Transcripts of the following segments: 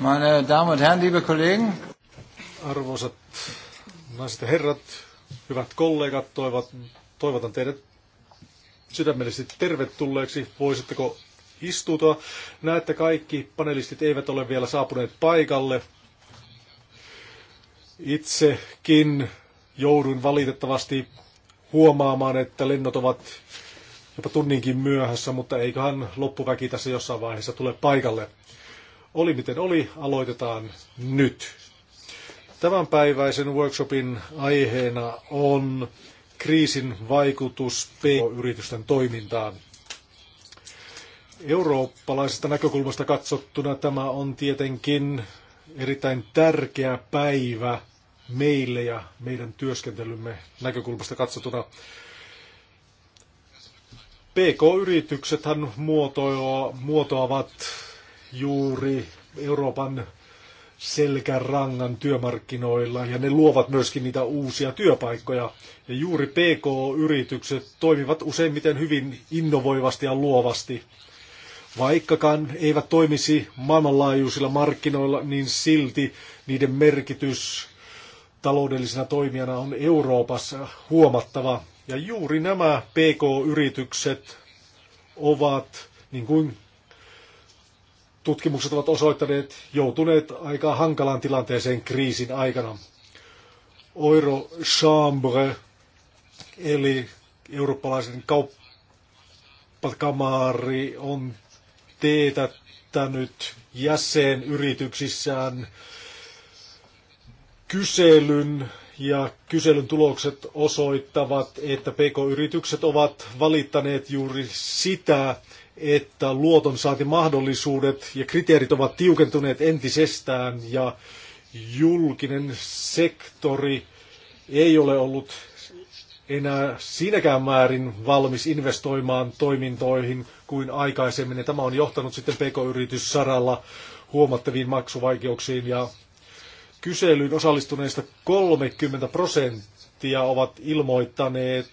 Meine Damen und Herren, liebe Kollegen. Arvoisat naiset ja herrat, hyvät kollegat, toivat, toivotan teidät sydämellisesti tervetulleeksi. Voisitteko istutua? Näette kaikki, panelistit eivät ole vielä saapuneet paikalle. Itsekin joudun valitettavasti huomaamaan, että lennot ovat jopa tunninkin myöhässä, mutta eiköhän loppuväki tässä jossain vaiheessa tule paikalle. Oli miten oli, aloitetaan nyt. Tämänpäiväisen workshopin aiheena on kriisin vaikutus PK-yritysten toimintaan. Eurooppalaisesta näkökulmasta katsottuna tämä on tietenkin erittäin tärkeä päivä meille ja meidän työskentelymme näkökulmasta katsottuna. PK-yrityksethän muotoavat juuri Euroopan selkärangan työmarkkinoilla ja ne luovat myöskin niitä uusia työpaikkoja. Ja juuri PK-yritykset toimivat useimmiten hyvin innovoivasti ja luovasti. Vaikkakaan eivät toimisi maailmanlaajuisilla markkinoilla, niin silti niiden merkitys taloudellisena toimijana on Euroopassa huomattava. Ja juuri nämä PK-yritykset ovat, niin kuin tutkimukset ovat osoittaneet joutuneet aika hankalaan tilanteeseen kriisin aikana. Euro Chambre, eli eurooppalaisen kauppakamari, on teetättänyt jäsenyrityksissään kyselyn ja kyselyn tulokset osoittavat, että pk-yritykset ovat valittaneet juuri sitä, että mahdollisuudet ja kriteerit ovat tiukentuneet entisestään ja julkinen sektori ei ole ollut enää siinäkään määrin valmis investoimaan toimintoihin kuin aikaisemmin. Ja tämä on johtanut sitten pk-yrityssaralla huomattaviin maksuvaikeuksiin ja kyselyyn osallistuneista 30 prosenttia ovat ilmoittaneet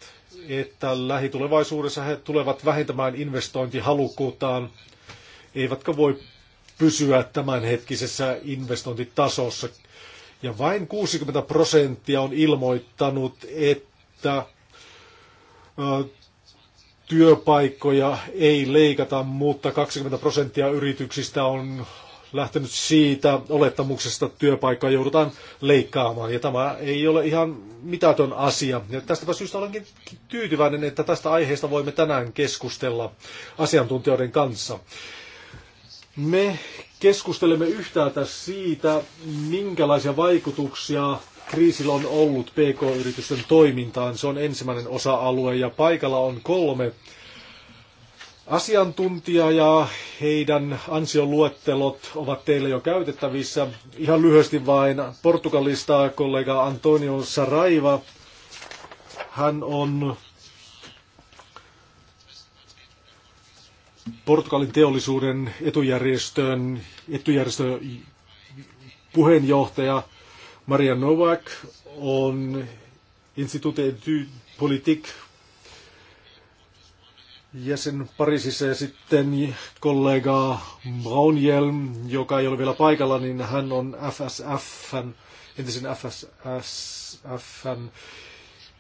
että lähitulevaisuudessa he tulevat vähentämään investointihalukkuuttaan, eivätkä voi pysyä tämänhetkisessä investointitasossa. Ja vain 60 prosenttia on ilmoittanut, että työpaikkoja ei leikata, mutta 20 prosenttia yrityksistä on lähtenyt siitä olettamuksesta, että työpaikkaa joudutaan leikkaamaan. Ja tämä ei ole ihan mitätön asia. Ja tästäpä syystä olenkin tyytyväinen, että tästä aiheesta voimme tänään keskustella asiantuntijoiden kanssa. Me keskustelemme yhtäältä siitä, minkälaisia vaikutuksia kriisillä on ollut PK-yritysten toimintaan. Se on ensimmäinen osa-alue ja paikalla on kolme asiantuntija ja heidän ansioluettelot ovat teille jo käytettävissä. Ihan lyhyesti vain Portugalista kollega Antonio Saraiva. Hän on Portugalin teollisuuden etujärjestön, etujärjestön puheenjohtaja Maria Novak on Institute du Politique jäsen Pariisissa ja sitten kollega Braunjelm, joka ei ole vielä paikalla, niin hän on FSFn, entisen FSFn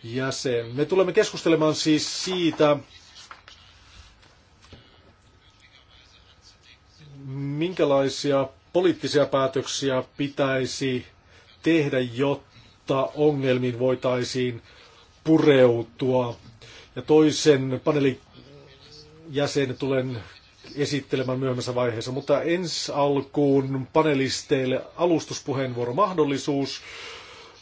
jäsen. Me tulemme keskustelemaan siis siitä, minkälaisia poliittisia päätöksiä pitäisi tehdä, jotta ongelmiin voitaisiin pureutua. Ja toisen paneelin jäsen tulen esittelemään myöhemmässä vaiheessa, mutta ensi alkuun panelisteille alustuspuheenvuoromahdollisuus.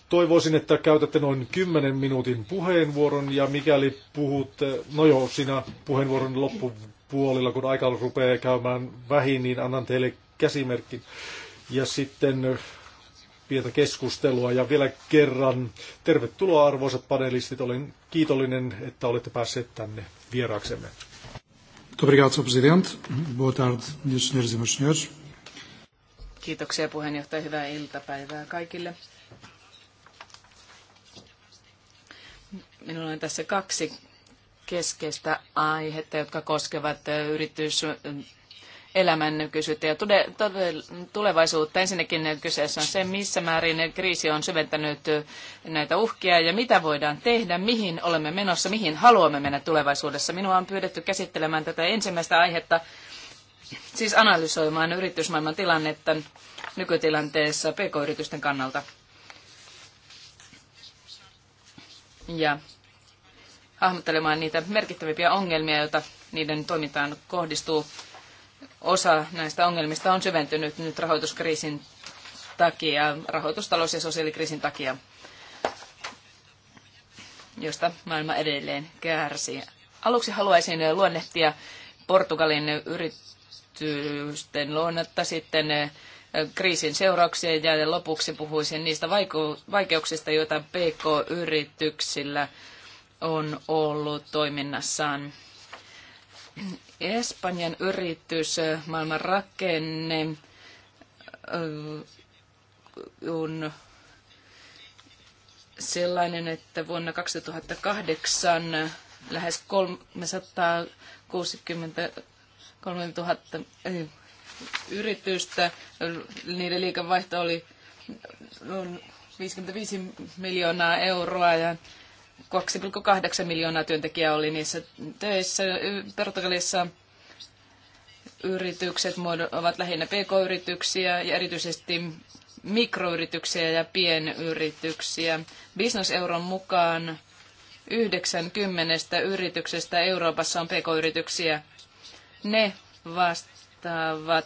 Toivoisin, että käytätte noin 10 minuutin puheenvuoron ja mikäli puhutte, no joo, siinä puheenvuoron loppupuolilla, kun aika rupeaa käymään vähin, niin annan teille käsimerkin. Ja sitten pientä keskustelua ja vielä kerran tervetuloa arvoisat panelistit. Olen kiitollinen, että olette päässeet tänne vieraaksemme. Muito obrigado, Sr. Presidente. Boa tarde, minhas senhoras e meus senhores. Kiitoksia puheenjohtaja. Hyvää iltapäivää kaikille. Minulla on tässä kaksi keskeistä aihetta, jotka koskevat yritys, elämän nykyisyyttä ja tulevaisuutta. Ensinnäkin kyseessä on se, missä määrin kriisi on syventänyt näitä uhkia ja mitä voidaan tehdä, mihin olemme menossa, mihin haluamme mennä tulevaisuudessa. Minua on pyydetty käsittelemään tätä ensimmäistä aihetta, siis analysoimaan yritysmaailman tilannetta nykytilanteessa pk-yritysten kannalta. Ja hahmottelemaan niitä merkittävimpiä ongelmia, joita niiden toimintaan kohdistuu osa näistä ongelmista on syventynyt nyt rahoituskriisin takia, rahoitustalous- ja sosiaalikriisin takia, josta maailma edelleen kärsii. Aluksi haluaisin luonnehtia Portugalin yritysten luonnetta, sitten eh, kriisin seurauksia ja lopuksi puhuisin niistä vaikeuksista, joita PK-yrityksillä on ollut toiminnassaan. Espanjan yritys, maailman rakenne on sellainen, että vuonna 2008 lähes 363 000 yritystä, niiden liikevaihto oli 55 miljoonaa euroa ja 2,8 miljoonaa työntekijää oli niissä töissä. Portugalissa yritykset ovat lähinnä pk-yrityksiä ja erityisesti mikroyrityksiä ja pienyrityksiä. Business-euron mukaan 90 yrityksestä Euroopassa on pk-yrityksiä. Ne vastaavat,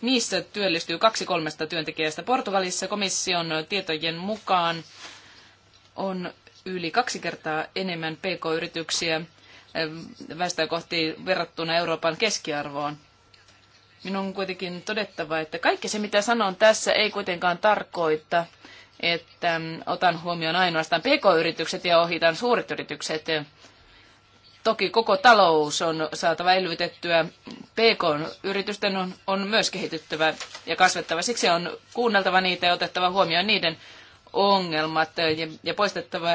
niissä työllistyy kaksi kolmesta työntekijästä. Portugalissa komission tietojen mukaan on yli kaksi kertaa enemmän pk-yrityksiä eh, väestöä kohti verrattuna Euroopan keskiarvoon. Minun on kuitenkin todettava, että kaikki se mitä sanon tässä ei kuitenkaan tarkoita, että mm, otan huomioon ainoastaan pk-yritykset ja ohitan suuret yritykset. Toki koko talous on saatava elvytettyä. PK-yritysten on, on myös kehityttävä ja kasvettava. Siksi on kuunneltava niitä ja otettava huomioon niiden ongelmat eh, ja, ja poistettava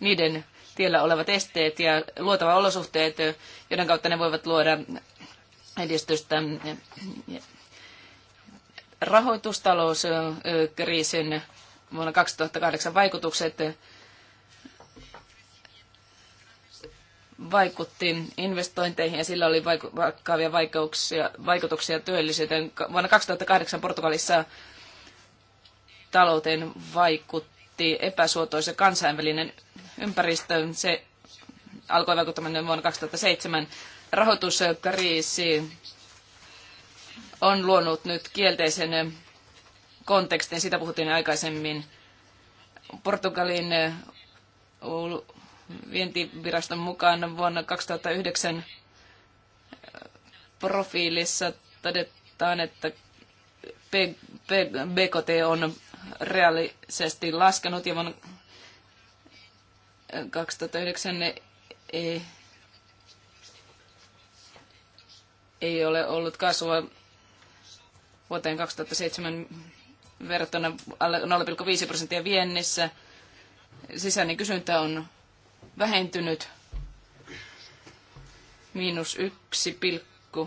niiden tiellä olevat esteet ja luotava olosuhteet, joiden kautta ne voivat luoda edistystä. Rahoitustalouskriisin vuonna 2008 vaikutukset vaikutti investointeihin ja sillä oli vakavia vaikeuksia, vaikutuksia työllisyyteen. Vuonna 2008 Portugalissa talouteen vaikutti kohti epäsuotoisen kansainvälinen ympäristöön. Se alkoi vaikuttamaan vuonna 2007. Rahoituskriisi on luonut nyt kielteisen kontekstin, sitä puhuttiin aikaisemmin. Portugalin vientiviraston mukaan vuonna 2009 profiilissa todetaan, että BKT on reaalisesti laskenut ja vuonna 2009 eh, ei, ei ole ollut kasvua vuoteen 2007 verrattuna alle 0,5 prosenttia viennissä. Sisäinen kysyntä on vähentynyt miinus 1,1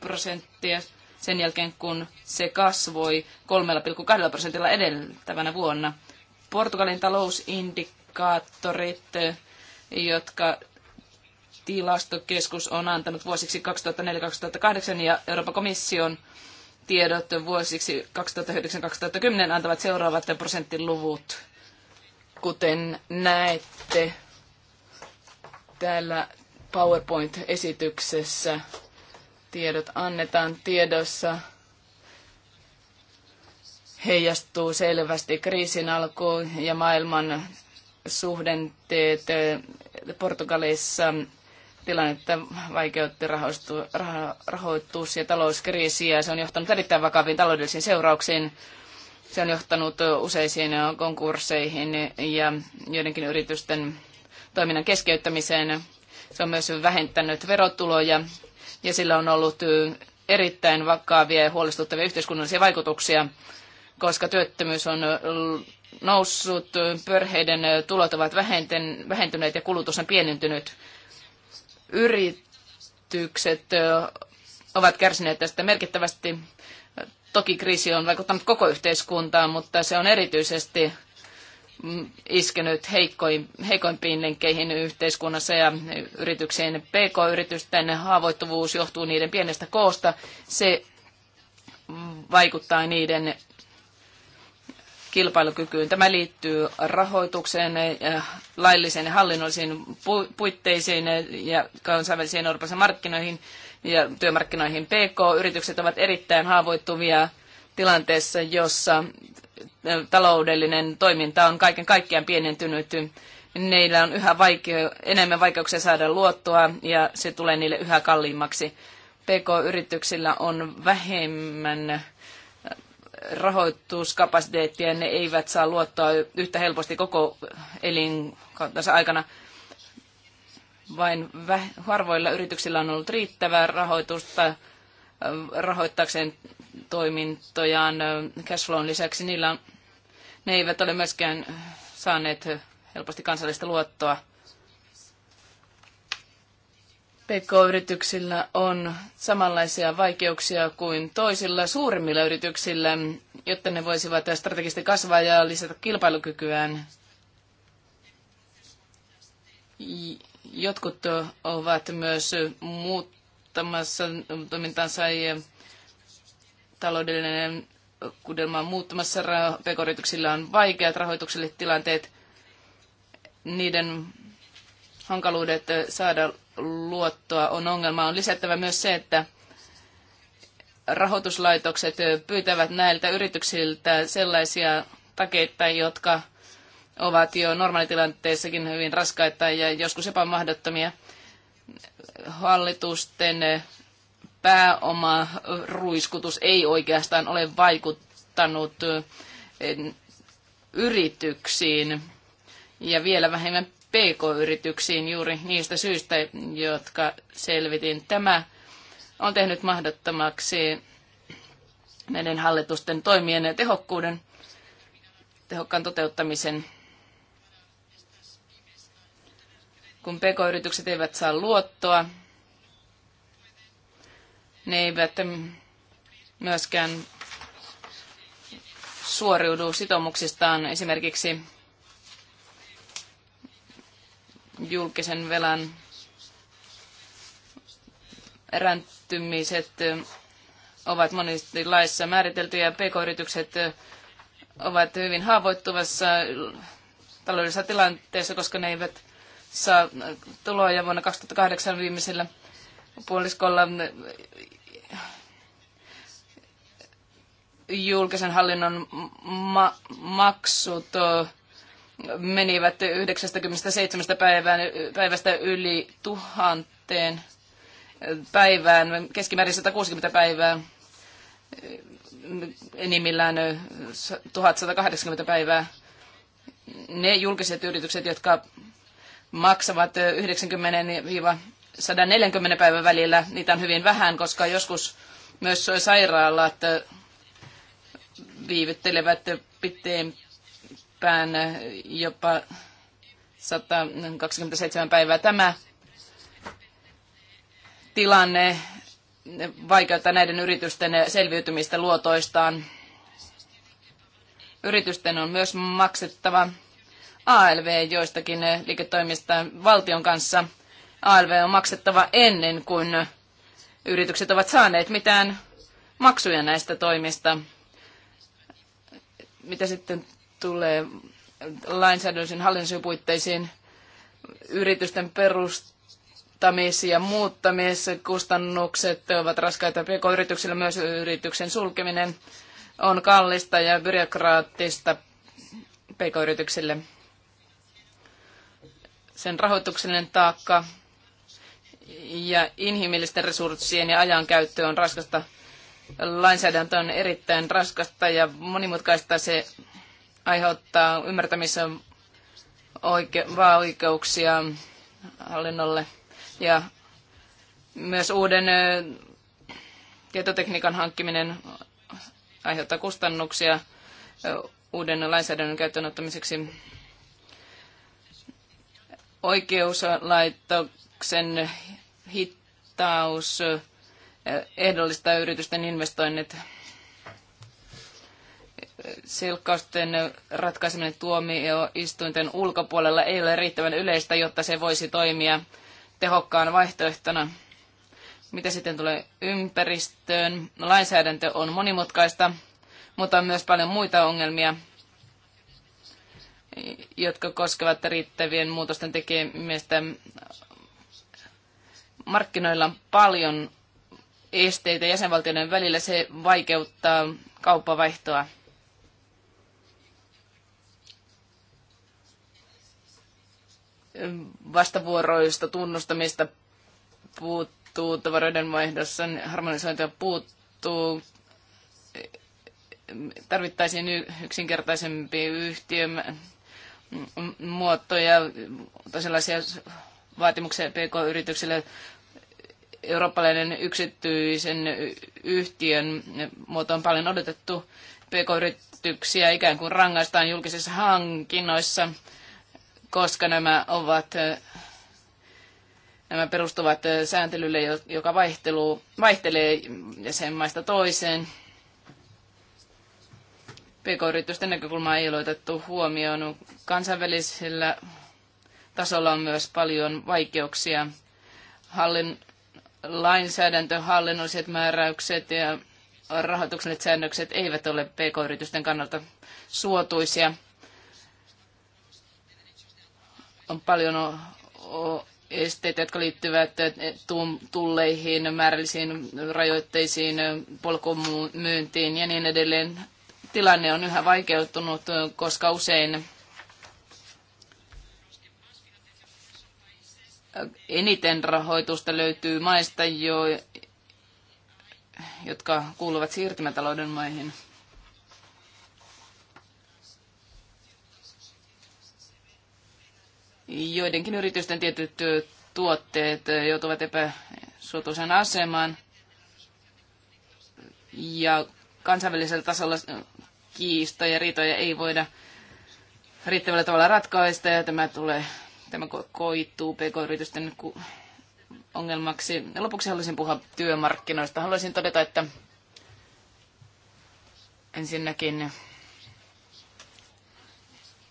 prosenttia sen jälkeen, kun se kasvoi 3,2 prosentilla edeltävänä vuonna. Portugalin talousindikaattorit, jotka tilastokeskus on antanut vuosiksi 2004-2008 ja Euroopan komission tiedot vuosiksi 2009-2010 antavat seuraavat prosenttiluvut. Kuten näette täällä PowerPoint-esityksessä, tiedot annetaan tiedossa, heijastuu selvästi kriisin alkuun ja maailman suhdenteet. Portugalissa tilannetta vaikeutti rahoitus- ja talouskriisiä. ja se on johtanut erittäin vakaviin taloudellisiin seurauksiin. Se on johtanut useisiin konkursseihin ja joidenkin yritysten toiminnan keskeyttämiseen. Se on myös vähentänyt verotuloja ja sillä on ollut erittäin vakavia ja huolestuttavia yhteiskunnallisia vaikutuksia, koska työttömyys on noussut, perheiden tulot ovat vähentyneet ja kulutus on pienentynyt. Yritykset ovat kärsineet tästä merkittävästi. Toki kriisi on vaikuttanut koko yhteiskuntaan, mutta se on erityisesti Mm, iskenyt heikoimpiin lenkkeihin yhteiskunnassa ja yrityksien PK-yritysten haavoittuvuus johtuu niiden pienestä koosta. Se vaikuttaa niiden kilpailukykyyn. Tämä liittyy rahoitukseen, eh, lailliseen ja hallinnollisiin puitteisiin ja kansainvälisiin Euroopan markkinoihin ja työmarkkinoihin. PK-yritykset ovat erittäin haavoittuvia tilanteessa, jossa taloudellinen toiminta on kaiken kaikkiaan pienentynyt. Neillä on yhä vaikea, enemmän vaikeuksia saada luottoa ja se tulee niille yhä kalliimmaksi. PK-yrityksillä on vähemmän äh, rahoituskapasiteettia, ne eivät saa luottoa yhtä helposti koko elinkautensa aikana. Vain harvoilla yrityksillä on ollut riittävää rahoitusta rahoittaakseen toimintojaan cashflown lisäksi. Niillä on, ne eivät ole myöskään saaneet helposti kansallista luottoa. PK-yrityksillä on samanlaisia vaikeuksia kuin toisilla suurimmilla yrityksillä, jotta ne voisivat strategisesti kasvaa ja lisätä kilpailukykyään. Jotkut ovat myös muut muuttamassa toimintansa ei taloudellinen kudelma on muuttumassa. pk on vaikeat rahoitukselliset tilanteet. Niiden hankaluudet saada luottoa on ongelma. On lisättävä myös se, että rahoituslaitokset pyytävät näiltä yrityksiltä sellaisia takeita, jotka ovat jo normaalitilanteessakin hyvin raskaita ja joskus jopa mahdottomia hallitusten pääomaruiskutus ei oikeastaan ole vaikuttanut eh, yrityksiin ja vielä vähemmän pk-yrityksiin juuri niistä syistä, jotka selvitin. Tämä on tehnyt mahdottomaksi näiden hallitusten toimien ja tehokkuuden, tehokkaan toteuttamisen. kun pk-yritykset eivät saa luottoa, ne eivät myöskään suoriudu sitoumuksistaan esimerkiksi julkisen velan ränttymiset ovat monesti laissa määritelty ja pk-yritykset ovat hyvin haavoittuvassa taloudellisessa tilanteessa, koska ne eivät saa äh, tuloja vuonna 2008 viimeisellä puoliskolla mm, julkisen hallinnon ma- maksut menivät 97 päivään, päivästä yli tuhanteen päivään, keskimäärin 160 päivää, enimmillään 1180 päivää. Ne julkiset yritykset, jotka maksavat 90-140 päivän välillä. Niitä on hyvin vähän, koska joskus myös sairaalat viivyttelevät pitempään jopa 127 päivää. Tämä tilanne vaikeuttaa näiden yritysten selviytymistä luotoistaan. Yritysten on myös maksettava ALV joistakin eh, liiketoimista valtion kanssa. ALV on maksettava ennen kuin yritykset ovat saaneet mitään maksuja näistä toimista. Mitä sitten tulee lainsäädännöllisiin hallinnollisiin puitteisiin, yritysten perustamis- ja muuttamiskustannukset ovat raskaita pk-yrityksillä, myös yrityksen sulkeminen on kallista ja byrokraattista pk-yrityksille sen rahoituksellinen taakka ja inhimillisten resurssien ja käyttö on raskasta. Lainsäädäntö on erittäin raskasta ja monimutkaista se aiheuttaa ymmärtämisen oike- oikeuksia hallinnolle ja myös uuden tietotekniikan hankkiminen aiheuttaa kustannuksia uuden lainsäädännön käyttöönottamiseksi oikeuslaitoksen hittaus ehdollista yritysten investoinnit silkkausten ratkaiseminen tuomioistuinten ulkopuolella ei ole riittävän yleistä, jotta se voisi toimia tehokkaan vaihtoehtona. Mitä sitten tulee ympäristöön? Lainsäädäntö on monimutkaista, mutta on myös paljon muita ongelmia, jotka koskevat riittävien muutosten tekemistä. Markkinoilla on paljon esteitä jäsenvaltioiden välillä. Se vaikeuttaa kauppavaihtoa. Vastavuoroista tunnustamista puuttuu, tavaroiden vaihdossa harmonisointia puuttuu, tarvittaisiin yksinkertaisempi yhtiö, muotoja tai sellaisia vaatimuksia PK-yrityksille eurooppalainen yksityisen yhtiön muoto on paljon odotettu. PK-yrityksiä ikään kuin rangaistaan julkisissa hankinnoissa, koska nämä ovat Nämä perustuvat sääntelylle, joka vaihtelu, vaihtelee jäsenmaista toiseen. PK-yritysten näkökulmaa ei ole otettu huomioon. Kansainvälisellä tasolla on myös paljon vaikeuksia. Hallin, lainsäädäntö, hallinnolliset määräykset ja rahoitukselliset säännökset eivät ole PK-yritysten kannalta suotuisia. On paljon esteitä, jotka liittyvät tulleihin, määrällisiin rajoitteisiin, polkumyyntiin ja niin edelleen tilanne on yhä vaikeutunut, koska usein eniten rahoitusta löytyy maista, jo, jotka kuuluvat siirtymätalouden maihin. Joidenkin yritysten tietyt tuotteet joutuvat epäsuotuisen asemaan ja kansainvälisellä tasolla kiistoja, riitoja ei voida riittävällä tavalla ratkaista ja tämä, tulee, tämä koittuu pk-yritysten ongelmaksi. Ja lopuksi haluaisin puhua työmarkkinoista. Haluaisin todeta, että ensinnäkin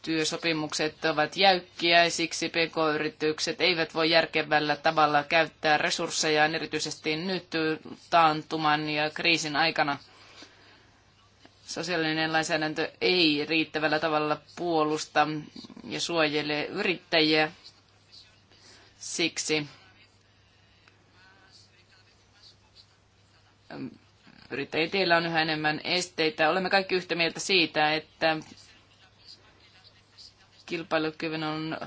työsopimukset ovat jäykkiä ja siksi pk-yritykset eivät voi järkevällä tavalla käyttää resurssejaan erityisesti nyt taantuman ja kriisin aikana – sosiaalinen lainsäädäntö ei riittävällä tavalla puolusta ja suojele yrittäjiä. Siksi ähm, yrittäjien on yhä enemmän esteitä. Olemme kaikki yhtä mieltä siitä, että kilpailukyvyn on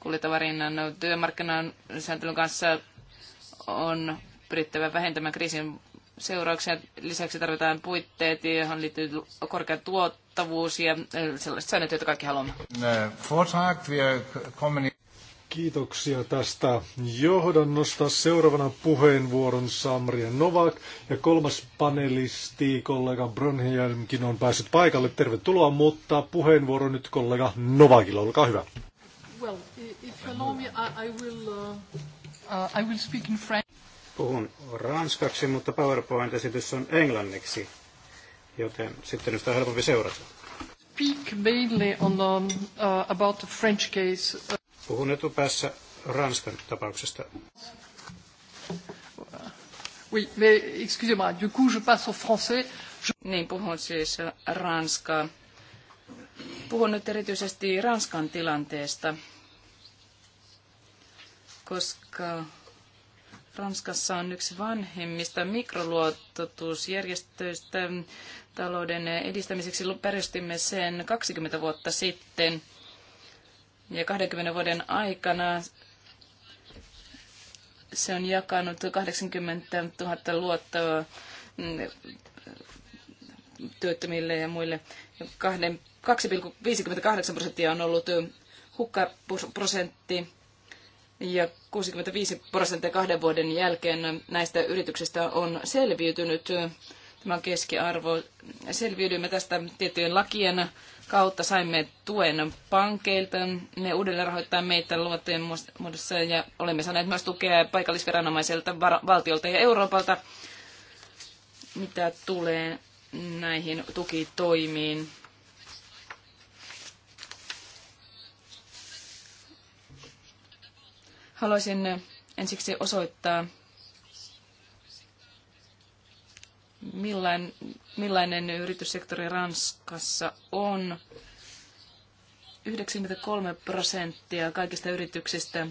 kuljetavarinnan työmarkkinan sääntelyn kanssa on pyrittävä vähentämään kriisin seurauksia. Lisäksi tarvitaan puitteet, johon liittyy korkea tuottavuus ja eh, sellaiset säännöt, joita kaikki haluamme. Kiitoksia tästä johdannosta. Seuraavana puheenvuoron Samri Novak ja kolmas panelisti, kollega Brönheimkin on päässyt paikalle. Tervetuloa, mutta puheenvuoro nyt kollega Novakilla. Olkaa hyvä. Well, if you allow me, I, I will, uh, uh I will speak in French. Puhun ranskaksi, mutta PowerPoint-esitys on englanniksi, joten sitten on helpompi seurata. Speak mainly on the, um, uh, about the French case. Puhun etupäässä Ranskan tapauksesta. Oui, mais excusez-moi, du coup je passe au français. Je... Niin, puhun siis ranskaa. Puhun nyt erityisesti Ranskan tilanteesta, koska Ranskassa on yksi vanhimmista mikroluototusjärjestöistä talouden edistämiseksi. Perustimme sen 20 vuotta sitten. Ja 20 vuoden aikana se on jakanut 80 000 luottoa mm, työttömille ja muille. 2,58 prosenttia on ollut hukkaprosentti ja 65 prosenttia kahden vuoden jälkeen näistä yrityksistä on selviytynyt. Tämä on keskiarvo. Selviydymme tästä tiettyjen lakien kautta. Saimme tuen pankeilta. Ne uudelleen rahoittaa meitä luottojen muodossa ja olemme saaneet myös tukea paikallisviranomaiselta, valtiolta ja Euroopalta, mitä tulee näihin tukitoimiin. Haluaisin ensiksi osoittaa, millainen, millainen yrityssektori Ranskassa on. 93 prosenttia kaikista yrityksistä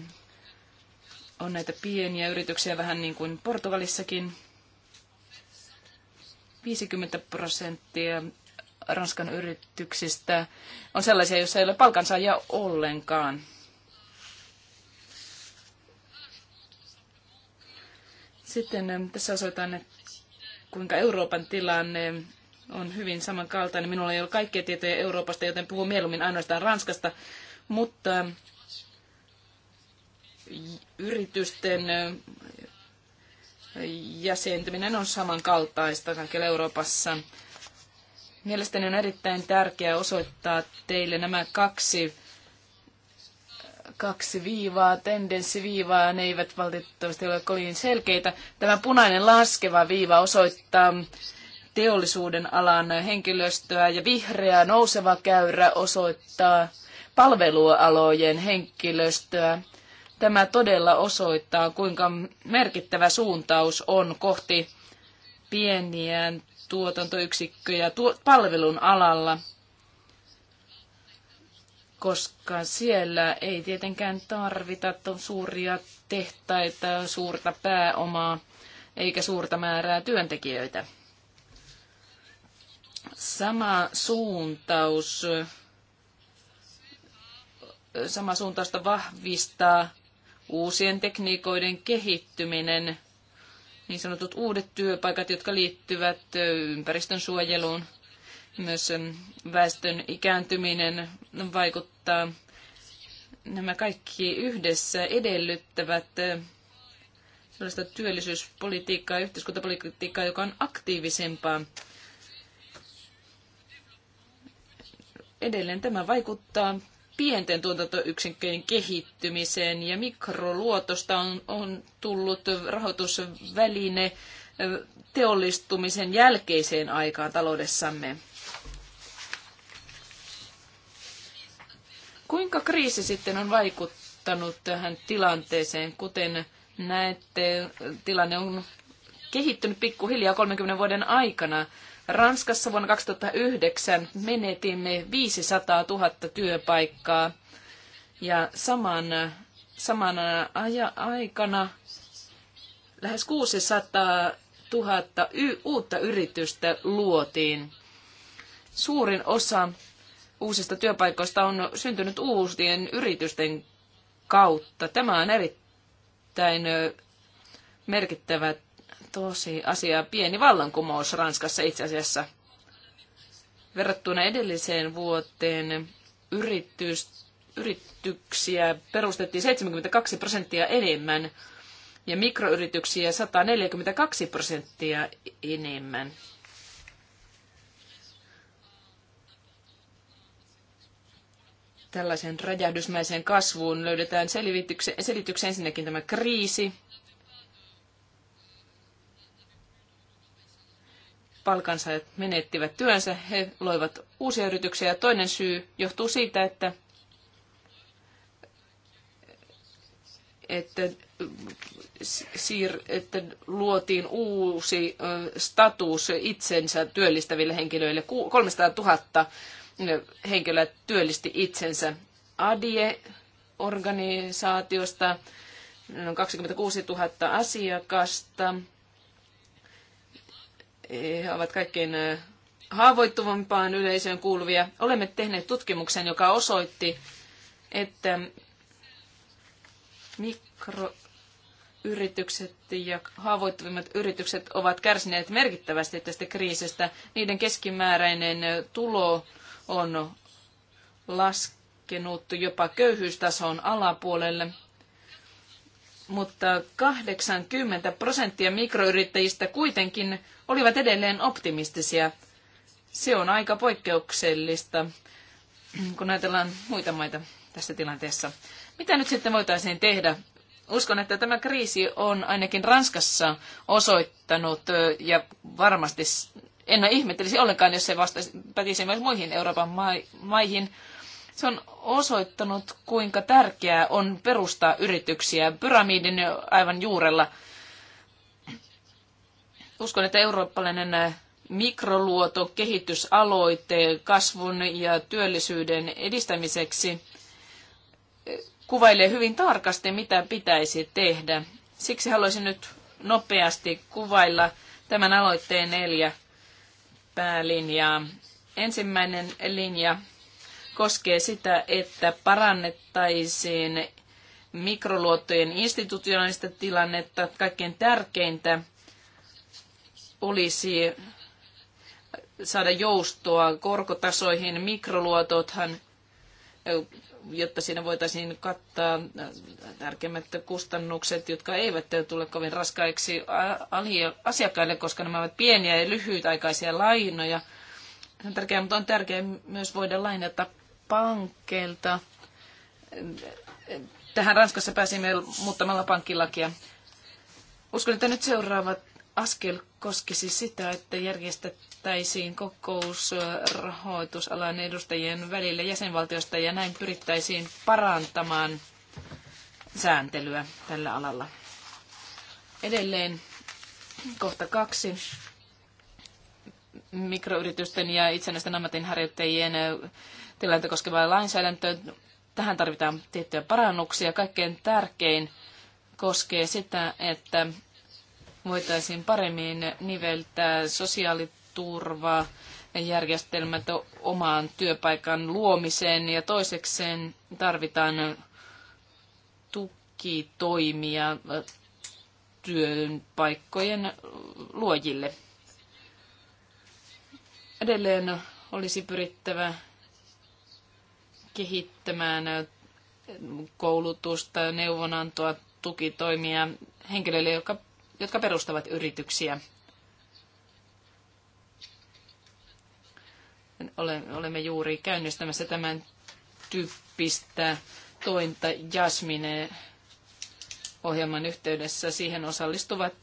on näitä pieniä yrityksiä, vähän niin kuin Portugalissakin. 50 prosenttia Ranskan yrityksistä on sellaisia, joissa ei ole palkansaajia ollenkaan. Sitten ähm, tässä osoitan, kuinka Euroopan tilanne on hyvin samankaltainen. Minulla ei ole kaikkia tietoja Euroopasta, joten puhun mieluummin ainoastaan Ranskasta. Mutta ähm, yritysten äh, jäsentyminen on samankaltaista kaikilla Euroopassa. Mielestäni on erittäin tärkeää osoittaa teille nämä kaksi kaksi viivaa, tendenssiviivaa, ne eivät valitettavasti ole kovin selkeitä. Tämä punainen laskeva viiva osoittaa teollisuuden alan henkilöstöä ja vihreä nouseva käyrä osoittaa palvelualojen henkilöstöä. Tämä todella osoittaa, kuinka merkittävä suuntaus on kohti pieniä tuotantoyksikköjä palvelun alalla koska siellä ei tietenkään tarvita suuria tehtaita, suurta pääomaa eikä suurta määrää työntekijöitä. Sama suuntaus, sama suuntausta vahvistaa uusien tekniikoiden kehittyminen, niin sanotut uudet työpaikat, jotka liittyvät ympäristön suojeluun – myös ähm, väestön ikääntyminen vaikuttaa. Nämä kaikki yhdessä edellyttävät äh, sellaista työllisyyspolitiikkaa ja yhteiskuntapolitiikkaa, joka on aktiivisempaa. Edelleen tämä vaikuttaa pienten tuotantoyksikköjen kehittymiseen ja mikroluotosta on, on tullut rahoitusväline äh, teollistumisen jälkeiseen aikaan taloudessamme. Kuinka kriisi sitten on vaikuttanut tähän tilanteeseen? Kuten näette, tilanne on kehittynyt pikkuhiljaa 30 vuoden aikana. Ranskassa vuonna 2009 menetimme 500 000 työpaikkaa ja saman, samana aja, aikana lähes 600 000 uutta yritystä luotiin. Suurin osa uusista työpaikoista on syntynyt uusien yritysten kautta. Tämä on erittäin merkittävä tosi asia. Pieni vallankumous Ranskassa itse asiassa. Verrattuna edelliseen vuoteen yritys, yrityksiä perustettiin 72 prosenttia enemmän ja mikroyrityksiä 142 prosenttia enemmän. tällaisen räjähdysmäiseen kasvuun löydetään selityksen ensinnäkin tämä kriisi, palkansaajat menettivät työnsä, he loivat uusia yrityksiä. Ja toinen syy johtuu siitä, että, että, siir, että luotiin uusi status itsensä työllistäville henkilöille. 300 000 henkilöä työllisti itsensä ADIE-organisaatiosta. Noin 26 000 asiakasta. He ovat kaikkein haavoittuvampaan yleisöön kuuluvia. Olemme tehneet tutkimuksen, joka osoitti, että mikroyritykset ja haavoittuvimmat yritykset ovat kärsineet merkittävästi tästä kriisistä. Niiden keskimääräinen tulo on laskenut jopa köyhyystason alapuolelle, mutta 80 prosenttia mikroyrittäjistä kuitenkin olivat edelleen optimistisia. Se on aika poikkeuksellista, kun ajatellaan muita maita tässä tilanteessa. Mitä nyt sitten voitaisiin tehdä? Uskon, että tämä kriisi on ainakin Ranskassa osoittanut ja varmasti en ihmettelisi ollenkaan, jos se vastaisi, pätisi myös muihin Euroopan maihin. Se on osoittanut, kuinka tärkeää on perustaa yrityksiä pyramidin aivan juurella. Uskon, että eurooppalainen mikroluoto kehitysaloite kasvun ja työllisyyden edistämiseksi kuvailee hyvin tarkasti, mitä pitäisi tehdä. Siksi haluaisin nyt nopeasti kuvailla tämän aloitteen neljä päälinjaa. Ensimmäinen linja koskee sitä, että parannettaisiin mikroluottojen institutionaalista tilannetta. Kaikkein tärkeintä olisi saada joustoa korkotasoihin. Mikroluotothan jotta siinä voitaisiin kattaa tärkeimmät kustannukset, jotka eivät tule kovin raskaiksi asiakkaille, koska nämä ovat pieniä ja lyhytaikaisia lainoja. Se on tärkeää, mutta on tärkeää myös voida lainata pankkeilta. Tähän Ranskassa pääsimme muuttamalla pankkilakia. Uskon, että nyt seuraavat askel koskisi sitä, että järjestät järjestettäisiin kokous rahoitusalan edustajien välillä jäsenvaltioista ja näin pyrittäisiin parantamaan sääntelyä tällä alalla. Edelleen kohta kaksi. Mikroyritysten ja itsenäisten ammatinharjoittajien tilannetta koskevaa lainsäädäntöä. Tähän tarvitaan tiettyjä parannuksia. Kaikkein tärkein koskee sitä, että voitaisiin paremmin niveltää sosiaali- sosiaaliturva, järjestelmät omaan työpaikan luomiseen ja toisekseen tarvitaan tukitoimia työpaikkojen luojille. Edelleen olisi pyrittävä kehittämään koulutusta, neuvonantoa, tukitoimia henkilöille, jotka, jotka perustavat yrityksiä. Olemme juuri käynnistämässä tämän tyyppistä tointa Jasmine ohjelman yhteydessä. Siihen osallistuvat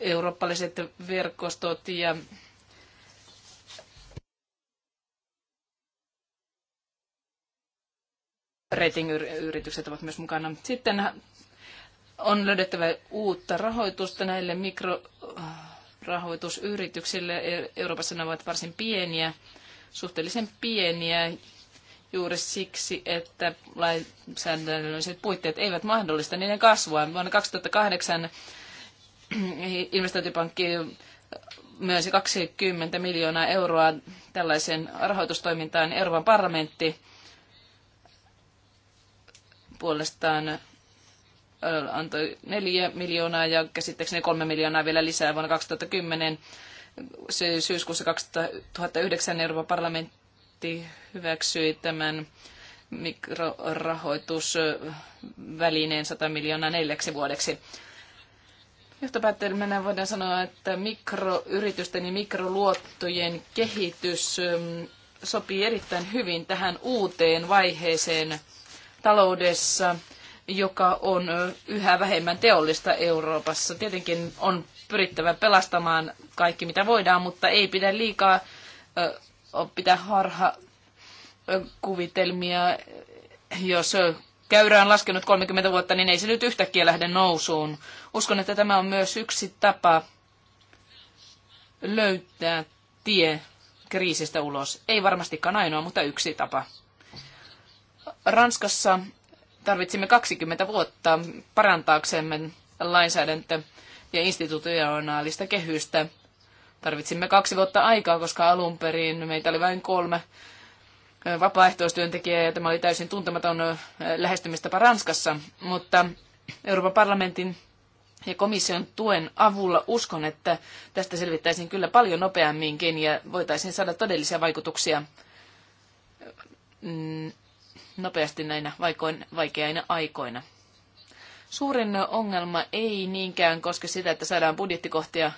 eurooppalaiset verkostot ja rating-yritykset ovat myös mukana. Sitten on löydettävä uutta rahoitusta näille mikro rahoitusyrityksille. Euroopassa ne ovat varsin pieniä, suhteellisen pieniä juuri siksi, että lainsäädännölliset puitteet eivät mahdollista niiden kasvua. Vuonna 2008 investointipankki myönsi 20 miljoonaa euroa tällaiseen rahoitustoimintaan. Euroopan parlamentti puolestaan antoi 4 miljoonaa ja käsittääkseni 3 miljoonaa vielä lisää vuonna 2010. Syyskuussa 2009 Euroopan parlamentti hyväksyi tämän mikrorahoitusvälineen 100 miljoonaa neljäksi vuodeksi. Johtopäätelmänä voidaan sanoa, että mikroyritysten ja mikroluottojen kehitys mm, sopii erittäin hyvin tähän uuteen vaiheeseen taloudessa – joka on yhä vähemmän teollista Euroopassa. Tietenkin on pyrittävä pelastamaan kaikki mitä voidaan, mutta ei pidä liikaa pitää harha kuvitelmia. Jos käyrä on laskenut 30 vuotta, niin ei se nyt yhtäkkiä lähde nousuun. Uskon, että tämä on myös yksi tapa löytää tie kriisistä ulos. Ei varmastikaan ainoa, mutta yksi tapa. Ranskassa Tarvitsimme 20 vuotta parantaaksemme lainsäädäntö- ja institutionaalista kehystä. Tarvitsimme kaksi vuotta aikaa, koska alun perin meitä oli vain kolme vapaaehtoistyöntekijää ja tämä oli täysin tuntematon lähestymistapa Ranskassa, mutta Euroopan parlamentin ja komission tuen avulla uskon, että tästä selvittäisiin kyllä paljon nopeamminkin ja voitaisiin saada todellisia vaikutuksia mm, nopeasti näinä vaikeina aikoina. Suurin ongelma ei niinkään koske sitä, että saadaan budjettikohtia.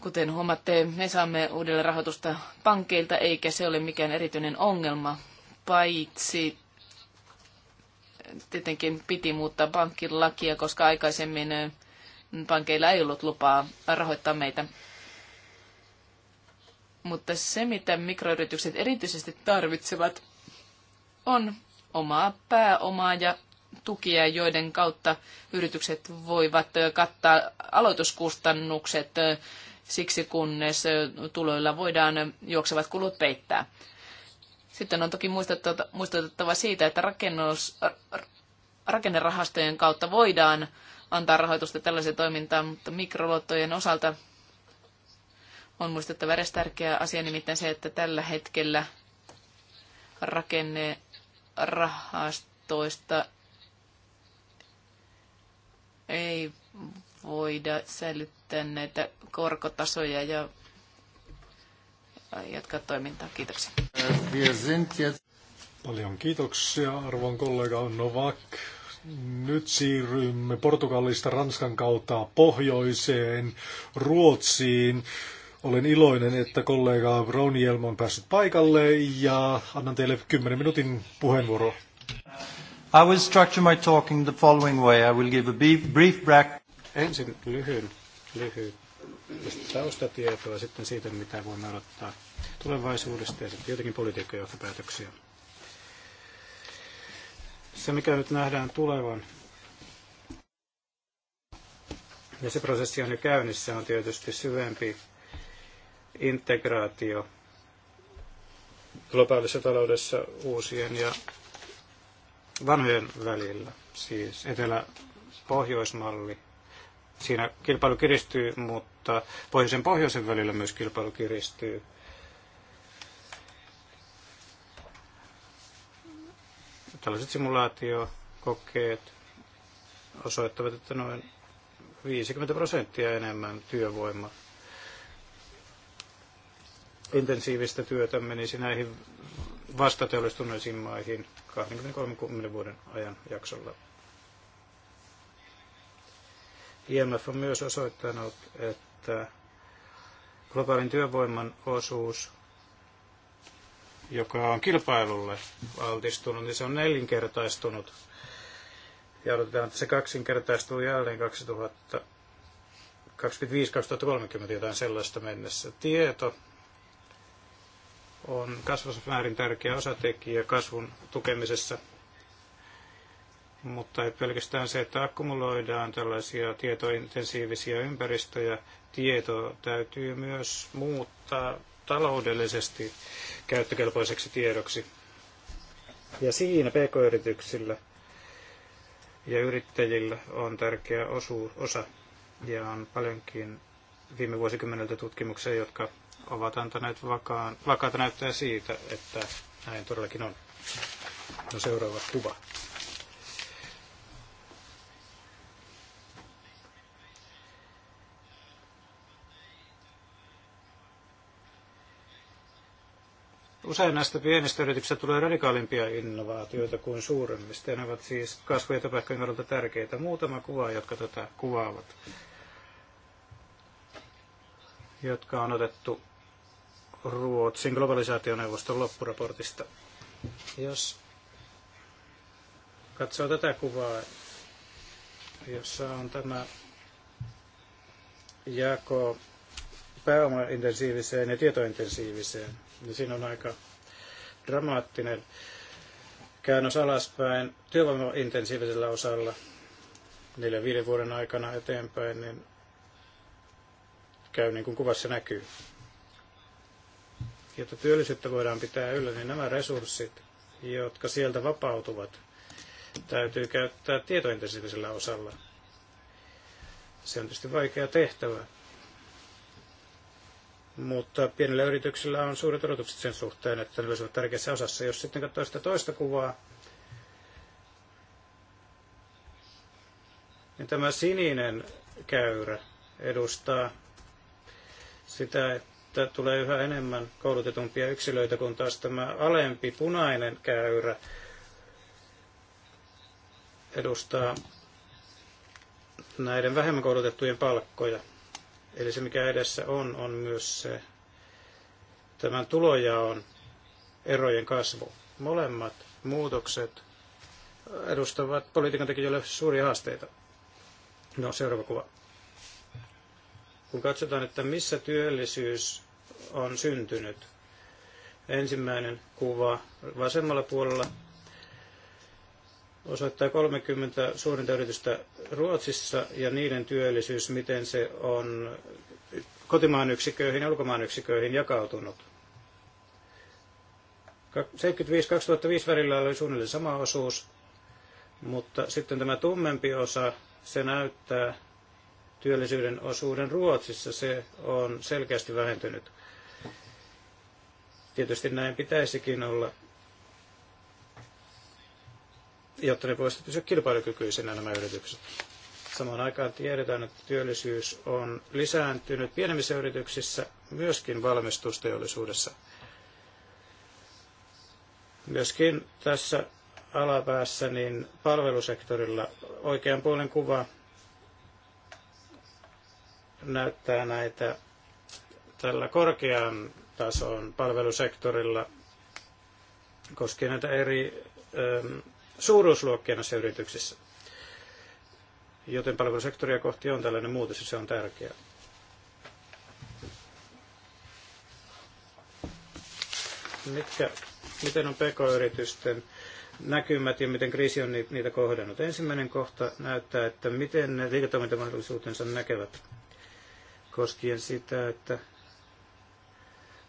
Kuten huomaatte, me saamme uudelle rahoitusta pankeilta, eikä se ole mikään erityinen ongelma, paitsi tietenkin piti muuttaa pankkilakia, koska aikaisemmin pankeilla ei ollut lupaa rahoittaa meitä mutta se, mitä mikroyritykset erityisesti tarvitsevat, on omaa pääomaa ja tukia, joiden kautta yritykset voivat kattaa aloituskustannukset siksi, kunnes tuloilla voidaan juoksevat kulut peittää. Sitten on toki muistutettava siitä, että rakennus, rakennerahastojen kautta voidaan antaa rahoitusta tällaiseen toimintaan, mutta mikroluottojen osalta on muistettava eräs tärkeä asia, nimittäin se, että tällä hetkellä rakenne rahastoista ei voida säilyttää näitä korkotasoja ja jatkaa toimintaa. Kiitoksia. Paljon kiitoksia arvon kollega Novak. Nyt siirrymme Portugalista Ranskan kautta pohjoiseen Ruotsiin. Olen iloinen, että kollega Ron Jelm on päässyt paikalle ja annan teille 10 minuutin puheenvuoro. I will structure my talking the following way. I will give a brief, brief break. Ensin lyhyen, lyhyen, taustatietoa sitten siitä, mitä voimme odottaa tulevaisuudesta ja sitten jotenkin politiikkojen Se, mikä nyt nähdään tulevan, ja se prosessi on jo käynnissä, on tietysti syvempi integraatio globaalissa taloudessa uusien ja vanhojen välillä, siis etelä-pohjoismalli. Siinä kilpailu kiristyy, mutta pohjoisen pohjoisen välillä myös kilpailu kiristyy. Tällaiset simulaatiokokeet osoittavat, että noin 50 prosenttia enemmän työvoimaa intensiivistä työtä menisi näihin vastateollistuneisiin maihin 20-30 vuoden ajan jaksolla. IMF on myös osoittanut, että globaalin työvoiman osuus, joka on kilpailulle altistunut, niin se on nelinkertaistunut. Ja odotetaan, että se kaksinkertaistuu jälleen 25 2030 jotain sellaista mennessä. Tieto on kasvavassa määrin tärkeä osatekijä kasvun tukemisessa. Mutta ei pelkästään se, että akkumuloidaan tällaisia tietointensiivisiä ympäristöjä. Tieto täytyy myös muuttaa taloudellisesti käyttökelpoiseksi tiedoksi. Ja siinä pk-yrityksillä ja yrittäjillä on tärkeä osu, osa ja on paljonkin viime vuosikymmeneltä tutkimuksia, jotka ovat antaneet vakaan, vakaata näyttää siitä, että näin todellakin on. No seuraava kuva. Usein näistä pienistä yrityksistä tulee radikaalimpia innovaatioita kuin suuremmista, ja ne ovat siis kasvu- ja kannalta tärkeitä. Muutama kuva, jotka tätä kuvaavat, jotka on otettu Ruotsin globalisaationeuvoston loppuraportista. Jos katsoo tätä kuvaa, jossa on tämä jako pääomaintensiiviseen ja tietointensiiviseen, niin siinä on aika dramaattinen käännös alaspäin työvoimaintensiivisellä osalla neljän viiden vuoden aikana eteenpäin, niin käy niin kuin kuvassa näkyy jotta työllisyyttä voidaan pitää yllä, niin nämä resurssit, jotka sieltä vapautuvat, täytyy käyttää tietointensiivisellä osalla. Se on tietysti vaikea tehtävä, mutta pienillä yrityksillä on suuret odotukset sen suhteen, että ne olisivat tärkeässä osassa. Jos sitten katsoo sitä toista kuvaa, niin tämä sininen käyrä edustaa sitä, että tulee yhä enemmän koulutetumpia yksilöitä, kun taas tämä alempi punainen käyrä edustaa näiden vähemmän koulutettujen palkkoja. Eli se, mikä edessä on, on myös se tämän tulojaon erojen kasvu. Molemmat muutokset edustavat politiikan tekijöille suuria haasteita. No, seuraava kuva. Kun katsotaan, että missä työllisyys on syntynyt, ensimmäinen kuva vasemmalla puolella osoittaa 30 suurinta yritystä Ruotsissa ja niiden työllisyys, miten se on kotimaan yksiköihin ja ulkomaan yksiköihin jakautunut. 75-2005 välillä oli suunnilleen sama osuus, mutta sitten tämä tummempi osa, se näyttää työllisyyden osuuden Ruotsissa, se on selkeästi vähentynyt. Tietysti näin pitäisikin olla, jotta ne voisivat pysyä kilpailukykyisenä nämä yritykset. Samaan aikaan tiedetään, että työllisyys on lisääntynyt pienemmissä yrityksissä, myöskin valmistusteollisuudessa. Myöskin tässä alapäässä niin palvelusektorilla oikean puolen kuva näyttää näitä tällä korkean tason palvelusektorilla koskien näitä eri äm, suuruusluokkia näissä yrityksissä. Joten palvelusektoria kohti on tällainen muutos ja se on tärkeää. Mitkä, miten on pk-yritysten näkymät ja miten kriisi on niitä kohdannut? Ensimmäinen kohta näyttää, että miten ne liiketoimintamahdollisuutensa näkevät koskien sitä, että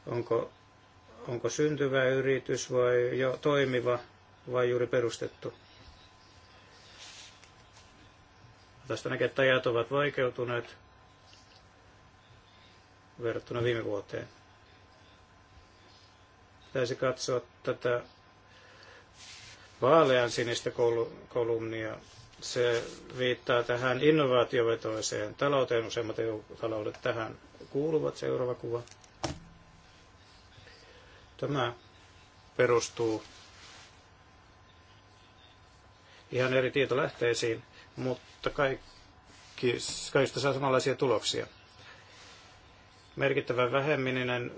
onko, onko syntyvä yritys vai jo toimiva vai juuri perustettu. Tästä näkee, että ajat ovat vaikeutuneet verrattuna viime vuoteen. Pitäisi katsoa tätä vaalean sinistä kolumnia se viittaa tähän innovaatiovetoiseen talouteen. Useimmat EU-taloudet tähän kuuluvat. Seuraava kuva. Tämä perustuu ihan eri tietolähteisiin, mutta kaikki, kaikista saa samanlaisia tuloksia. Merkittävä vähemminen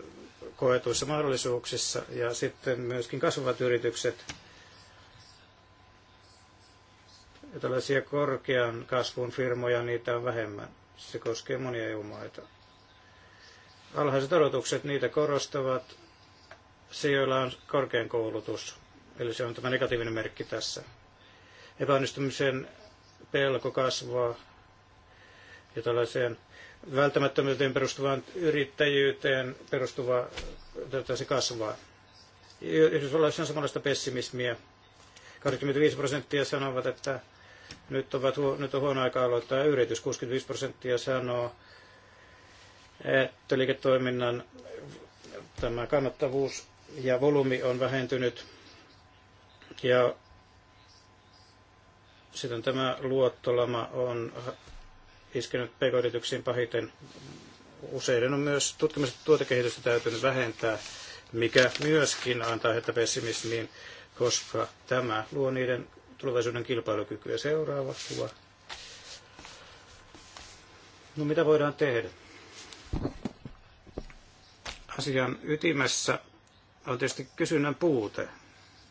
koetuissa mahdollisuuksissa ja sitten myöskin kasvavat yritykset ja tällaisia korkean kasvun firmoja, niitä on vähemmän. Se koskee monia EU-maita. Alhaiset odotukset niitä korostavat se, joilla on korkean koulutus. Eli se on tämä negatiivinen merkki tässä. Epäonnistumisen pelko kasvaa ja tällaiseen välttämättömyyteen perustuvaan yrittäjyyteen perustuva, että se kasvaa. Yhdysvalloissa on samanlaista pessimismiä. 25 prosenttia sanovat, että nyt, ovat, nyt on huono aika aloittaa yritys. 65 prosenttia sanoo, että liiketoiminnan tämä kannattavuus ja volyymi on vähentynyt. Ja sitten tämä luottolama on iskenyt pk pahiten. Useiden on myös tutkimusta tuotekehitystä täytynyt vähentää, mikä myöskin antaa heitä pessimismiin, koska tämä luo niiden tulevaisuuden kilpailukykyä. Seuraava kuva. No mitä voidaan tehdä? Asian ytimessä on tietysti kysynnän puute.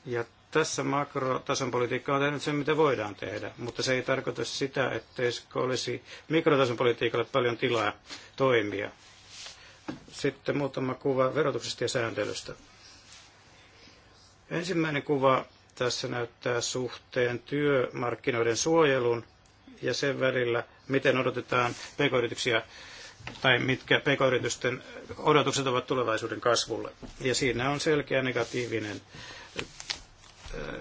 Ja tässä makrotason politiikka on tehnyt sen, mitä voidaan tehdä, mutta se ei tarkoita sitä, että olisi mikrotason politiikalle paljon tilaa toimia. Sitten muutama kuva verotuksesta ja sääntelystä. Ensimmäinen kuva tässä näyttää suhteen työmarkkinoiden suojelun ja sen välillä, miten odotetaan pk-yrityksiä tai mitkä pk-yritysten odotukset ovat tulevaisuuden kasvulle. Ja siinä on selkeä negatiivinen äh,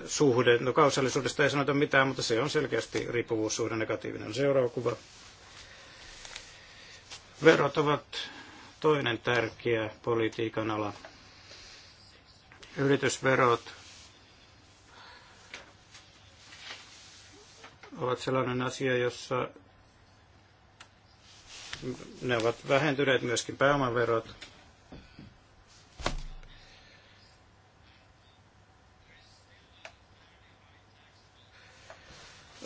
suhde. No kausallisuudesta ei sanota mitään, mutta se on selkeästi riippuvuussuhde negatiivinen. Seuraava kuva. Verot ovat toinen tärkeä politiikan ala. Yritysverot ovat sellainen asia, jossa ne ovat vähentyneet myöskin pääomaverot.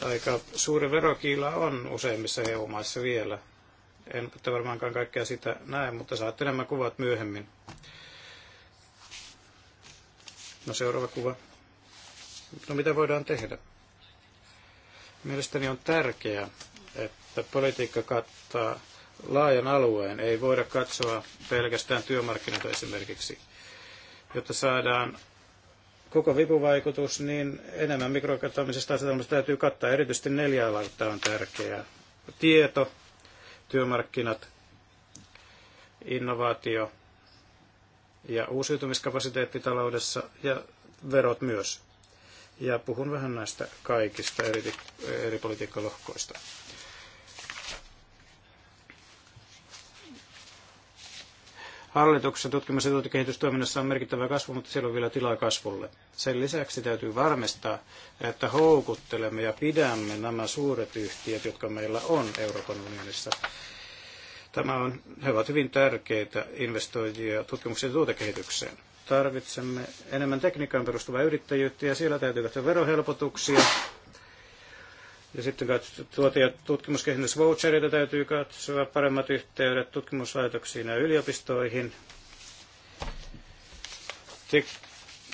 Aika suuri verokiila on useimmissa EU-maissa vielä. En mutta varmaankaan kaikkea sitä näe, mutta saatte nämä kuvat myöhemmin. No seuraava kuva. No mitä voidaan tehdä? Mielestäni on tärkeää, että politiikka kattaa laajan alueen. Ei voida katsoa pelkästään työmarkkinoita esimerkiksi, jotta saadaan koko vipuvaikutus, niin enemmän mikrokattamisesta asetelmasta täytyy kattaa. Erityisesti neljä alaa on tärkeää. Tieto, työmarkkinat, innovaatio ja uusiutumiskapasiteetti taloudessa ja verot myös ja puhun vähän näistä kaikista eri, eri politiikkalohkoista. Hallituksen tutkimus- ja kehitystoiminnassa on merkittävä kasvu, mutta siellä on vielä tilaa kasvulle. Sen lisäksi täytyy varmistaa, että houkuttelemme ja pidämme nämä suuret yhtiöt, jotka meillä on Euroopan unionissa. Tämä on, he ovat hyvin tärkeitä investoijia tutkimuksen ja tuotekehitykseen tarvitsemme enemmän tekniikkaan perustuvaa yrittäjyyttä ja siellä täytyy katsoa verohelpotuksia. Ja sitten ja tutkimuskehitysvoucherita täytyy katsoa, paremmat yhteydet tutkimuslaitoksiin ja yliopistoihin. Te-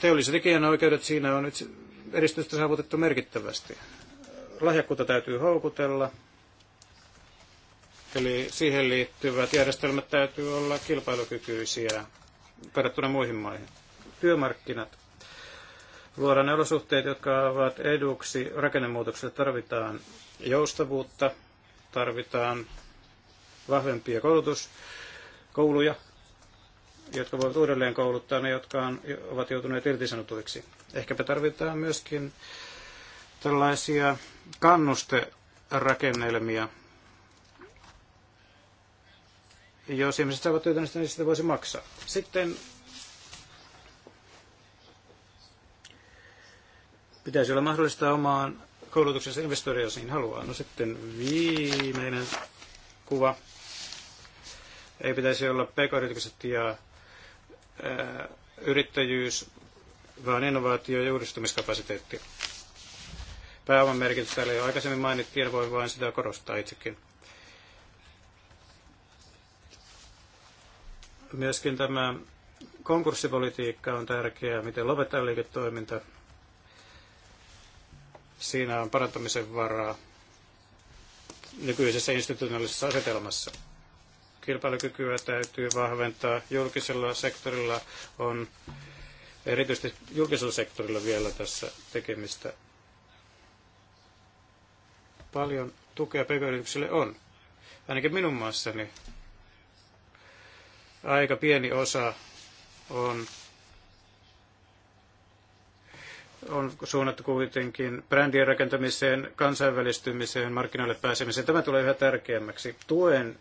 teolliset tekijänoikeudet siinä on nyt edistystä saavutettu merkittävästi. Lahjakkuutta täytyy houkutella. Eli siihen liittyvät järjestelmät täytyy olla kilpailukykyisiä verrattuna muihin maihin. Työmarkkinat. Luodaan ne olosuhteet, jotka ovat eduksi rakennemuutokselle. Tarvitaan joustavuutta, tarvitaan vahvempia koulutuskouluja, jotka voivat uudelleen kouluttaa ne, jotka on, ovat joutuneet irtisanotuiksi. Ehkäpä tarvitaan myöskin tällaisia kannusterakennelmia Jos ihmiset saavat työtä, niin sitä voisi maksaa. Sitten pitäisi olla mahdollista omaan koulutuksensa investoida, jos niin haluaa. No sitten viimeinen kuva. Ei pitäisi olla pk-yritykset ja ää, yrittäjyys, vaan innovaatio- ja uudistumiskapasiteetti. Pääoman merkitys täällä jo aikaisemmin mainittiin, voi vain sitä korostaa itsekin. Myöskin tämä konkurssipolitiikka on tärkeää, miten lopettaa liiketoiminta. Siinä on parantamisen varaa nykyisessä institutionaalisessa asetelmassa. Kilpailukykyä täytyy vahventaa. Julkisella sektorilla on, erityisesti julkisella sektorilla vielä tässä tekemistä. Paljon tukea pk on. Ainakin minun maassani aika pieni osa on, on suunnattu kuitenkin brändien rakentamiseen, kansainvälistymiseen, markkinoille pääsemiseen. Tämä tulee yhä tärkeämmäksi. Tuen,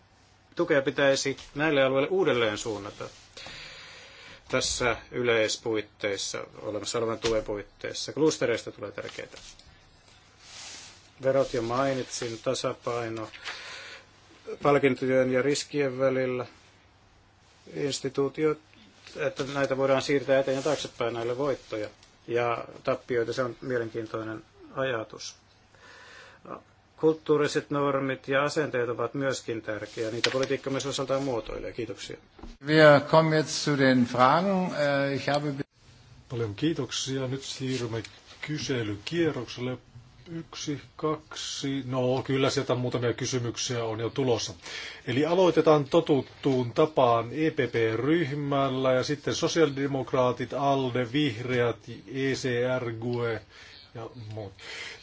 tukea pitäisi näille alueille uudelleen suunnata tässä yleispuitteissa, olemassa olevan tuen puitteissa. Klustereista tulee tärkeitä. Verot jo mainitsin, tasapaino palkintojen ja riskien välillä – instituutiot, että näitä voidaan siirtää eteen ja taaksepäin näille voittoja ja tappioita. Se on mielenkiintoinen ajatus. Kulttuuriset normit ja asenteet ovat myöskin tärkeä. Niitä politiikka myös osaltaan muotoilee. Kiitoksia. Wir kommen jetzt zu den Fragen. Äh, ich habe... Paljon kiitoksia. Nyt siirrymme kyselykierrokselle. Yksi, kaksi, no kyllä sieltä muutamia kysymyksiä on jo tulossa. Eli aloitetaan totuttuun tapaan EPP-ryhmällä ja sitten sosiaalidemokraatit, ALDE, vihreät, ECR, GUE ja muut.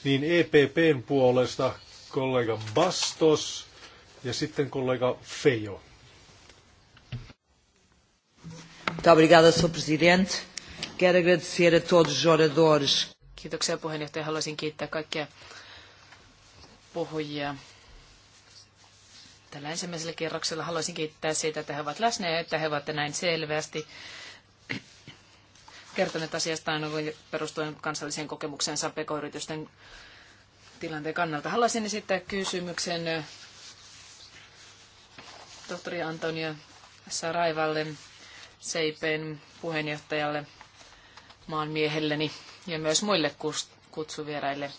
Niin EPPn puolesta kollega Bastos ja sitten kollega Fejo. Muito obrigada, Sr. Presidente. Quero agradecer a todos os oradores Kiitoksia puheenjohtaja. Haluaisin kiittää kaikkia puhujia. Tällä ensimmäisellä kierroksella haluaisin kiittää siitä, että he ovat läsnä ja että he ovat näin selvästi kertoneet asiastaan perustuen kansalliseen kokemukseensa pk tilanteen kannalta. Haluaisin esittää kysymyksen tohtori Antonia Saraivalle, Seipen puheenjohtajalle maanmiehelleni ja myös muille kutsuvieraille.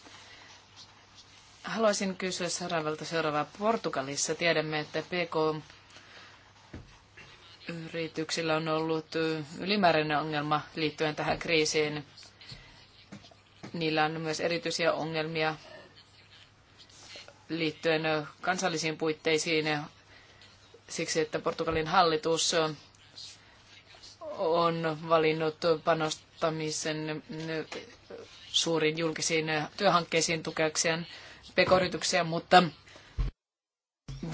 Haluaisin kysyä Saravalta seuraavaa. Portugalissa tiedämme, että PK yrityksillä on ollut ylimääräinen ongelma liittyen tähän kriisiin. Niillä on myös erityisiä ongelmia liittyen kansallisiin puitteisiin siksi, että Portugalin hallitus on valinnut panostamisen suuriin julkisiin työhankkeisiin tukeakseen pekoyrityksiä, mutta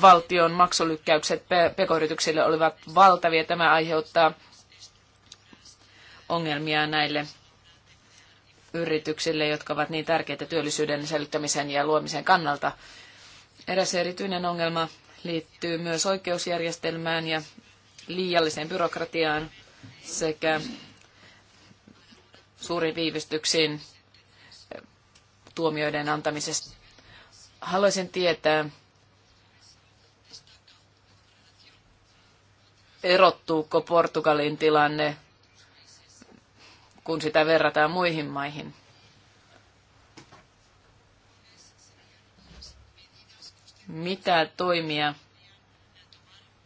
valtion maksulykkäykset pekoyrityksille olivat valtavia. Tämä aiheuttaa ongelmia näille yrityksille, jotka ovat niin tärkeitä työllisyyden selittämisen ja luomisen kannalta. Eräs erityinen ongelma liittyy myös oikeusjärjestelmään ja liialliseen byrokratiaan sekä suurin viivystyksiin tuomioiden antamisesta. Haluaisin tietää, erottuuko Portugalin tilanne, kun sitä verrataan muihin maihin? Mitä toimia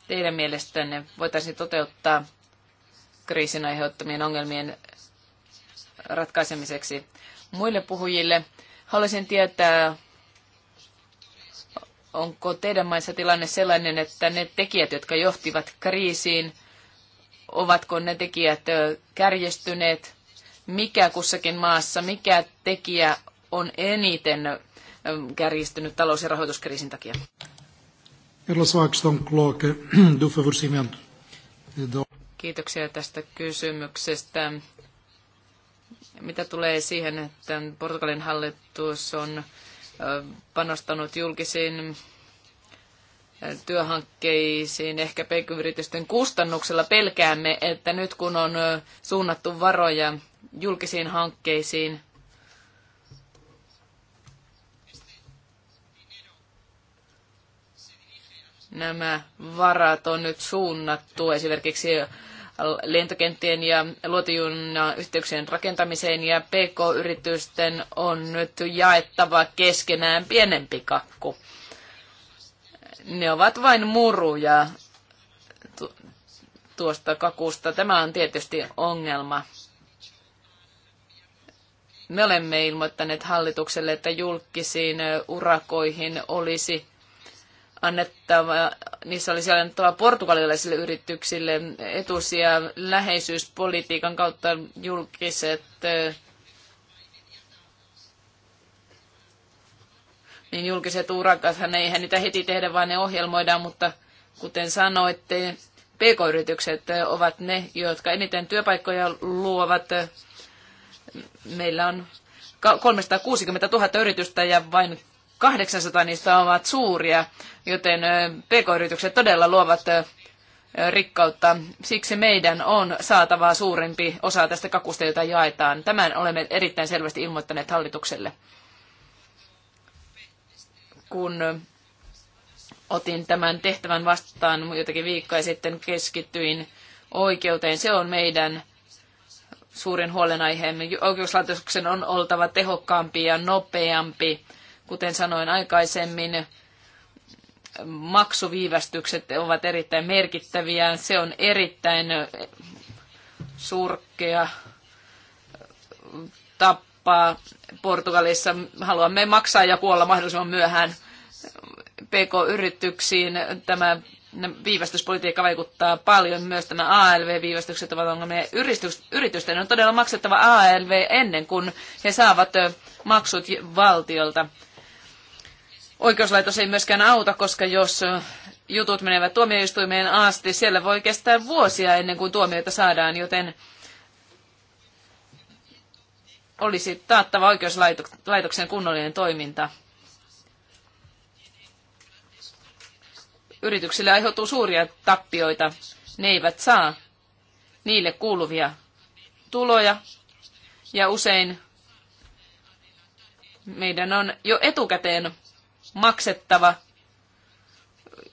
teidän mielestänne voitaisiin toteuttaa kriisin aiheuttamien ongelmien ratkaisemiseksi. Muille puhujille haluaisin tietää, onko teidän maissa tilanne sellainen, että ne tekijät, jotka johtivat kriisiin, ovatko ne tekijät kärjestyneet, mikä kussakin maassa, mikä tekijä on eniten kärjistynyt talous- ja rahoituskriisin takia? Em relação à questão que Kiitoksia tästä kysymyksestä. Mitä tulee siihen, että Portugalin hallitus on panostanut julkisiin työhankkeisiin ehkä pk-yritysten kustannuksella. Pelkäämme, että nyt kun on suunnattu varoja julkisiin hankkeisiin, nämä varat on nyt suunnattu esimerkiksi lentokenttien ja yhteyksien rakentamiseen ja PK-yritysten on nyt jaettava keskenään pienempi kakku. Ne ovat vain muruja tuosta kakusta. Tämä on tietysti ongelma. Me olemme ilmoittaneet hallitukselle, että julkisiin urakoihin olisi annettava, niissä olisi annettava portugalilaisille yrityksille etusia läheisyyspolitiikan kautta julkiset niin julkiset urakathan eihän niitä heti tehdä, vaan ne ohjelmoidaan, mutta kuten sanoitte, PK-yritykset ovat ne, jotka eniten työpaikkoja luovat. Meillä on 360 000 yritystä ja vain 800 niistä ovat suuria, joten pk-yritykset todella luovat rikkautta. Siksi meidän on saatava suurempi osa tästä kakusta, jota jaetaan. Tämän olemme erittäin selvästi ilmoittaneet hallitukselle. Kun otin tämän tehtävän vastaan jotakin viikkoja sitten, keskityin oikeuteen. Se on meidän suurin huolenaiheemme. Oikeuslaitoksen on oltava tehokkaampi ja nopeampi Kuten sanoin aikaisemmin, maksuviivästykset ovat erittäin merkittäviä. Se on erittäin surkea tappaa Portugalissa. Haluamme maksaa ja kuolla mahdollisimman myöhään PK-yrityksiin. Tämä viivästyspolitiikka vaikuttaa paljon. Myös tämä ALV-viivästykset ovat ongelmia. Yritysten on todella maksettava ALV ennen kuin he saavat maksut valtiolta oikeuslaitos ei myöskään auta, koska jos jutut menevät tuomioistuimeen asti, siellä voi kestää vuosia ennen kuin tuomioita saadaan, joten olisi taattava oikeuslaitoksen kunnollinen toiminta. Yrityksille aiheutuu suuria tappioita. Ne eivät saa niille kuuluvia tuloja ja usein meidän on jo etukäteen maksettava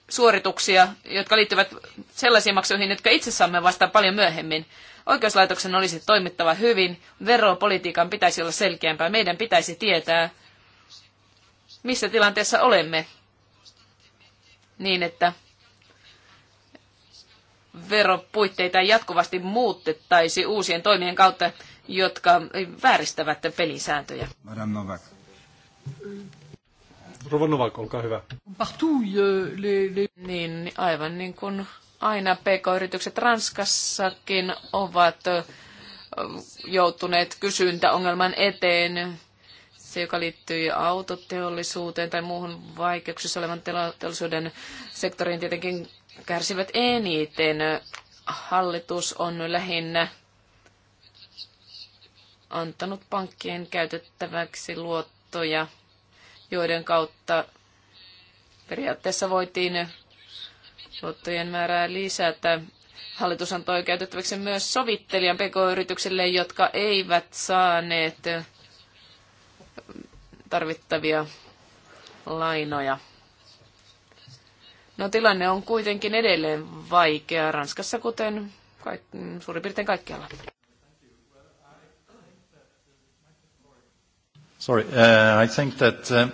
suorituksia, jotka liittyvät sellaisiin maksuihin, jotka itse saamme vasta paljon myöhemmin. Oikeuslaitoksen olisi toimittava hyvin, veropolitiikan pitäisi olla selkeämpää, meidän pitäisi tietää, missä tilanteessa olemme, niin että veropuitteita jatkuvasti muutettaisi uusien toimien kautta, jotka vääristävät pelisääntöjä. Madame Novak. Rova Novak, olkaa hyvä. Euh, niin, aivan niin kuin aina PK-yritykset Ranskassakin ovat joutuneet kysyntäongelman eteen se, joka liittyy autoteollisuuteen tai muuhun vaikeuksissa olevan teollisuuden sektoriin, tietenkin kärsivät eniten. Hallitus on lähinnä antanut pankkien käytettäväksi luottoja joiden kautta periaatteessa voitiin luottojen määrää lisätä. Hallitus antoi käytettäväksi myös sovittelijan pk-yrityksille, jotka eivät saaneet tarvittavia lainoja. No tilanne on kuitenkin edelleen vaikea Ranskassa, kuten kaik- suurin piirtein kaikkialla. Sorry, uh, I think that uh,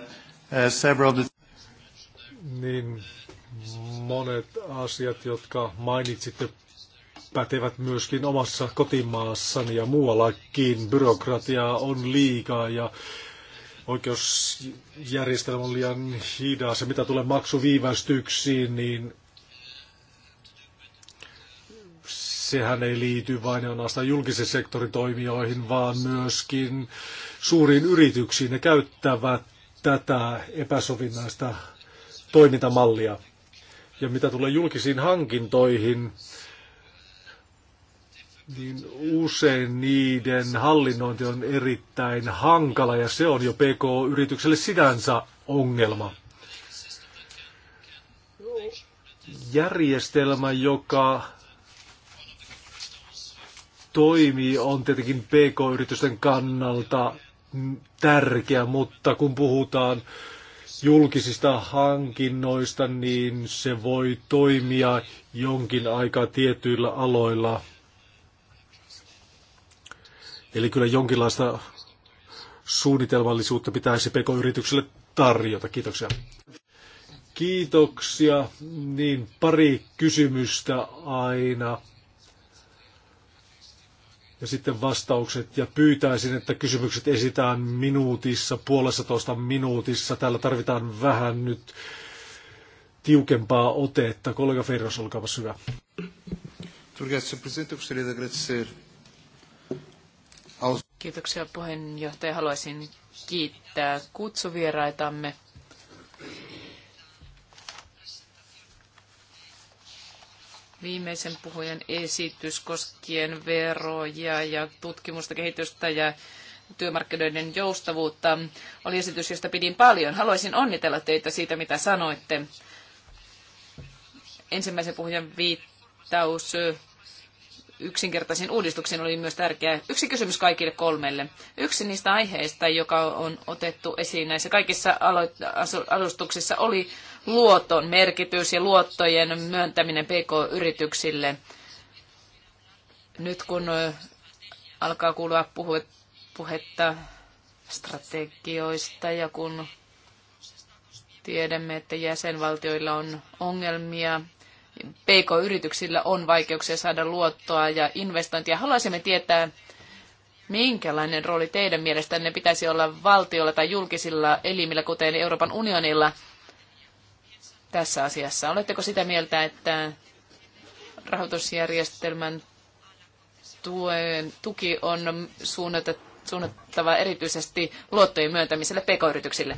uh, several of the... Niin monet asiat, jotka mainitsitte, pätevät myöskin omassa kotimaassani ja muuallakin. Byrokratiaa on liikaa ja oikeusjärjestelmä on liian hidas. Ja mitä tulee maksuviivästyksiin, niin sehän ei liity vain ainoastaan julkisen sektorin toimijoihin, vaan myöskin suuriin yrityksiin. Ne käyttävät tätä epäsovinnaista toimintamallia. Ja mitä tulee julkisiin hankintoihin, niin usein niiden hallinnointi on erittäin hankala ja se on jo PK-yritykselle sinänsä ongelma. Järjestelmä, joka toimii, on tietenkin PK-yritysten kannalta tärkeä, mutta kun puhutaan julkisista hankinnoista, niin se voi toimia jonkin aikaa tietyillä aloilla. Eli kyllä jonkinlaista suunnitelmallisuutta pitäisi PK-yritykselle tarjota. Kiitoksia. Kiitoksia. Niin pari kysymystä aina ja sitten vastaukset. Ja pyytäisin, että kysymykset esitään minuutissa, puolessatoista minuutissa. Täällä tarvitaan vähän nyt tiukempaa otetta. Kollega Ferros, olkaa hyvä. Kiitoksia puheenjohtaja. Haluaisin kiittää kutsuvieraitamme viimeisen puhujan esitys koskien veroja ja tutkimusta, kehitystä ja työmarkkinoiden joustavuutta oli esitys, josta pidin paljon. Haluaisin onnitella teitä siitä, mitä sanoitte. Ensimmäisen puhujan viittaus yksinkertaisiin uudistuksiin oli myös tärkeä. Yksi kysymys kaikille kolmelle. Yksi niistä aiheista, joka on otettu esiin näissä kaikissa alustuksissa, oli luoton merkitys ja luottojen myöntäminen PK-yrityksille. Nyt kun alkaa kuulua puhetta strategioista ja kun tiedämme, että jäsenvaltioilla on ongelmia, PK-yrityksillä on vaikeuksia saada luottoa ja investointia. Haluaisimme tietää, minkälainen rooli teidän mielestänne pitäisi olla valtiolla tai julkisilla elimillä, kuten Euroopan unionilla – tässä asiassa. Oletteko sitä mieltä, että rahoitusjärjestelmän tuen, tuki on suunnattava erityisesti luottojen myöntämiselle pk-yrityksille?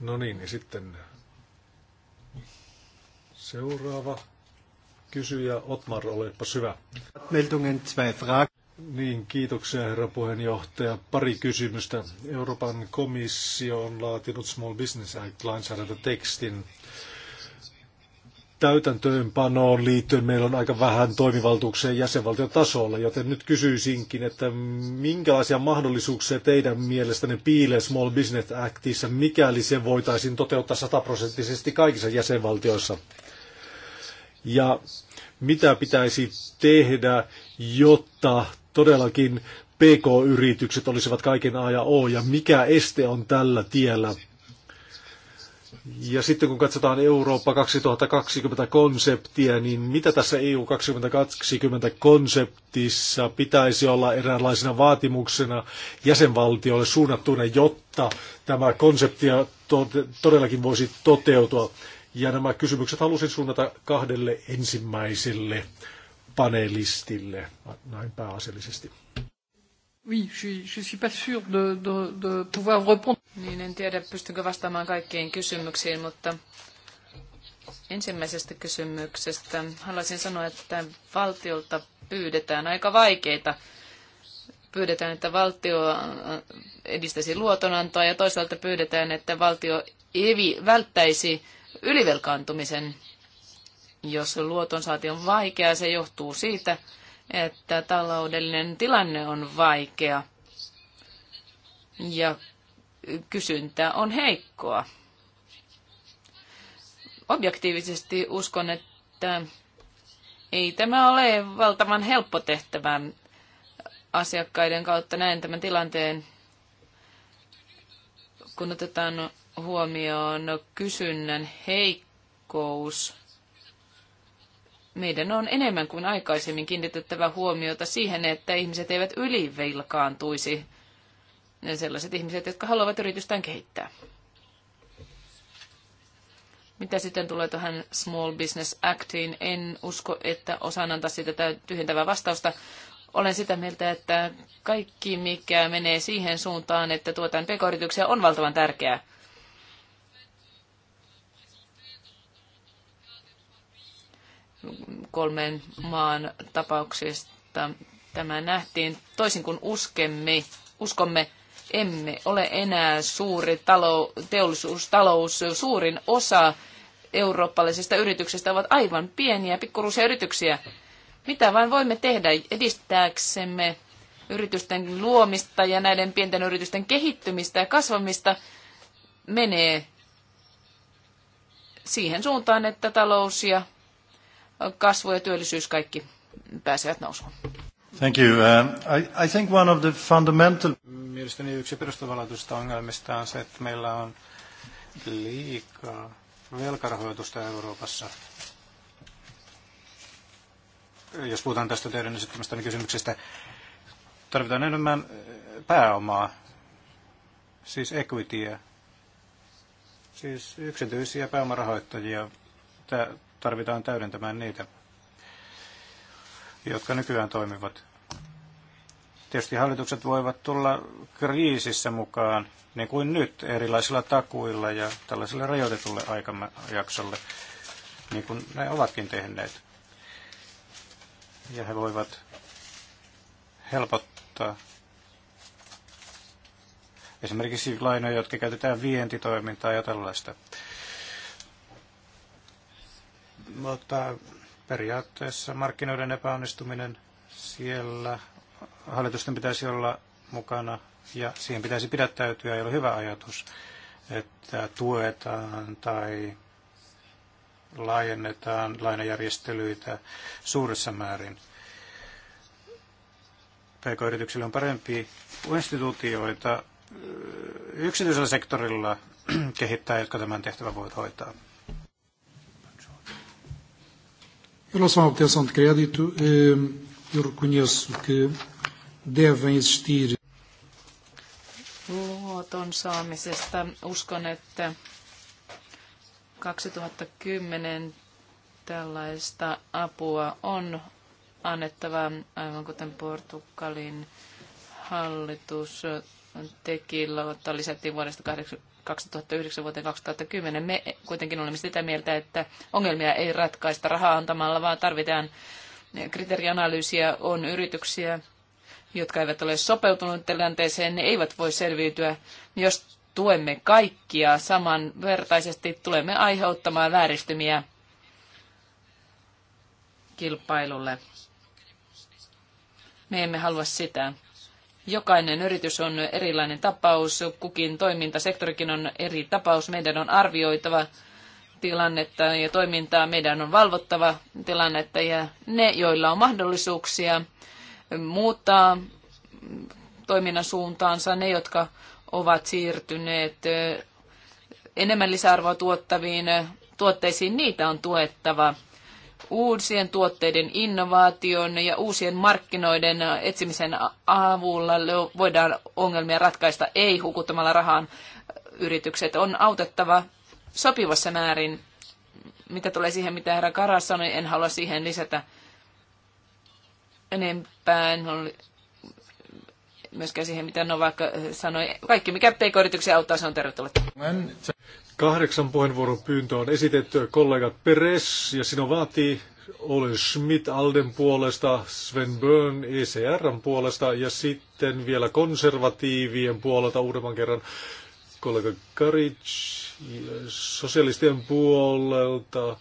No niin, ja sitten seuraava kysyjä. Otmar, olepa Fragen. Niin, kiitoksia herra puheenjohtaja. Pari kysymystä. Euroopan komissio on laatinut Small Business Act-lainsäädäntötekstin. Täytäntöönpanoon liittyen meillä on aika vähän toimivaltuuksia jäsenvaltiotasolla, joten nyt kysyisinkin, että minkälaisia mahdollisuuksia teidän mielestänne piilee Small Business Actissa, mikäli se voitaisiin toteuttaa sataprosenttisesti kaikissa jäsenvaltioissa? Ja mitä pitäisi tehdä, jotta todellakin PK-yritykset olisivat kaiken A ja O, ja mikä este on tällä tiellä? Ja sitten kun katsotaan Eurooppa 2020-konseptia, niin mitä tässä EU 2020-konseptissa pitäisi olla eräänlaisena vaatimuksena jäsenvaltioille suunnattuna, jotta tämä konseptia todellakin voisi toteutua? Ja nämä kysymykset halusin suunnata kahdelle ensimmäiselle panelistille näin pääasiallisesti. Oui, je, je suis pas sûr de, de, de pouvoir répondre. Niin, en tiedä, pystynkö vastaamaan kaikkiin kysymyksiin, mutta ensimmäisestä kysymyksestä haluaisin sanoa, että valtiolta pyydetään aika vaikeita. Pyydetään, että valtio äh, edistäisi luotonantoa ja toisaalta pyydetään, että valtio evi, välttäisi ylivelkaantumisen jos saati on vaikeaa, se johtuu siitä, että taloudellinen tilanne on vaikea ja kysyntä on heikkoa. Objektiivisesti uskon, että ei tämä ole valtavan helppo tehtävän asiakkaiden kautta näen tämän tilanteen, kun otetaan huomioon kysynnän heikkous meidän on enemmän kuin aikaisemmin kiinnitettävä huomiota siihen, että ihmiset eivät ylivelkaantuisi. Ne sellaiset ihmiset, jotka haluavat yritystään kehittää. Mitä sitten tulee tähän Small Business Actiin, en usko, että osaan antaa siitä tyhjentävää vastausta. Olen sitä mieltä, että kaikki, mikä menee siihen suuntaan, että tuotaan pk on valtavan tärkeää. kolmen maan tapauksista. Tämä nähtiin toisin kuin uskemme, uskomme, emme ole enää suuri talou, teollisuustalous. Suurin osa eurooppalaisista yrityksistä ovat aivan pieniä, pikkuruisia yrityksiä. Mitä vain voimme tehdä edistääksemme yritysten luomista ja näiden pienten yritysten kehittymistä ja kasvamista menee siihen suuntaan, että talous ja kasvu ja työllisyys kaikki pääsevät nousuun. Thank you. Uh, I, I think one of the fundamental... Mielestäni yksi perustavanlaatuisista ongelmista on se, että meillä on liikaa velkarahoitusta Euroopassa. Jos puhutaan tästä teidän esittämästäni kysymyksestä, tarvitaan enemmän eh, pääomaa, siis equityä, siis yksityisiä pääomarahoittajia tarvitaan täydentämään niitä, jotka nykyään toimivat. Tietysti hallitukset voivat tulla kriisissä mukaan, niin kuin nyt, erilaisilla takuilla ja tällaisille rajoitetulle aikajaksolle, niin kuin ne ovatkin tehneet. Ja he voivat helpottaa esimerkiksi lainoja, jotka käytetään vientitoimintaa ja tällaista. Mutta periaatteessa markkinoiden epäonnistuminen siellä hallitusten pitäisi olla mukana ja siihen pitäisi pidättäytyä, ei ole hyvä ajatus, että tuetaan tai laajennetaan lainajärjestelyitä suuressa määrin. PK-yrityksille on parempi instituutioita yksityisellä sektorilla kehittää, jotka tämän tehtävän voivat hoitaa. Em relação à obtenção de crédito, eh, eu reconheço que devem existir. Luoton saamisesta uskon, että 2010 tällaista apua on annettava, aivan kuten Portugalin hallitus teki, lisättiin vuodesta 2009 vuoteen 2010. Me kuitenkin olemme sitä mieltä, että ongelmia ei ratkaista rahaa antamalla, vaan tarvitaan kriteerianalyysiä. On yrityksiä, jotka eivät ole sopeutuneet tilanteeseen, ne eivät voi selviytyä. Jos tuemme kaikkia samanvertaisesti, tulemme aiheuttamaan vääristymiä kilpailulle. Me emme halua sitä. Jokainen yritys on erilainen tapaus, kukin toimintasektorikin on eri tapaus. Meidän on arvioitava tilannetta ja toimintaa, meidän on valvottava tilannetta ja ne, joilla on mahdollisuuksia muuttaa toiminnan suuntaansa, ne, jotka ovat siirtyneet enemmän lisäarvoa tuottaviin tuotteisiin, niitä on tuettava uusien tuotteiden innovaation ja uusien markkinoiden etsimisen avulla voidaan ongelmia ratkaista, ei hukuttamalla rahaan yritykset. On autettava sopivassa määrin, mitä tulee siihen, mitä herra Karas sanoi, en halua siihen lisätä enempää. En ole myöskään siihen, mitä Novak sanoi. Kaikki, mikä pk-yrityksiä auttaa, se on tervetullut. Kahdeksan puheenvuoron pyyntö on esitetty kollegat Peres ja sinä vaatii Ole Schmidt Alden puolesta, Sven Börn e ECRn puolesta ja sitten vielä konservatiivien puolelta uudemman kerran kollega Karic sosialistien puolelta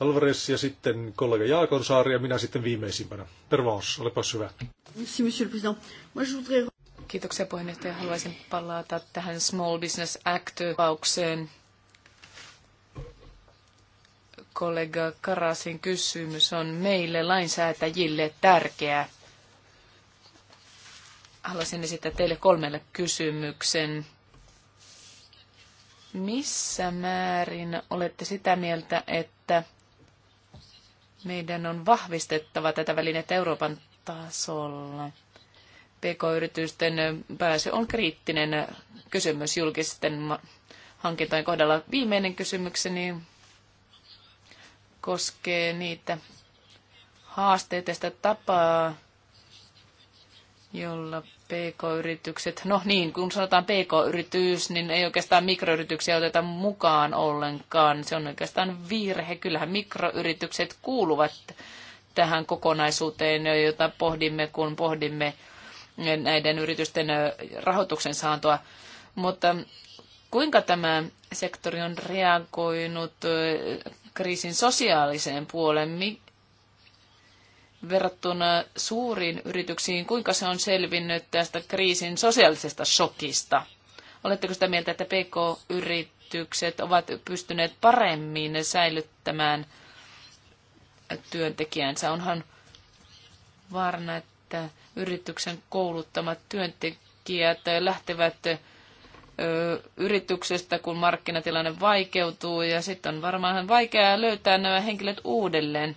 Alvarez ja sitten kollega Jaakonsaari ja minä sitten viimeisimpänä. Pervaus, olepa hyvä. Merci, monsieur le Kiitoksia puheenjohtaja. Haluaisin palata tähän Small Business Act-vaukseen kollega Karasin kysymys on meille lainsäätäjille tärkeä. Haluaisin esittää teille kolmelle kysymyksen. Missä määrin olette sitä mieltä, että meidän on vahvistettava tätä välinettä Euroopan tasolla? PK-yritysten pääsy on kriittinen kysymys julkisten hankintojen kohdalla. Viimeinen kysymykseni koskee niitä haasteita sitä tapaa, jolla PK-yritykset, no niin, kun sanotaan PK-yritys, niin ei oikeastaan mikroyrityksiä oteta mukaan ollenkaan. Se on oikeastaan virhe. Kyllähän mikroyritykset kuuluvat tähän kokonaisuuteen, jota pohdimme, kun pohdimme näiden yritysten rahoituksen saantoa. Mutta kuinka tämä sektori on reagoinut kriisin sosiaaliseen puoleen verrattuna suuriin yrityksiin, kuinka se on selvinnyt tästä kriisin sosiaalisesta shokista? Oletteko sitä mieltä, että PK-yritykset ovat pystyneet paremmin säilyttämään työntekijänsä? Onhan vaarana, että yrityksen kouluttamat työntekijät lähtevät yrityksestä, kun markkinatilanne vaikeutuu ja sitten on varmaan vaikeaa löytää nämä henkilöt uudelleen.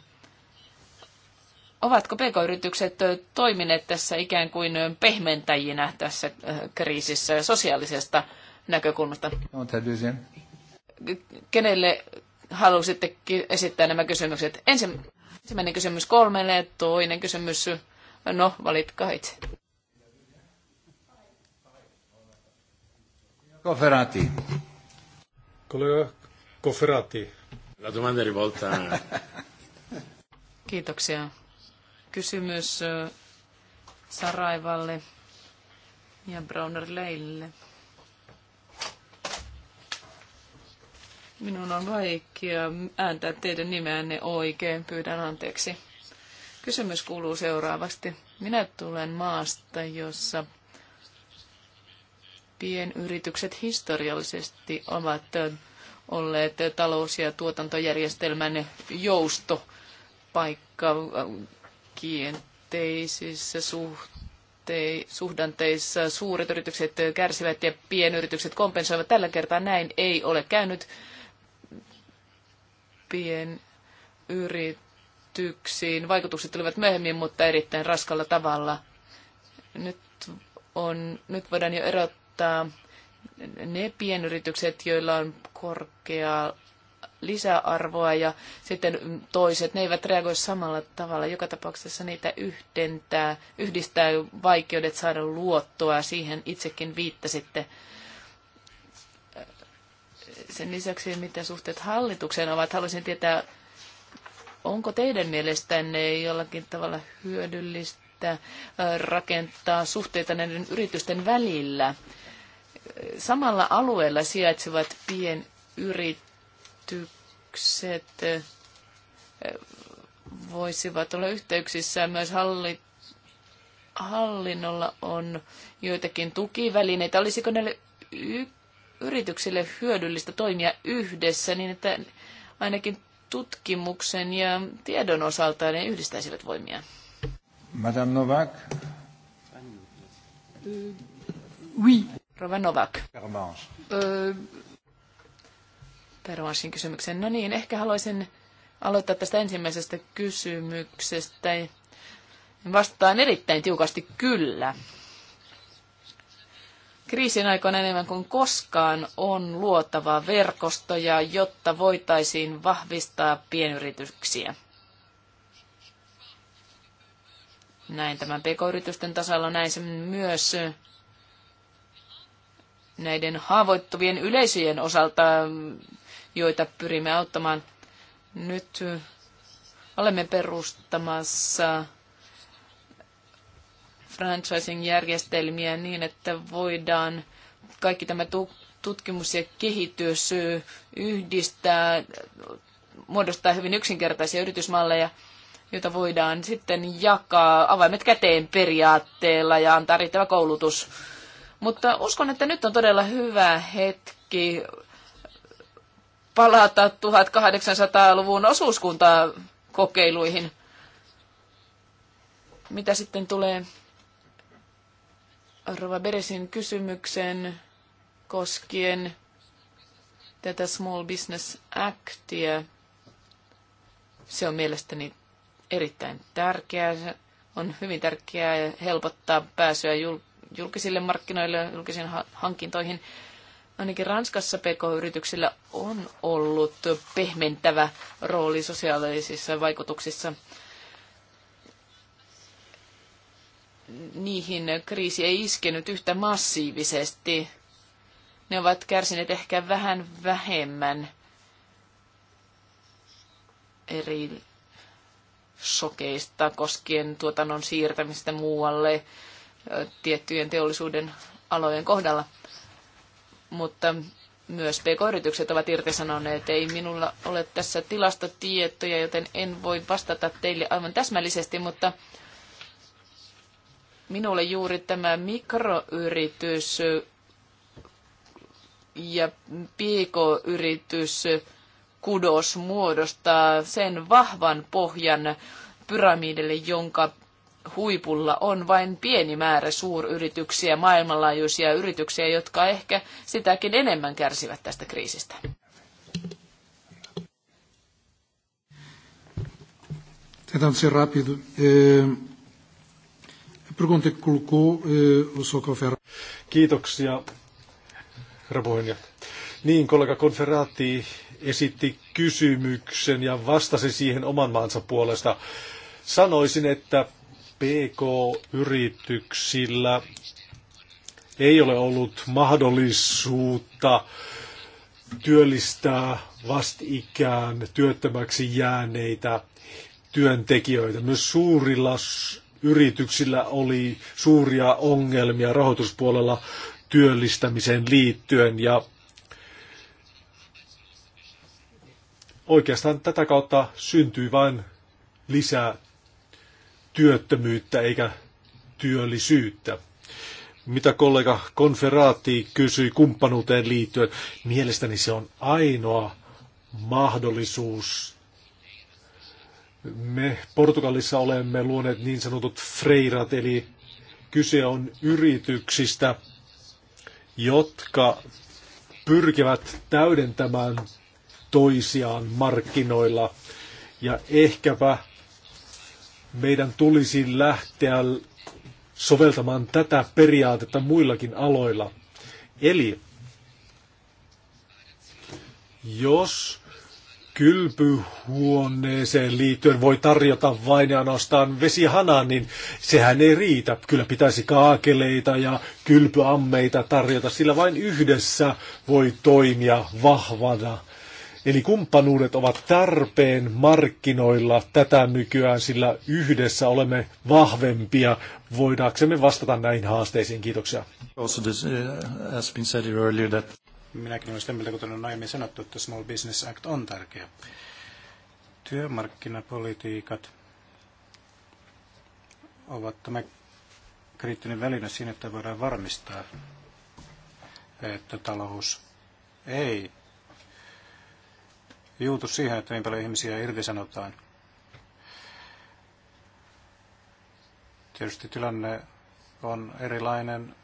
Ovatko pk-yritykset toimineet tässä ikään kuin pehmentäjinä tässä kriisissä sosiaalisesta näkökulmasta? Kenelle halusitte esittää nämä kysymykset? Ensimmäinen kysymys kolmelle, toinen kysymys, no valitkaa itse. Koferati. Kollega Koferati. La domanda rivolta. Kiitoksia. Kysymys Saraivalle ja Browner Leille. Minun on vaikea ääntää teidän nimeänne oikein, pyydän anteeksi. Kysymys kuuluu seuraavasti. Minä tulen maasta, jossa pienyritykset historiallisesti ovat olleet talous- ja tuotantojärjestelmän joustopaikka kienteisissä suhteissa suhdanteissa suuret yritykset kärsivät ja pienyritykset kompensoivat. Tällä kertaa näin ei ole käynyt. Pienyrityksiin vaikutukset tulivat myöhemmin, mutta erittäin raskalla tavalla. Nyt, on, nyt voidaan jo erottaa tota, ne pienyritykset, joilla on korkeaa lisäarvoa ja sitten toiset, ne eivät reagoi samalla tavalla. Joka tapauksessa niitä yhdentää, yhdistää vaikeudet saada luottoa, siihen itsekin viittasitte. Sen lisäksi, mitä suhteet hallitukseen ovat, haluaisin tietää, onko teidän mielestänne jollakin tavalla hyödyllistä äh, rakentaa suhteita näiden yritysten välillä? samalla alueella sijaitsevat pienyritykset eh, voisivat olla yhteyksissä myös hallit hallinnolla on joitakin tukivälineitä. Olisiko näille yrityksille hyödyllistä toimia yhdessä niin, että ainakin tutkimuksen ja tiedon osalta ne yhdistäisivät voimia? Madame Novak. Oui. Rova Novak. kysymykseen. No niin, ehkä haluaisin aloittaa tästä ensimmäisestä kysymyksestä. Vastaan erittäin tiukasti kyllä. Kriisin aikoina enemmän kuin koskaan on luotava verkostoja, jotta voitaisiin vahvistaa pienyrityksiä. Näin tämän pk-yritysten tasalla, näin sen myös näiden haavoittuvien yleisöjen osalta, joita pyrimme auttamaan. Nyt olemme perustamassa franchising-järjestelmiä niin, että voidaan kaikki tämä tutkimus ja kehitys yhdistää, muodostaa hyvin yksinkertaisia yritysmalleja, joita voidaan sitten jakaa avaimet käteen periaatteella ja antaa riittävä koulutus mutta uskon, että nyt on todella hyvä hetki palata 1800-luvun osuuskuntakokeiluihin. Mitä sitten tulee Rova Beresin kysymyksen koskien tätä Small Business Actia. Se on mielestäni erittäin tärkeää. On hyvin tärkeää helpottaa pääsyä julkisuuteen julkisille markkinoille ja julkisiin hankintoihin. Ainakin Ranskassa PK-yrityksillä on ollut pehmentävä rooli sosiaalisissa vaikutuksissa. Niihin kriisi ei iskenyt yhtä massiivisesti. Ne ovat kärsineet ehkä vähän vähemmän eri sokeista koskien tuotannon siirtämistä muualle tiettyjen teollisuuden alojen kohdalla. Mutta myös PK-yritykset ovat irtisanoneet. Ei minulla ole tässä tilastotietoja, joten en voi vastata teille aivan täsmällisesti, mutta minulle juuri tämä mikroyritys ja PK-yritys kudos muodostaa sen vahvan pohjan pyramidille, jonka huipulla on vain pieni määrä suuryrityksiä, maailmanlaajuisia yrityksiä, jotka ehkä sitäkin enemmän kärsivät tästä kriisistä. Tentando ser rápido, eh, a pergunta que colocou eh, o Sr. Kiitoksia, herra puheenjohtaja. Niin, kollega Konferrati esitti kysymyksen ja vastasi siihen oman maansa puolesta. Sanoisin, että PK-yrityksillä ei ole ollut mahdollisuutta työllistää vastikään työttömäksi jääneitä työntekijöitä. Myös suurilla yrityksillä oli suuria ongelmia rahoituspuolella työllistämiseen liittyen ja oikeastaan tätä kautta syntyi vain lisää työttömyyttä eikä työllisyyttä. Mitä kollega Konferaatti kysyi kumppanuuteen liittyen, mielestäni se on ainoa mahdollisuus. Me Portugalissa olemme luoneet niin sanotut freirat, eli kyse on yrityksistä, jotka pyrkivät täydentämään toisiaan markkinoilla ja ehkäpä meidän tulisi lähteä soveltamaan tätä periaatetta muillakin aloilla. Eli jos kylpyhuoneeseen liittyen voi tarjota vain ja ainoastaan vesihanaa, niin sehän ei riitä. Kyllä pitäisi kaakeleita ja kylpyammeita tarjota, sillä vain yhdessä voi toimia vahvana Eli kumppanuudet ovat tarpeen markkinoilla tätä nykyään, sillä yhdessä olemme vahvempia. Voidaksemme vastata näihin haasteisiin. Kiitoksia. Uh, Minäkin olen sitä mieltä, kuten on aiemmin sanottu, että Small Business Act on tärkeä. Työmarkkinapolitiikat ovat tämä kriittinen väline siinä, että voidaan varmistaa, että talous ei juutu siihen, että niin paljon ihmisiä irtisanotaan. Tietysti tilanne on erilainen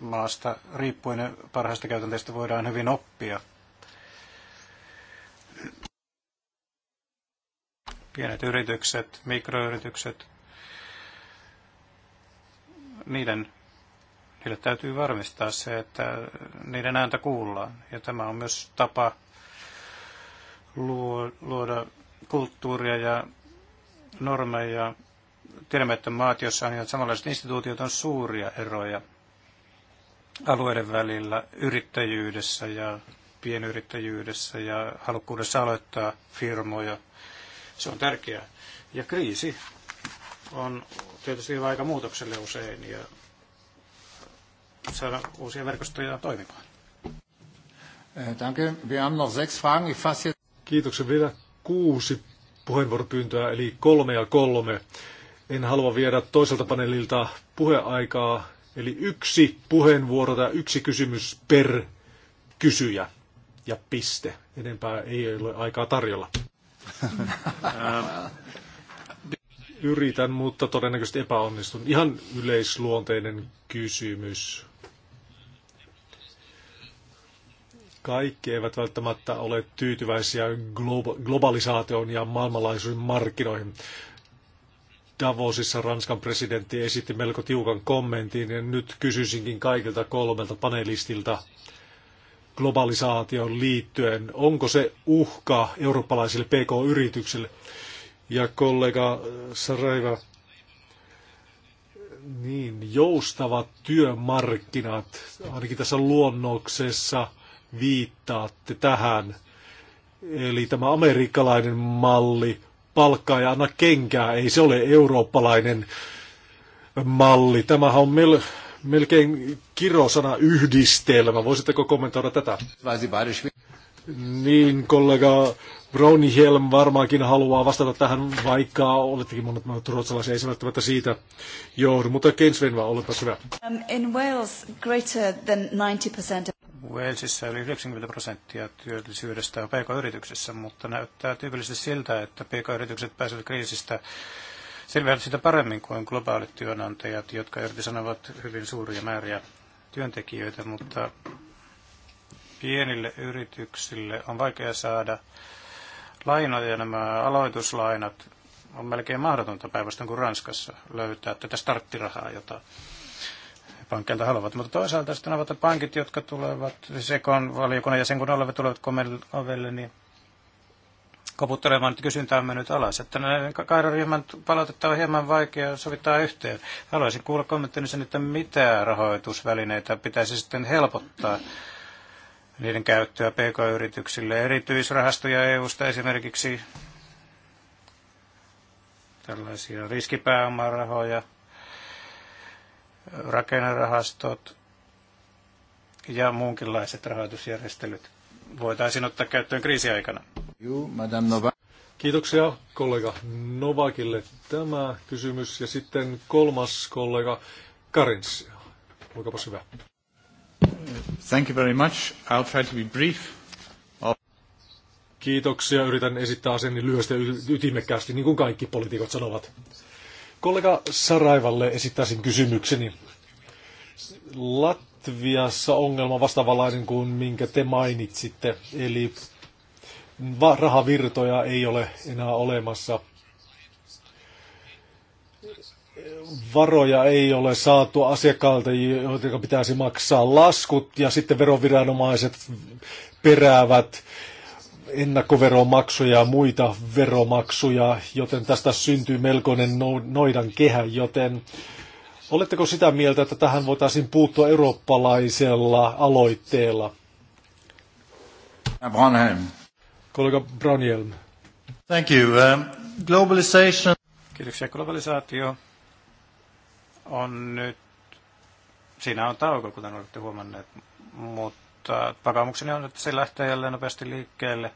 maasta riippuen. Parhaista käytänteistä voidaan hyvin oppia. Pienet yritykset, mikroyritykset, niiden niille täytyy varmistaa se, että niiden ääntä kuullaan. Ja tämä on myös tapa luoda kulttuuria ja normeja. Tiedämme, että maat, joissa on ihan samanlaiset instituutiot, on suuria eroja alueiden välillä yrittäjyydessä ja pienyrittäjyydessä ja halukkuudessa aloittaa firmoja. Se on tärkeää. Ja kriisi on tietysti aika muutokselle usein ja saada uusia verkostoja toimimaan. Äh, danke. Wir haben noch sechs Fragen. Ich fasse Kiitoksia vielä kuusi puheenvuoropyyntöä, eli kolme ja kolme. En halua viedä toiselta paneelilta puheaikaa, eli yksi puheenvuoro tai yksi kysymys per kysyjä ja piste. Enempää ei ole aikaa tarjolla. Yritän, mutta todennäköisesti epäonnistun. Ihan yleisluonteinen kysymys. Kaikki eivät välttämättä ole tyytyväisiä globalisaation ja maailmanlaajuisen markkinoihin. Davosissa Ranskan presidentti esitti melko tiukan kommentin ja nyt kysyisinkin kaikilta kolmelta panelistilta globalisaation liittyen. Onko se uhka eurooppalaisille PK-yrityksille? Ja kollega Saraiva, niin joustavat työmarkkinat, ainakin tässä luonnoksessa – viittaatte tähän. Eli tämä amerikkalainen malli, palkkaa ja anna kenkää, ei se ole eurooppalainen malli. Tämä on mel- melkein kirosana yhdistelmä. Voisitteko kommentoida tätä? Niin, kollega Brownie Helm varmaankin haluaa vastata tähän, vaikka olettekin monet monet ruotsalaisia, ei se välttämättä siitä johdu, mutta Keynes Venva, olepas hyvä. Um, in Wales, greater than 90%... Walesissa yli 90 prosenttia työllisyydestä on pk-yrityksessä, mutta näyttää tyypillisesti siltä, että pk-yritykset pääsevät kriisistä selviävät sitä paremmin kuin globaalit työnantajat, jotka irtisanovat hyvin suuria määriä työntekijöitä, mutta pienille yrityksille on vaikea saada lainoja ja nämä aloituslainat on melkein mahdotonta päivästä kuin Ranskassa löytää tätä starttirahaa, jota pankkeilta haluavat. Mutta toisaalta sitten ovat pankit, jotka tulevat sekon siis valiokunnan ja sen kun olevat tulevat ovelle, niin koputtelemaan, että kysyntä on mennyt alas. Että kahden ryhmän palautetta on hieman vaikea sovittaa yhteen. Haluaisin kuulla kommenttini sen, että mitä rahoitusvälineitä pitäisi sitten helpottaa niiden käyttöä pk-yrityksille, erityisrahastoja EU-sta esimerkiksi, tällaisia riskipääomarahoja, rakennerahastot ja muunkinlaiset rahoitusjärjestelyt voitaisiin ottaa käyttöön kriisiaikana. Kiitoksia kollega Novakille tämä kysymys. Ja sitten kolmas kollega Karins. Olkaapa hyvä. Thank you very much. I'll try to be brief. Kiitoksia. Yritän esittää sen lyhyesti ja ytimekkäästi, niin kuin kaikki poliitikot sanovat. Kollega Saraivalle esittäisin kysymykseni. Latviassa ongelma vastaavanlainen kuin minkä te mainitsitte, eli rahavirtoja ei ole enää olemassa. Varoja ei ole saatu asiakkailta, joita pitäisi maksaa laskut, ja sitten veroviranomaiset peräävät ennakkoveromaksuja ja muita veromaksuja, joten tästä syntyy melkoinen no-, noidan kehä, joten oletteko sitä mieltä, että tähän voitaisiin puuttua eurooppalaisella aloitteella? Branheim. Kollega Branielm. Thank you. Um, globalization. Kiitoksia. Globalisaatio on nyt, siinä on tauko, kuten olette huomanneet, mutta vakaumukseni on, että se lähtee jälleen nopeasti liikkeelle.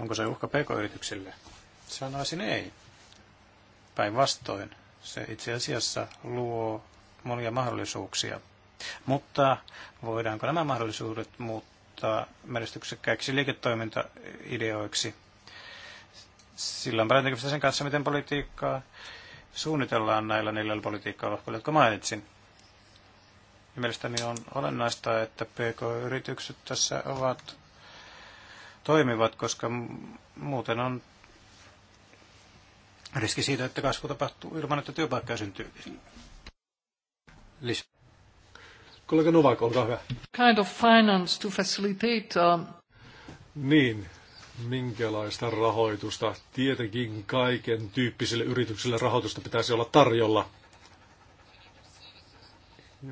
Onko se uhka pk-yrityksille? Sanoisin ei. Päinvastoin. Se itse asiassa luo monia mahdollisuuksia. Mutta voidaanko nämä mahdollisuudet muuttaa menestyksekkäiksi liiketoimintaideoiksi? Sillä on paljon sen kanssa, miten politiikkaa suunnitellaan näillä neljällä politiikka-alueella, jotka mainitsin. Ja mielestäni on olennaista, että PK-yritykset tässä ovat toimivat, koska muuten on riski siitä, että kasvu tapahtuu ilman, että työpaikkaa syntyy. Lisä. Kollega Novak, olkaa hyvä. Kind of finance to facilitate... Um... Niin, minkälaista rahoitusta? Tietenkin kaiken tyyppisille yrityksille rahoitusta pitäisi olla tarjolla.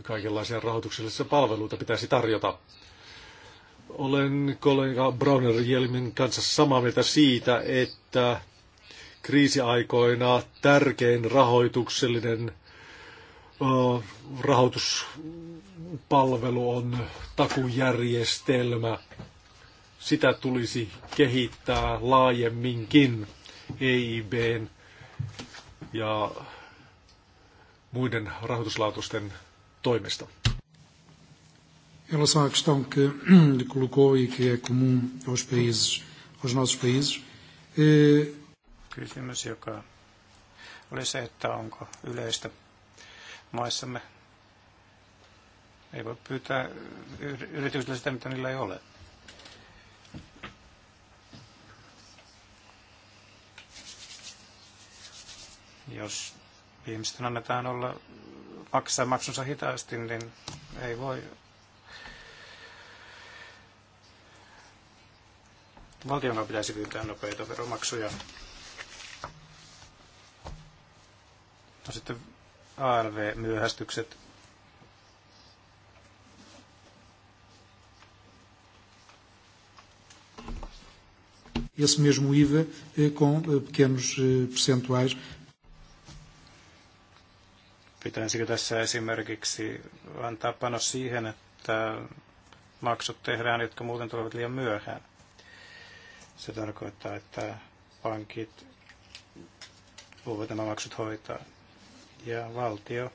Kaikenlaisia rahoituksellisia palveluita pitäisi tarjota. Olen kollega Browner Jelmin kanssa samaa mieltä siitä, että kriisiaikoina tärkein rahoituksellinen rahoituspalvelu on takujärjestelmä. Sitä tulisi kehittää laajemminkin EIBn ja muiden rahoituslaatusten toimesta. Em relação à questão que colocou e que é comum aos países, aos nossos países, eh, Kysymys, joka oli se, että onko yleistä maissamme. Ei voi pyytää yrityksiltä sitä, mitä niillä ei ole. Jos ihmisten annetaan olla maksaa maksunsa hitaasti, niin ei voi Valtiona pitäisi pyytää nopeita veromaksuja. No sitten ALV-myöhästykset. Esse mesmo IVA eh, com eh, pequenos eh, percentuais. Pitäisikö tässä esimerkiksi antaa panos siihen, että maksut tehdään, jotka muuten tulevat liian myöhään? Se tarkoittaa, että pankit voivat nämä maksut hoitaa. Ja valtio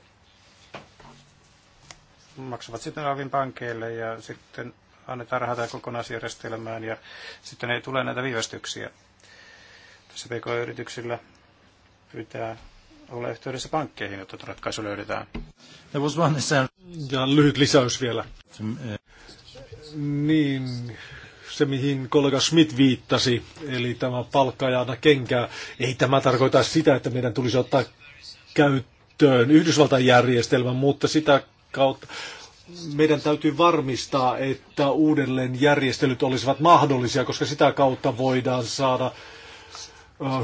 maksavat sitten avin pankeille ja sitten annetaan rahaa kokonaisjärjestelmään ja sitten ei tule näitä viivästyksiä. Tässä PK-yrityksillä pitää olla yhteydessä pankkeihin, jotta ratkaisu löydetään. Ja lyhyt lisäys vielä. Mm, eh. Niin, se, mihin kollega Schmidt viittasi, eli tämä ja aina kenkää. Ei tämä tarkoita sitä, että meidän tulisi ottaa käyttöön Yhdysvaltain järjestelmä, mutta sitä kautta meidän täytyy varmistaa, että uudelleen järjestelyt olisivat mahdollisia, koska sitä kautta voidaan saada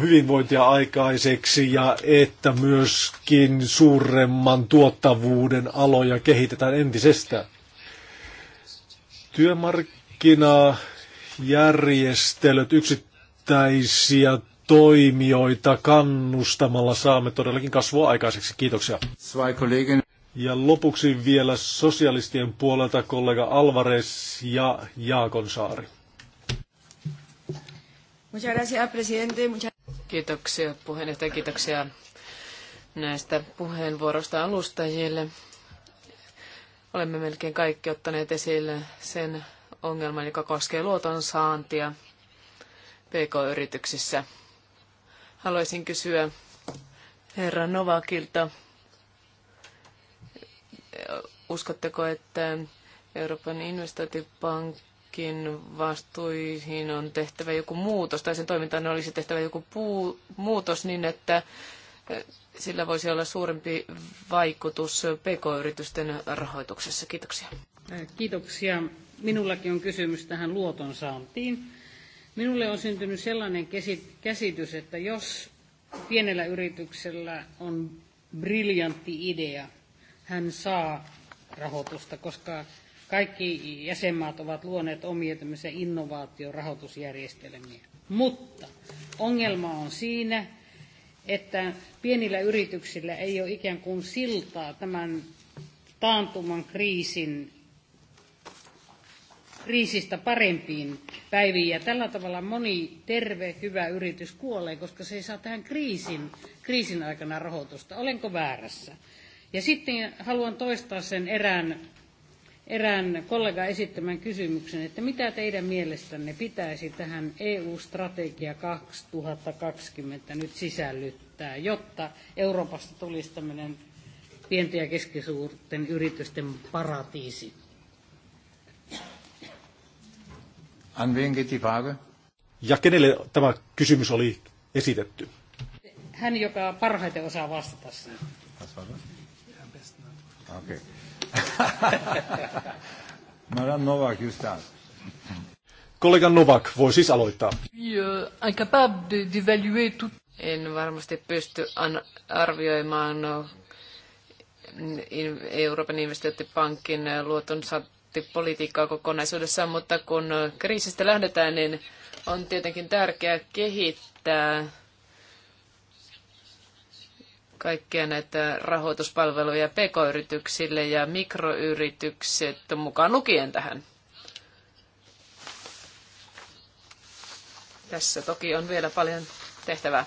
hyvinvointia aikaiseksi ja että myöskin suuremman tuottavuuden aloja kehitetään entisestään. Työmarkkina järjestelyt yksittäisiä toimijoita kannustamalla saamme todellakin kasvua aikaiseksi. Kiitoksia. Ja lopuksi vielä sosialistien puolelta kollega Alvarez ja Jaakonsaari. Kiitoksia puheenjohtaja, kiitoksia näistä puheenvuorosta alustajille. Olemme melkein kaikki ottaneet esille sen ongelman, joka koskee luoton saantia PK-yrityksissä. Haluaisin kysyä herra Novakilta, uskotteko, että Euroopan investointipankin vastuihin on tehtävä joku muutos, tai sen toimintaan olisi tehtävä joku puu, muutos niin, että eh, sillä voisi olla suurempi vaikutus pk-yritysten rahoituksessa. Kiitoksia. Kiitoksia. Minullakin on kysymys tähän luoton saantiin. Minulle on syntynyt sellainen käsitys, että jos pienellä yrityksellä on briljantti idea, hän saa rahoitusta, koska kaikki jäsenmaat ovat luoneet omia tämmöisiä innovaatiorahoitusjärjestelmiä. Mutta ongelma on siinä, että pienillä yrityksillä ei ole ikään kuin siltaa tämän taantuman kriisin kriisistä parempiin päiviin. Ja tällä tavalla moni terve, hyvä yritys kuolee, koska se ei saa tähän kriisin, kriisin aikana rahoitusta. Olenko väärässä? Ja sitten haluan toistaa sen erään, erään kollega esittämän kysymyksen, että mitä teidän mielestänne pitäisi tähän EU-strategia 2020 nyt sisällyttää, jotta Euroopasta tulisi tämmöinen pienten ja keskisuurten yritysten paratiisi? An wen geht die Frage? Ja kenelle tämä kysymys oli esitetty? Hän, joka parhaiten osaa vastata siihen. Okei. Okay. Madame Novak, just that. Kollega Novak voi siis aloittaa. En varmasti pysty arvioimaan mm, Euroopan investointipankin äh, luoton kohti politiikkaa kokonaisuudessaan, mutta kun kriisistä lähdetään, niin on tietenkin tärkeää kehittää kaikkia näitä rahoituspalveluja pk-yrityksille ja mikroyritykset mukaan lukien tähän. Tässä toki on vielä paljon tehtävää.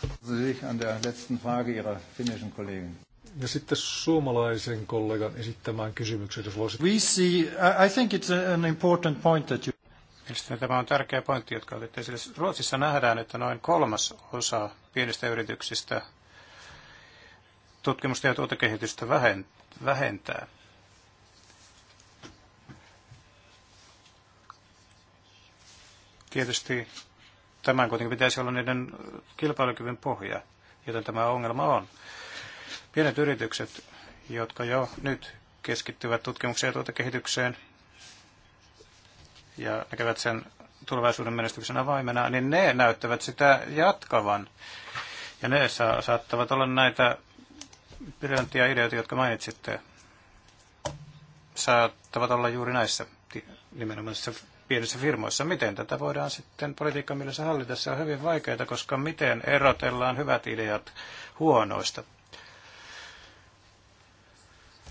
Ja sitten suomalaisen kollegan esittämään kysymykseen, jos voisit. We see, I think it's an important point that you... Mielestäni tämä on tärkeä pointti, jotka otitte esille. Ruotsissa nähdään, että noin kolmas osa pienistä yrityksistä tutkimusta ja tuotekehitystä vähentää. Tietysti tämän kuitenkin pitäisi olla niiden kilpailukyvyn pohja, joten tämä ongelma on. Pienet yritykset, jotka jo nyt keskittyvät tutkimukseen ja tuotekehitykseen ja näkevät sen tulevaisuuden menestyksen avaimena, niin ne näyttävät sitä jatkavan. Ja ne saa, saattavat olla näitä briljanttia ideoita, jotka mainitsitte, saattavat olla juuri näissä nimenomaisissa pienissä firmoissa. Miten tätä voidaan sitten politiikka se hallita? Se on hyvin vaikeaa, koska miten erotellaan hyvät ideat huonoista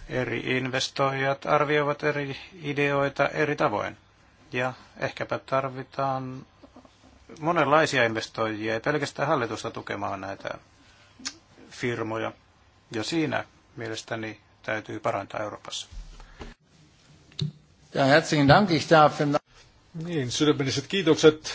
Eri investoijat arvioivat eri ideoita eri tavoin. Ja ehkäpä tarvitaan monenlaisia investoijia, ei pelkästään hallitusta tukemaan näitä firmoja. Ja siinä mielestäni täytyy parantaa Euroopassa. Ja herzlichen Dank. Ich darf niin, sydämelliset kiitokset.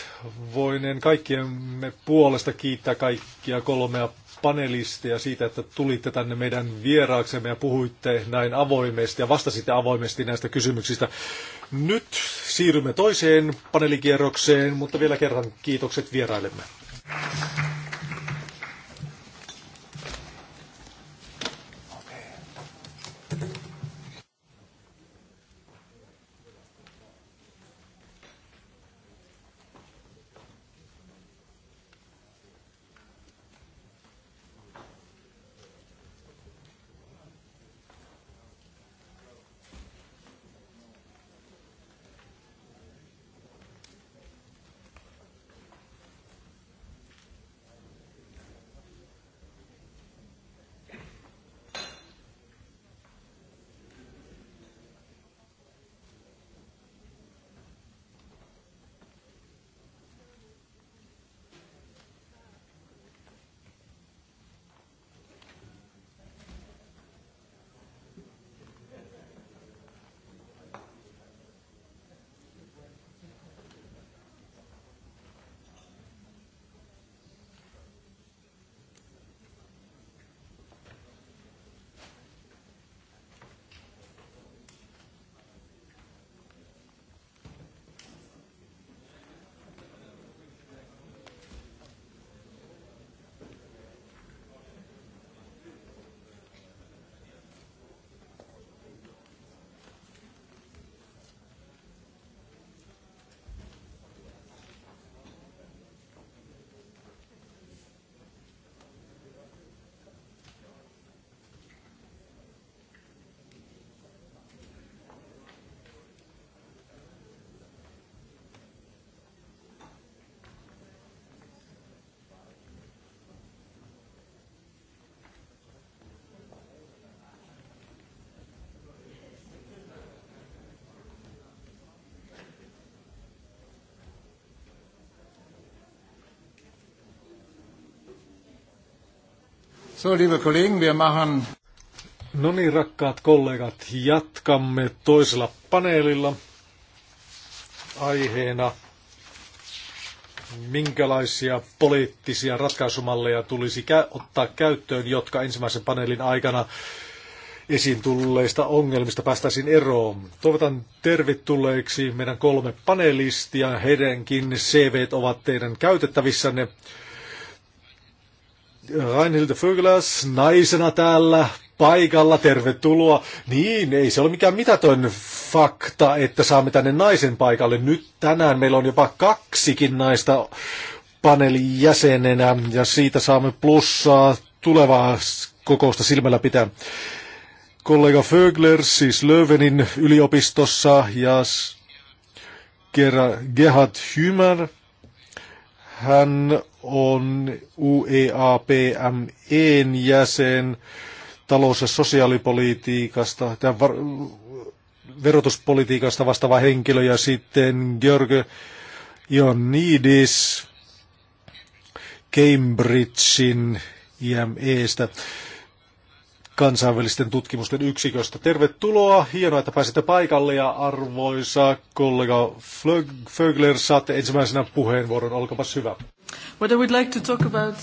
Voinen kaikkien me puolesta kiittää kaikkia kolmea panelisteja siitä, että tulitte tänne meidän vieraaksemme ja puhuitte näin avoimesti ja vastasitte avoimesti näistä kysymyksistä. Nyt siirrymme toiseen panelikierrokseen, mutta vielä kerran kiitokset vierailemme. So, liebe Kollegen, wir machen... No niin, rakkaat kollegat, jatkamme toisella paneelilla aiheena minkälaisia poliittisia ratkaisumalleja tulisi ottaa käyttöön, jotka ensimmäisen paneelin aikana esiin tulleista ongelmista päästäisiin eroon. Toivotan tervetulleeksi meidän kolme panelistia. Heidänkin CV ovat teidän käytettävissänne. Reinhilde Fögeläs naisena täällä paikalla, tervetuloa. Niin, ei se ole mikään mitätön fakta, että saamme tänne naisen paikalle. Nyt tänään meillä on jopa kaksikin naista paneelin jäsenenä ja siitä saamme plussaa tulevaa kokousta silmällä pitää. Kollega Fögler siis Löwenin yliopistossa ja Gerhard Hümer, hän on UEAPMEn jäsen talous- ja sosiaalipolitiikasta, tämän verotuspolitiikasta vastaava henkilö ja sitten George Ioannidis Cambridgein IMEstä kansainvälisten tutkimusten yksiköstä. Tervetuloa, hienoa, että pääsitte paikalle ja arvoisa kollega Flögler, saatte ensimmäisenä puheenvuoron, olkapas hyvä. What I would like to talk about...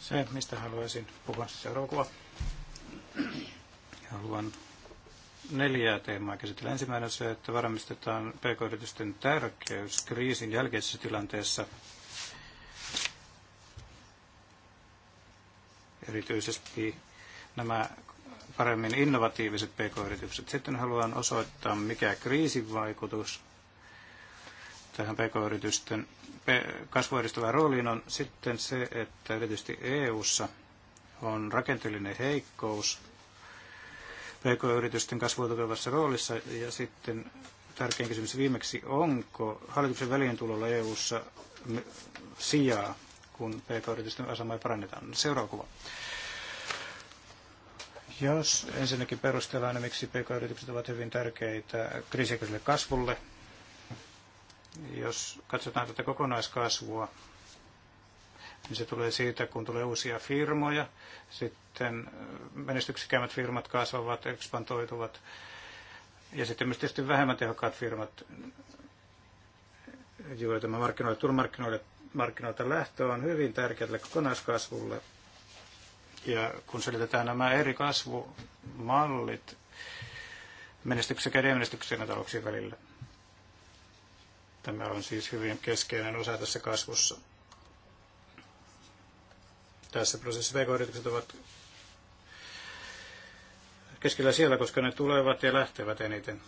Se, mistä haluaisin puhua siis seuraavaksi. Haluan neljää teemaa käsitellä. Ensimmäinen on se, että varmistetaan pk-yritysten tärkeys kriisin jälkeisessä tilanteessa. Erityisesti nämä paremmin innovatiiviset pk-yritykset. Sitten haluan osoittaa, mikä kriisin vaikutus tähän pk-yritysten kasvua edistävään rooliin on sitten se, että erityisesti EU:ssa on rakenteellinen heikkous pk-yritysten kasvua tukevassa roolissa ja sitten tärkein kysymys viimeksi, onko hallituksen väliintulolla EU:ssa sijaa, kun pk-yritysten asemaa parannetaan. Seuraava kuva. Jos ensinnäkin perustellaan, miksi pk-yritykset ovat hyvin tärkeitä kriisikysylle kasvulle, jos katsotaan tätä kokonaiskasvua, niin se tulee siitä, kun tulee uusia firmoja, sitten äh, menestyksekämmät firmat kasvavat, ekspantoituvat, ja sitten myös tietysti vähemmän tehokkaat firmat, joita tämä markkinoille, turmarkkinoille markkinoilta lähtö on hyvin tärkeää kokonaiskasvulle. Ja kun selitetään nämä eri kasvumallit menestyksen ja menestyksen talouksien välillä, Tämä on siis hyvin keskeinen osa tässä kasvussa. Tässä prosessissa vk yritykset ovat keskellä siellä, koska ne tulevat ja lähtevät eniten.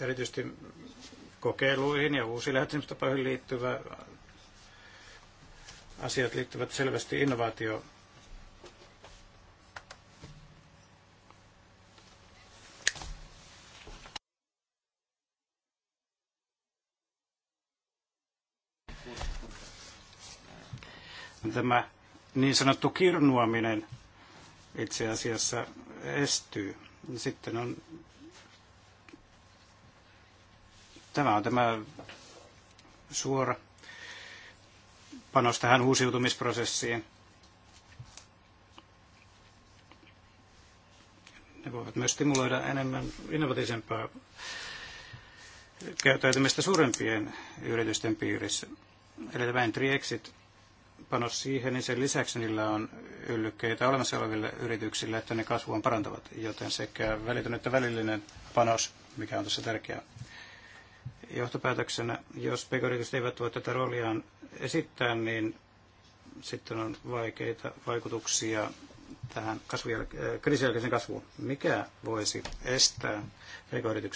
Erityisesti kokeiluihin ja uusiin lähestymistapoihin liittyvä asiat liittyvät selvästi innovaatioon tämä niin sanottu kirnuaminen itse asiassa estyy. Sitten on tämä on tämä suora panos tähän uusiutumisprosessiin. Ne voivat myös stimuloida enemmän innovatiivisempaa käyttäytymistä suurempien yritysten piirissä. Eli tämä entry exit panos siihen, niin sen lisäksi niillä on yllykkeitä olemassa oleville yrityksille, että ne kasvuaan parantavat. Joten sekä välitön että välillinen panos, mikä on tässä tärkeää. Johtopäätöksenä, jos pk eivät voi tätä rooliaan esittää, niin sitten on vaikeita vaikutuksia tähän kasvujäl- äh, kriisijälkeisen kasvuun. Mikä voisi estää pk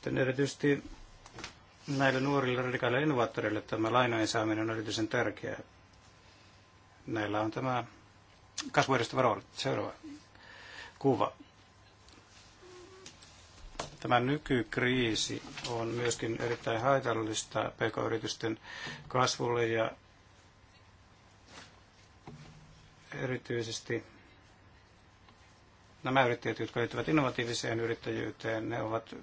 Sitten erityisesti näille nuorille radikaaleille innovaattoreille tämä lainojen saaminen on erityisen tärkeää. Näillä on tämä kasvuedestävä rooli. Seuraava kuva. Tämä nykykriisi on myöskin erittäin haitallista pk-yritysten kasvulle ja erityisesti nämä yrittäjät, jotka liittyvät innovatiiviseen yrittäjyyteen, ne ovat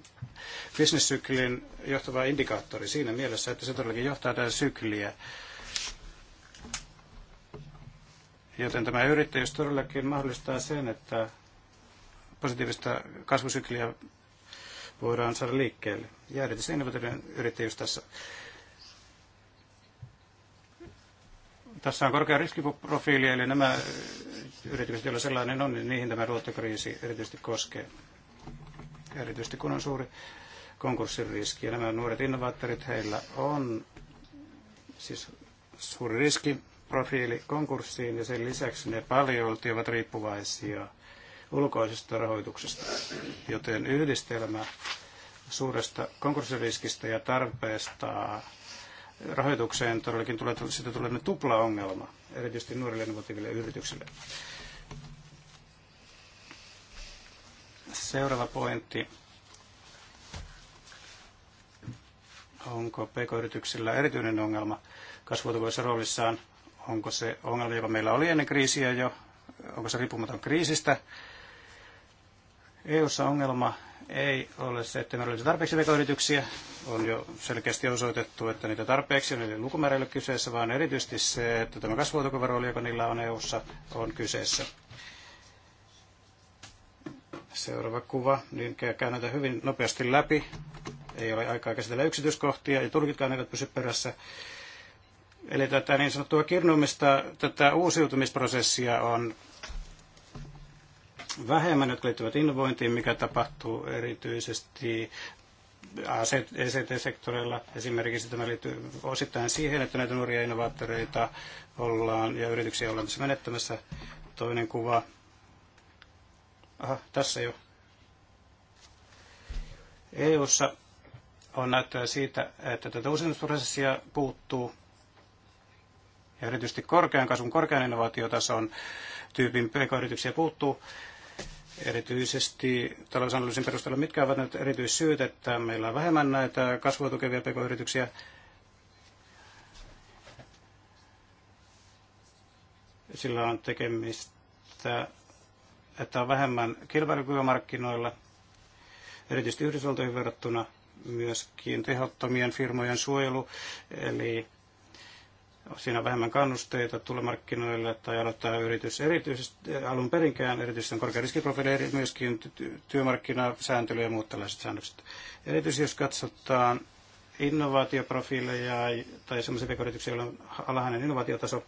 bisnessyklin johtava indikaattori siinä mielessä, että se todellakin johtaa tätä sykliä. Joten tämä yrittäjyys todellakin mahdollistaa sen, että positiivista kasvusykliä voidaan saada liikkeelle. Jäädytys innovatiivinen yrittäjyys tässä. Tässä on korkea riskiprofiili, eli nämä yritykset, joilla sellainen on, niin niihin tämä luottokriisi erityisesti koskee. Erityisesti kun on suuri konkurssin riski. Ja nämä nuoret innovaattorit, heillä on siis suuri riski profiili konkurssiin ja sen lisäksi ne paljolti ovat riippuvaisia ulkoisesta rahoituksesta. Joten yhdistelmä suuresta konkurssiriskistä ja tarpeesta rahoitukseen todellakin tulee, siitä tulee tupla ongelma, erityisesti nuorille innovatiiville yrityksille. Seuraava pointti. Onko pk-yrityksillä erityinen ongelma kasvuotuvoissa roolissaan? Onko se ongelma, joka meillä oli ennen kriisiä jo? Onko se riippumaton kriisistä? EU:ssa ongelma ei ole se, että meillä olisi tarpeeksi pk-yrityksiä. On jo selkeästi osoitettu, että niitä tarpeeksi on, eli lukumäärä kyseessä, vaan erityisesti se, että tämä rooli, joka niillä on EU:ssa, on kyseessä. Seuraava kuva, niin käyn näitä hyvin nopeasti läpi. Ei ole aikaa käsitellä yksityiskohtia ja tulkitkaan eivät pysy perässä. Eli tätä niin sanottua kirnumista, tätä uusiutumisprosessia on vähemmän, jotka liittyvät innovointiin, mikä tapahtuu erityisesti ect e sektoreilla Esimerkiksi tämä liittyy osittain siihen, että näitä nuoria innovaattoreita ollaan ja yrityksiä ollaan tässä menettämässä. Toinen kuva Aha, tässä jo. EU:ssa on näyttöä siitä, että tätä uusimisprosessia puuttuu ja erityisesti korkean kasvun, korkean innovaatiotason tyypin pk-yrityksiä puuttuu. Erityisesti talousanalyysin perusteella, mitkä ovat nyt erityissyyt, että meillä on vähemmän näitä kasvua tukevia pk-yrityksiä. Sillä on tekemistä että on vähemmän kilpailukykyä markkinoilla, erityisesti Yhdysvaltoihin verrattuna myöskin tehottomien firmojen suojelu, eli siinä on vähemmän kannusteita tulla markkinoille tai aloittaa yritys erityisesti alun perinkään, erityisesti on korkea riskiprofiili, myöskin työmarkkinasääntely ja muut tällaiset säännökset. Erityisesti jos katsotaan innovaatioprofiileja tai sellaisia pekoyrityksiä, joilla on alhainen innovaatiotaso,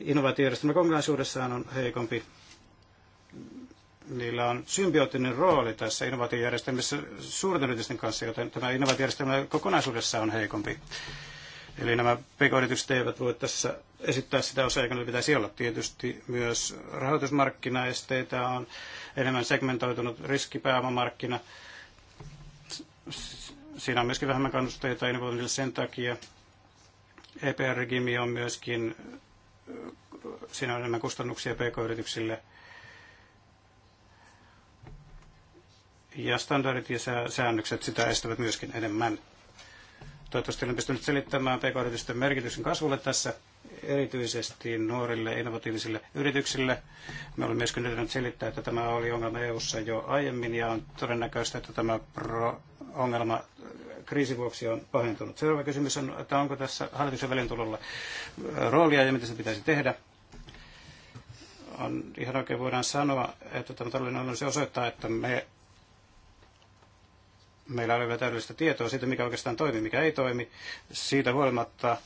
innovaatiojärjestelmä kokonaisuudessaan on heikompi niillä on symbioottinen rooli tässä innovaatiojärjestelmässä suurten yritysten kanssa, joten tämä innovaatiojärjestelmä kokonaisuudessaan on heikompi. Eli nämä pk-yritykset eivät voi tässä esittää sitä osaa, eikä pitäisi olla. Tietysti myös rahoitusmarkkinaesteitä on enemmän segmentoitunut riskipääomamarkkina. Siinä on myöskin vähemmän kannusteita innovaatioille sen takia. EPR-regimi on myöskin, siinä on enemmän kustannuksia pk-yrityksille – Ja standardit ja säännökset sitä estävät myöskin enemmän. Toivottavasti olen pystynyt selittämään pk-yritysten merkityksen kasvulle tässä, erityisesti nuorille innovatiivisille yrityksille. Me olemme myöskin yrittäneet selittää, että tämä oli ongelma EU:ssa jo aiemmin ja on todennäköistä, että tämä ongelma kriisin vuoksi on pahentunut. Seuraava kysymys on, että onko tässä hallituksen tulolla roolia ja mitä se pitäisi tehdä. On ihan oikein voidaan sanoa, että tämä taloudellinen analyysi osoittaa, että me meillä ei ole täydellistä tietoa siitä, mikä oikeastaan toimii, mikä ei toimi. Siitä huolimatta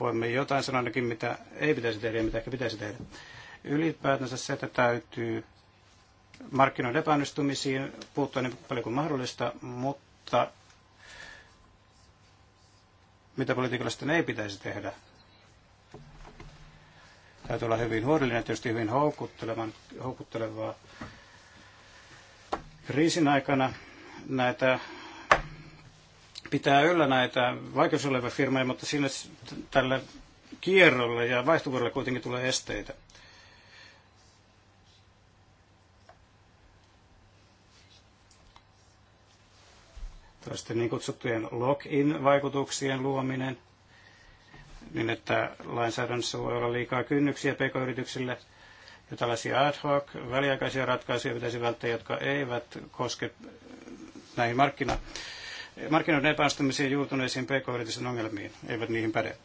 voimme jotain sanoa ainakin, mitä ei pitäisi tehdä ja mitä ehkä pitäisi tehdä. Ylipäätänsä se, että täytyy markkinoiden epäonnistumisiin puuttua niin paljon kuin mahdollista, mutta mitä poliitikolla sitten ei pitäisi tehdä. Täytyy olla hyvin huolellinen, tietysti hyvin houkuttelevaa kriisin aikana näitä pitää yllä näitä vaikeus olevia firmoja, mutta sille tällä kierrolle ja vaihtuvuudelle kuitenkin tulee esteitä. tästä niin kutsuttujen lock-in-vaikutuksien luominen, niin että lainsäädännössä voi olla liikaa kynnyksiä pk-yrityksille, ja tällaisia ad hoc, väliaikaisia ratkaisuja pitäisi välttää, jotka eivät koske näihin markkina, markkinoiden epäonnistumisiin juurtuneisiin pk-yritysten ongelmiin, eivät niihin päde.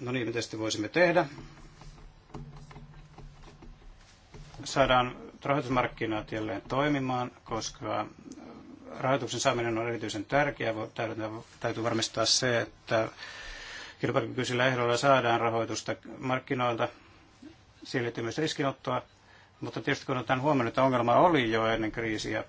No niin, mitä sitten voisimme tehdä? Saadaan rahoitusmarkkinat jälleen toimimaan, koska rahoituksen saaminen on erityisen tärkeää. Täytyy varmistaa se, että kilpailukykyisillä ehdoilla saadaan rahoitusta markkinoilta. Siihen liittyy myös riskinottoa, mutta tietysti kun otetaan huomioon, että ongelma oli jo ennen kriisiä,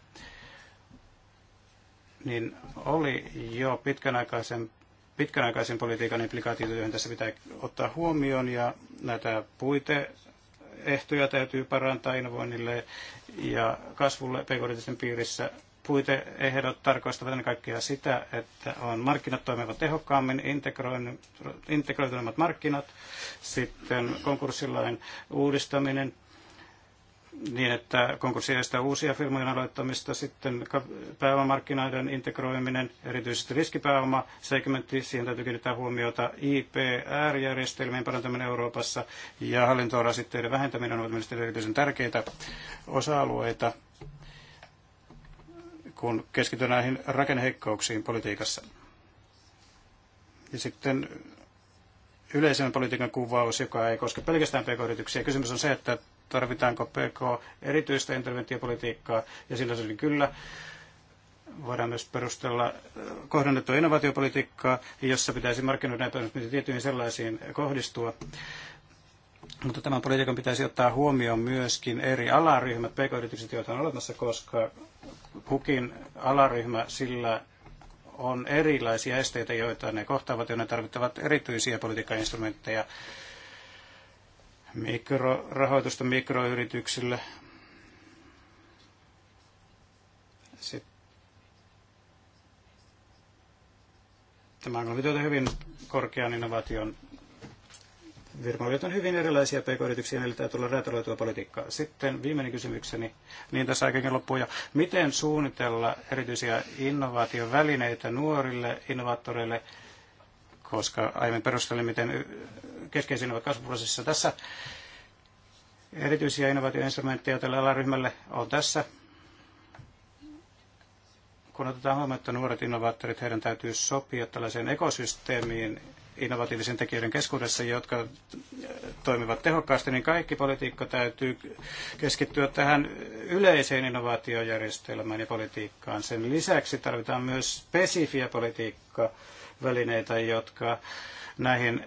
niin oli jo pitkänaikaisen, pitkänaikaisen politiikan implikaatioita, joihin tässä pitää ottaa huomioon, ja näitä puiteehtoja täytyy parantaa innovoinnille ja kasvulle pk piirissä. Puiteehdot tarkoittavat ennen kaikkea sitä, että on markkinat toimivat tehokkaammin, integroituneet markkinat, sitten konkurssilain uudistaminen, niin, että konkurssiaista uusia firmojen aloittamista, sitten pääomamarkkinoiden integroiminen, erityisesti riskipääoma, segmentti, siihen täytyy kiinnittää huomiota, IPR-järjestelmien parantaminen Euroopassa ja hallintorasitteiden vähentäminen ovat mielestäni erityisen tärkeitä osa-alueita, kun keskitytään näihin rakenneheikkouksiin politiikassa. Ja sitten yleisen politiikan kuvaus, joka ei koske pelkästään pk-yrityksiä. Kysymys on se, että tarvitaanko PK erityistä interventiopolitiikkaa, ja sillä se oli kyllä. Voidaan myös perustella äh, kohdennettua innovaatiopolitiikkaa, jossa pitäisi markkinoiden toimintaa tiettyihin sellaisiin kohdistua. Mutta tämän politiikan pitäisi ottaa huomioon myöskin eri alaryhmät, pk-yritykset, joita on olemassa, koska kukin alaryhmä sillä on erilaisia esteitä, joita ne kohtaavat, ja ne tarvittavat erityisiä politiikkainstrumentteja mikrorahoitusta mikroyrityksille. Sitten tämä on hyvin korkean innovaation Virmoilijat on hyvin erilaisia pk-yrityksiä, eli täytyy olla räätälöityä politiikkaa. Sitten viimeinen kysymykseni, niin tässä aikakin loppuu jo. Miten suunnitella erityisiä innovaatiovälineitä nuorille innovaattoreille, koska aiemmin perustelin, miten keskeisin ovat kasvuprosessissa tässä. Erityisiä innovaatioinstrumentteja tälle alaryhmälle on tässä. Kun otetaan huomioon, että nuoret innovaattorit, heidän täytyy sopia tällaiseen ekosysteemiin innovatiivisen tekijöiden keskuudessa, jotka toimivat tehokkaasti, niin kaikki politiikka täytyy keskittyä tähän yleiseen innovaatiojärjestelmään ja politiikkaan. Sen lisäksi tarvitaan myös spesifiä politiikkaa välineitä, jotka näihin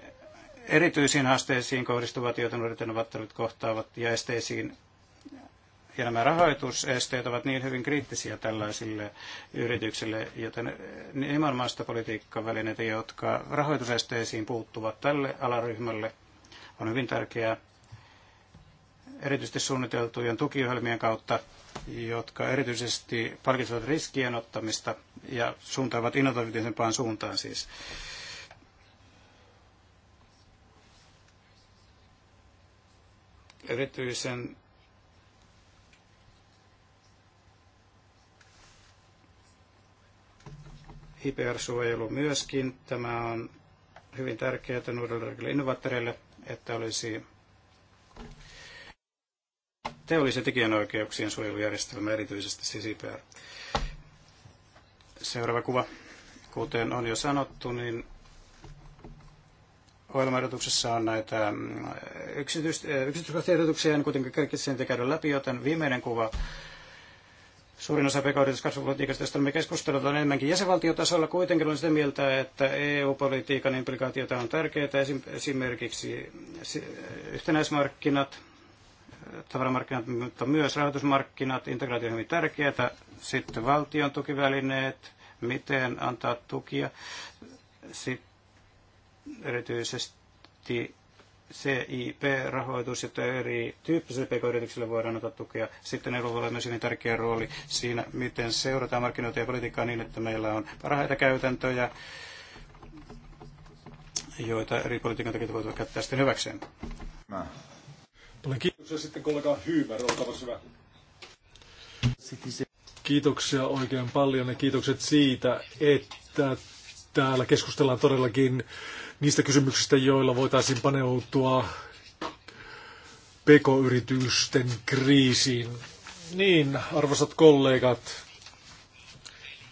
erityisiin haasteisiin kohdistuvat, joita nuoret ovat kohtaavat ja esteisiin. Ja nämä rahoitusesteet ovat niin hyvin kriittisiä tällaisille yrityksille, joten nimenomaan sitä politiikkavälineitä, jotka rahoitusesteisiin puuttuvat tälle alaryhmälle, on hyvin tärkeää erityisesti suunniteltujen tukiohjelmien kautta jotka erityisesti palkitsevat riskien ottamista ja suuntaavat innovatiivisempaan suuntaan siis. Erityisen hypersuojelu suojelu myöskin. Tämä on hyvin tärkeää nuorille innovaattoreille, että olisi teollis- ja tekijänoikeuksien suojelujärjestelmä, erityisesti CCPR. Seuraava kuva. Kuten on jo sanottu, niin ohjelmaehdotuksessa on näitä mm, yksityis- eh, yksityiskohtaehdotuksia, en kuitenkin kerkitse niitä käydä läpi, joten viimeinen kuva Suurin osa pk-yritys kasvupolitiikasta, josta me keskustellaan enemmänkin jäsenvaltiotasolla, kuitenkin on sitä mieltä, että EU-politiikan implikaatiota on tärkeää, esimerkiksi yhtenäismarkkinat, tavaramarkkinat, mutta myös rahoitusmarkkinat, integraatio on hyvin tärkeää. Sitten valtion tukivälineet, miten antaa tukia. Sitten erityisesti CIP-rahoitus, jotta eri tyyppisille pk-yrityksille voidaan antaa tukea. Sitten EUlla on myös hyvin tärkeä rooli siinä, miten seurataan markkinoita ja politiikkaa niin, että meillä on parhaita käytäntöjä, joita eri politiikan takia voivat käyttää sitten hyväkseen. Olen sitten kollega Hyymär, olkaa hyvä. Kiitoksia oikein paljon ja kiitokset siitä, että täällä keskustellaan todellakin niistä kysymyksistä, joilla voitaisiin paneutua pekoyritysten kriisiin. Niin, arvoisat kollegat,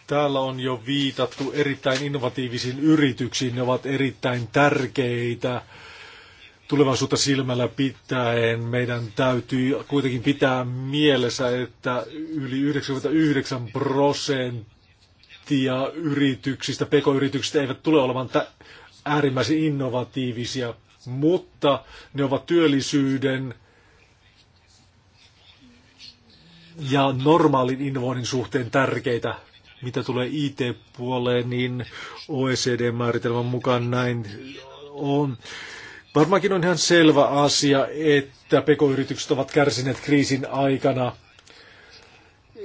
täällä on jo viitattu erittäin innovatiivisiin yrityksiin. Ne ovat erittäin tärkeitä tulevaisuutta silmällä pitäen meidän täytyy kuitenkin pitää mielessä, että yli 99 prosenttia yrityksistä, pk-yrityksistä eivät tule olemaan äärimmäisen innovatiivisia, mutta ne ovat työllisyyden ja normaalin innovoinnin suhteen tärkeitä. Mitä tulee IT-puoleen, niin OECD-määritelmän mukaan näin on. Varmaankin on ihan selvä asia, että pekoyritykset ovat kärsineet kriisin aikana,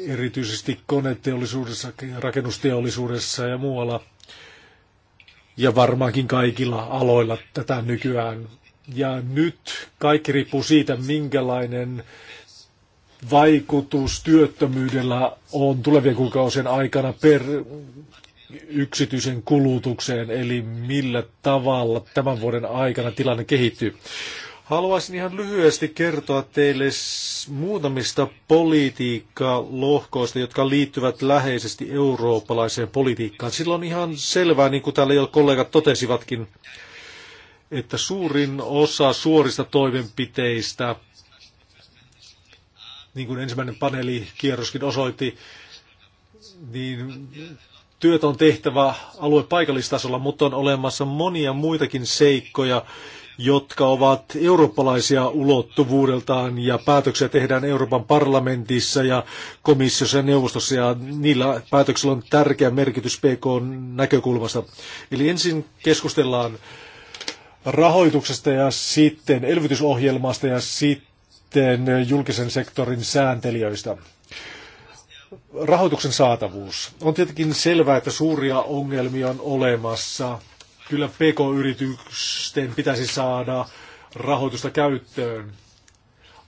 erityisesti koneteollisuudessa, rakennusteollisuudessa ja muualla, ja varmaankin kaikilla aloilla tätä nykyään. Ja nyt kaikki riippuu siitä, minkälainen vaikutus työttömyydellä on tulevien kuukausien aikana per yksityisen kulutukseen, eli millä tavalla tämän vuoden aikana tilanne kehittyy. Haluaisin ihan lyhyesti kertoa teille muutamista politiikkalohkoista, jotka liittyvät läheisesti eurooppalaiseen politiikkaan. Silloin on ihan selvää, niin kuin täällä jo kollegat totesivatkin, että suurin osa suorista toimenpiteistä, niin kuin ensimmäinen paneelikierroskin osoitti, niin työt on tehtävä alue paikallistasolla, mutta on olemassa monia muitakin seikkoja, jotka ovat eurooppalaisia ulottuvuudeltaan ja päätöksiä tehdään Euroopan parlamentissa ja komissiossa ja neuvostossa ja niillä päätöksillä on tärkeä merkitys PK-näkökulmasta. Eli ensin keskustellaan rahoituksesta ja sitten elvytysohjelmasta ja sitten julkisen sektorin sääntelijöistä. Rahoituksen saatavuus. On tietenkin selvää, että suuria ongelmia on olemassa. Kyllä PK-yritysten pitäisi saada rahoitusta käyttöön.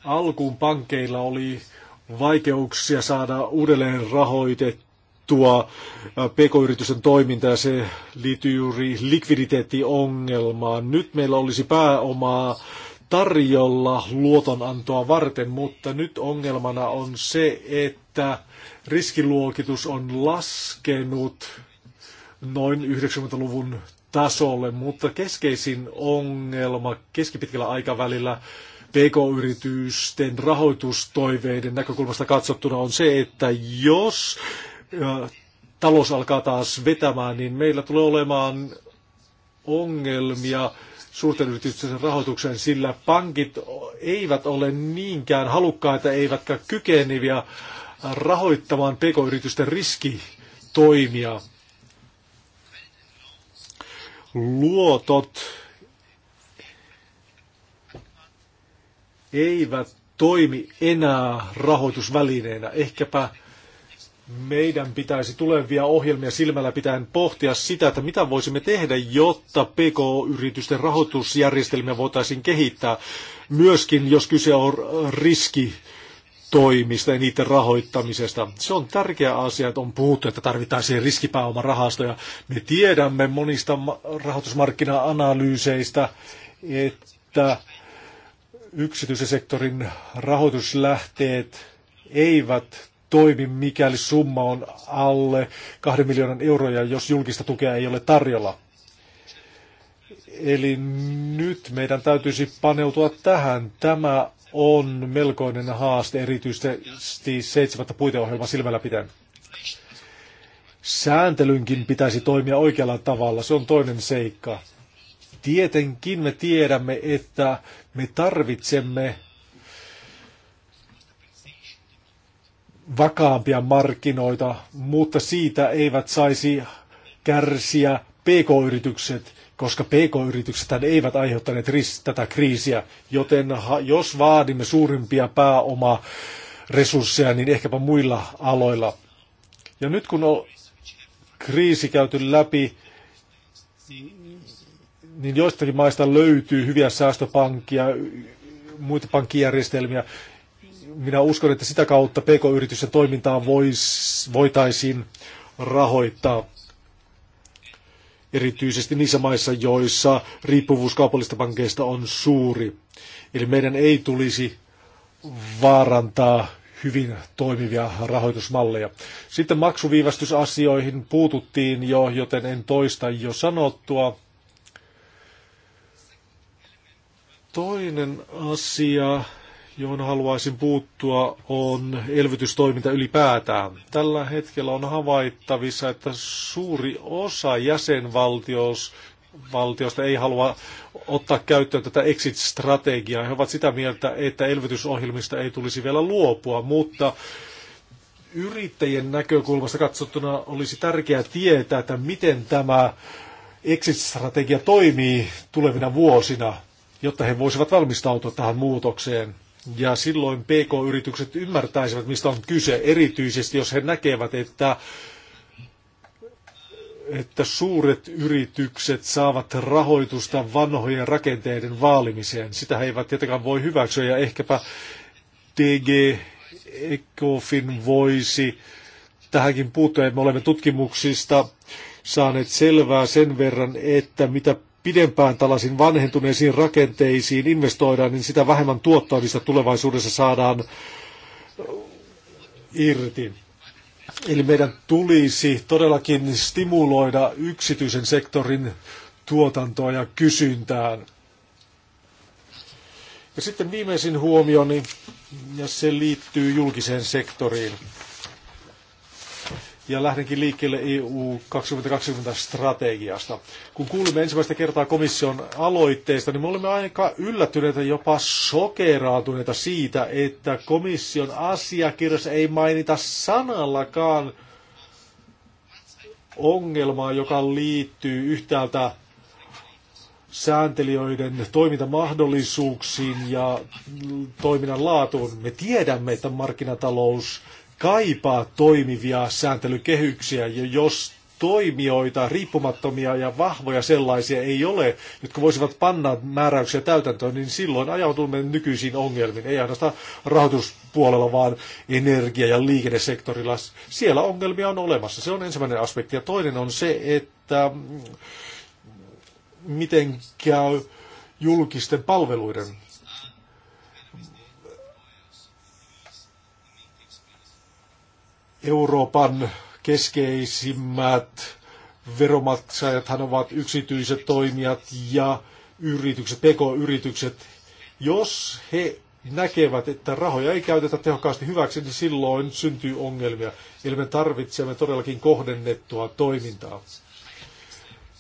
Alkuun pankeilla oli vaikeuksia saada uudelleen rahoitettua pk-yritysten toimintaa ja se liittyy juuri likviditeettiongelmaan. Nyt meillä olisi pääomaa tarjolla luotonantoa varten, mutta nyt ongelmana on se, että riskiluokitus on laskenut noin 90-luvun tasolle, mutta keskeisin ongelma keskipitkällä aikavälillä PK-yritysten rahoitustoiveiden näkökulmasta katsottuna on se, että jos talous alkaa taas vetämään, niin meillä tulee olemaan ongelmia suurten yritysten rahoituksen, sillä pankit eivät ole niinkään halukkaita eivätkä kykeneviä rahoittamaan pk-yritysten riskitoimia. Luotot eivät toimi enää rahoitusvälineenä. Ehkäpä meidän pitäisi tulevia ohjelmia silmällä pitäen pohtia sitä, että mitä voisimme tehdä, jotta PK-yritysten rahoitusjärjestelmiä voitaisiin kehittää, myöskin jos kyse on riski toimista ja niiden rahoittamisesta. Se on tärkeä asia, että on puhuttu, että tarvittaisiin riskipääomarahastoja. Me tiedämme monista rahoitusmarkkina-analyyseistä, että yksityisen sektorin rahoituslähteet eivät toimi, mikäli summa on alle 2 miljoonan euroja, jos julkista tukea ei ole tarjolla. Eli nyt meidän täytyisi paneutua tähän. Tämä on melkoinen haaste, erityisesti seitsemättä puiteohjelma silmällä pitäen. Sääntelynkin pitäisi toimia oikealla tavalla, se on toinen seikka. Tietenkin me tiedämme, että me tarvitsemme vakaampia markkinoita, mutta siitä eivät saisi kärsiä pk-yritykset, koska pk-yritykset eivät aiheuttaneet tätä kriisiä, joten jos vaadimme suurimpia pääomaresursseja, niin ehkäpä muilla aloilla. Ja nyt kun on kriisi käyty läpi, niin joistakin maista löytyy hyviä säästöpankkia, muita pankkijärjestelmiä, minä uskon, että sitä kautta PK-yritysten toimintaa vois, voitaisiin rahoittaa erityisesti niissä maissa, joissa riippuvuus kaupallista pankeista on suuri. Eli meidän ei tulisi vaarantaa hyvin toimivia rahoitusmalleja. Sitten maksuviivästysasioihin puututtiin jo, joten en toista jo sanottua. Toinen asia johon haluaisin puuttua, on elvytystoiminta ylipäätään. Tällä hetkellä on havaittavissa, että suuri osa jäsenvaltioista ei halua ottaa käyttöön tätä exit-strategiaa. He ovat sitä mieltä, että elvytysohjelmista ei tulisi vielä luopua, mutta yrittäjien näkökulmasta katsottuna olisi tärkeää tietää, että miten tämä exit-strategia toimii tulevina vuosina, jotta he voisivat valmistautua tähän muutokseen. Ja silloin PK-yritykset ymmärtäisivät, mistä on kyse, erityisesti jos he näkevät, että, että suuret yritykset saavat rahoitusta vanhojen rakenteiden vaalimiseen. Sitä he eivät tietenkään voi hyväksyä ja ehkäpä DG Ecofin voisi tähänkin puuttua. Me olemme tutkimuksista saaneet selvää sen verran, että mitä pidempään tällaisiin vanhentuneisiin rakenteisiin investoidaan, niin sitä vähemmän tuottoa niistä tulevaisuudessa saadaan irti. Eli meidän tulisi todellakin stimuloida yksityisen sektorin tuotantoa ja kysyntään. Ja sitten viimeisin huomioni, ja se liittyy julkiseen sektoriin ja lähdenkin liikkeelle EU 2020-strategiasta. Kun kuulimme ensimmäistä kertaa komission aloitteesta, niin me olimme aika yllättyneitä, jopa sokeraantuneita siitä, että komission asiakirjassa ei mainita sanallakaan ongelmaa, joka liittyy yhtäältä sääntelijöiden toimintamahdollisuuksiin ja toiminnan laatuun. Me tiedämme, että markkinatalous kaipaa toimivia sääntelykehyksiä, ja jos toimijoita, riippumattomia ja vahvoja sellaisia ei ole, jotka voisivat panna määräyksiä täytäntöön, niin silloin ajautumme nykyisiin ongelmiin. Ei ainoastaan rahoituspuolella, vaan energia- ja liikennesektorilla. Siellä ongelmia on olemassa. Se on ensimmäinen aspekti. Ja toinen on se, että miten käy julkisten palveluiden Euroopan keskeisimmät veromaksajathan ovat yksityiset toimijat ja yritykset, pk-yritykset. Jos he näkevät, että rahoja ei käytetä tehokkaasti hyväksi, niin silloin syntyy ongelmia. Eli me tarvitsemme todellakin kohdennettua toimintaa.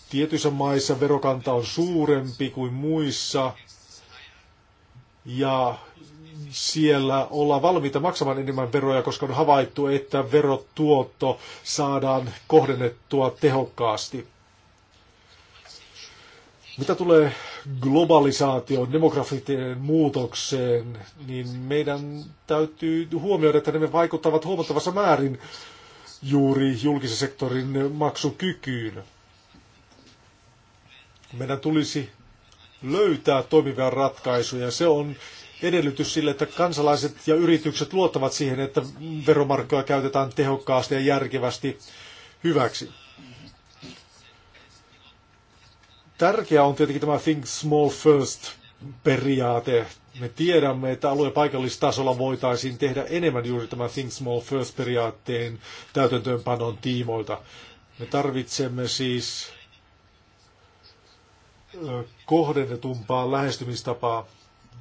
Tietyissä maissa verokanta on suurempi kuin muissa, ja siellä ollaan valmiita maksamaan enemmän veroja, koska on havaittu, että verotuotto saadaan kohdennettua tehokkaasti. Mitä tulee globalisaatioon, demografiseen muutokseen, niin meidän täytyy huomioida, että ne vaikuttavat huomattavassa määrin juuri julkisen sektorin maksukykyyn. Meidän tulisi löytää toimivia ratkaisuja. Se on edellytys sille, että kansalaiset ja yritykset luottavat siihen, että veromarkkoja käytetään tehokkaasti ja järkevästi hyväksi. Tärkeää on tietenkin tämä Think Small First periaate. Me tiedämme, että alue- ja paikallistasolla voitaisiin tehdä enemmän juuri tämän Think Small First periaatteen täytäntöönpanon tiimoilta. Me tarvitsemme siis kohdennetumpaa lähestymistapaa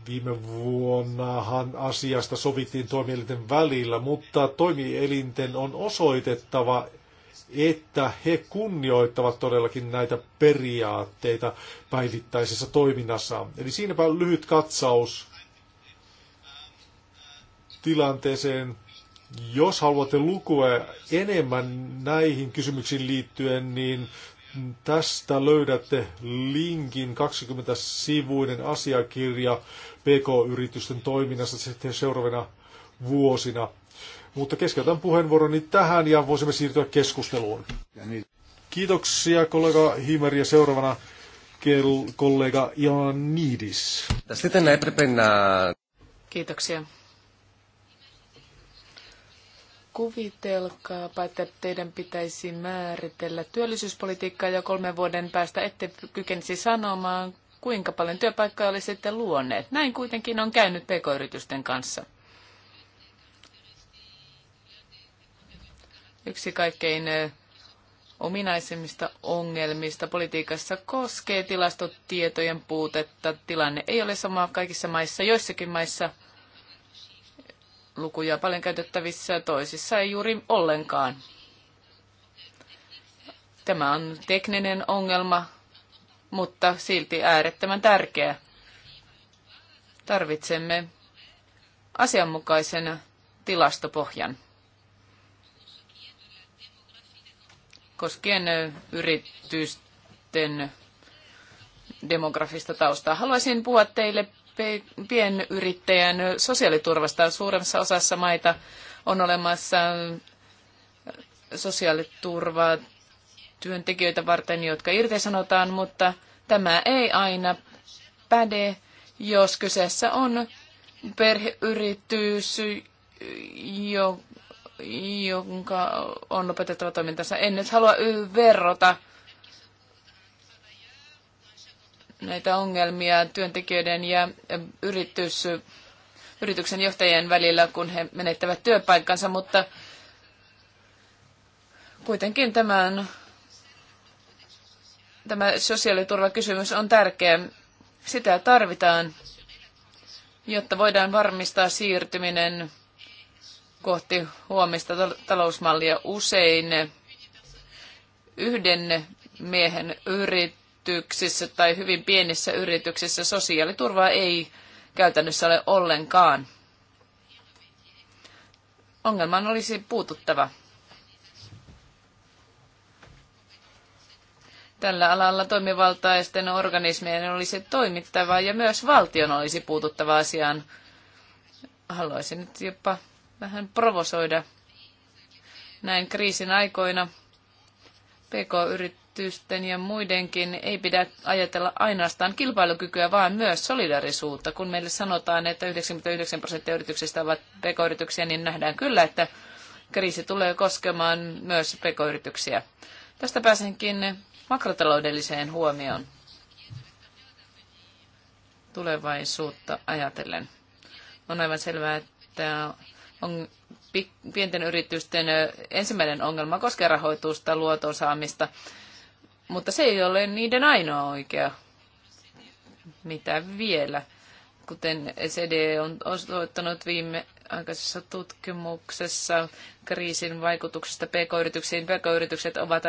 Viime vuonnahan asiasta sovittiin toimielinten välillä, mutta toimielinten on osoitettava, että he kunnioittavat todellakin näitä periaatteita päivittäisessä toiminnassaan. Eli siinäpä lyhyt katsaus tilanteeseen. Jos haluatte lukua enemmän näihin kysymyksiin liittyen, niin tästä löydätte linkin 20-sivuinen asiakirja PK-yritysten toiminnassa sitten seuraavina vuosina. Mutta keskeytän puheenvuoroni tähän ja voisimme siirtyä keskusteluun. Kiitoksia kollega Himer ja seuraavana kollega Janidis. Sitten Kiitoksia. Kuvitelkaapa, että teidän pitäisi määritellä työllisyyspolitiikkaa jo kolmen vuoden päästä. Ette kykenisi sanomaan, kuinka paljon työpaikkoja oli sitten luoneet. Näin kuitenkin on käynyt pk-yritysten kanssa. Yksi kaikkein ominaisimmista ongelmista politiikassa koskee tilastotietojen puutetta. Tilanne ei ole sama kaikissa maissa. Joissakin maissa lukuja paljon käytettävissä, toisissa ei juuri ollenkaan. Tämä on tekninen ongelma, mutta silti äärettömän tärkeä. Tarvitsemme asianmukaisen tilastopohjan koskien yritysten demografista taustaa. Haluaisin puhua teille pienyrittäjän sosiaaliturvasta. Suuremmassa osassa maita on olemassa sosiaaliturvaa työntekijöitä varten, jotka irtisanotaan, mutta tämä ei aina päde, jos kyseessä on perheyritys, jo, jonka on lopetettava toimintansa. En nyt halua verrota näitä ongelmia työntekijöiden ja yritys, yrityksen johtajien välillä, kun he menettävät työpaikkansa, mutta kuitenkin tämän Tämä sosiaaliturvakysymys on tärkeä. Sitä tarvitaan, jotta voidaan varmistaa siirtyminen kohti huomista talousmallia usein yhden miehen yrityksissä tai hyvin pienissä yrityksissä sosiaaliturvaa ei käytännössä ole ollenkaan. Ongelmaan olisi puututtava. tällä alalla toimivaltaisten organismien olisi toimittava ja myös valtion olisi puututtava asiaan. Haluaisin nyt jopa vähän provosoida näin kriisin aikoina. PK-yritysten ja muidenkin ei pidä ajatella ainoastaan kilpailukykyä, vaan myös solidarisuutta. Kun meille sanotaan, että 99 prosenttia yrityksistä ovat PK-yrityksiä, niin nähdään kyllä, että kriisi tulee koskemaan myös PK-yrityksiä. Tästä pääsenkin makrotaloudelliseen huomioon tulevaisuutta ajatellen. On aivan selvää, että on pienten yritysten ensimmäinen ongelma koskee rahoitusta, luoton saamista, mutta se ei ole niiden ainoa oikea. Mitä vielä? Kuten CD e on osoittanut viime aikaisessa tutkimuksessa kriisin vaikutuksesta pk-yrityksiin. Pk-yritykset ovat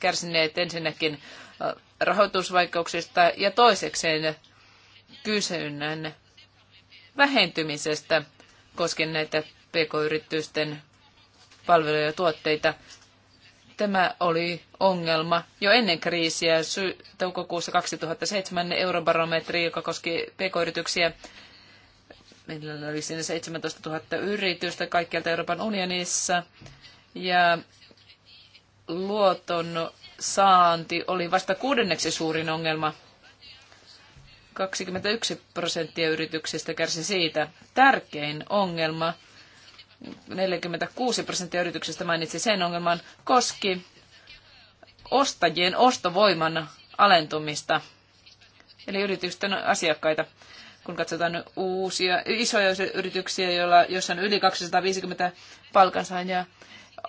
kärsineet ensinnäkin rahoitusvaikeuksista ja toisekseen kysynnän vähentymisestä koskien näitä pk-yritysten palveluja ja tuotteita. Tämä oli ongelma jo ennen kriisiä. toukokuussa 2007 eurobarometri, joka koski pk-yrityksiä, Meillä oli siinä 17 000 yritystä kaikkialta Euroopan unionissa ja luoton saanti oli vasta kuudenneksi suurin ongelma. 21 prosenttia yrityksistä kärsi siitä. Tärkein ongelma, 46 prosenttia yrityksistä mainitsi sen ongelman, koski ostajien ostovoiman alentumista, eli yritysten asiakkaita kun katsotaan uusia isoja yrityksiä, joilla, joissa on yli 250 palkansaajaa,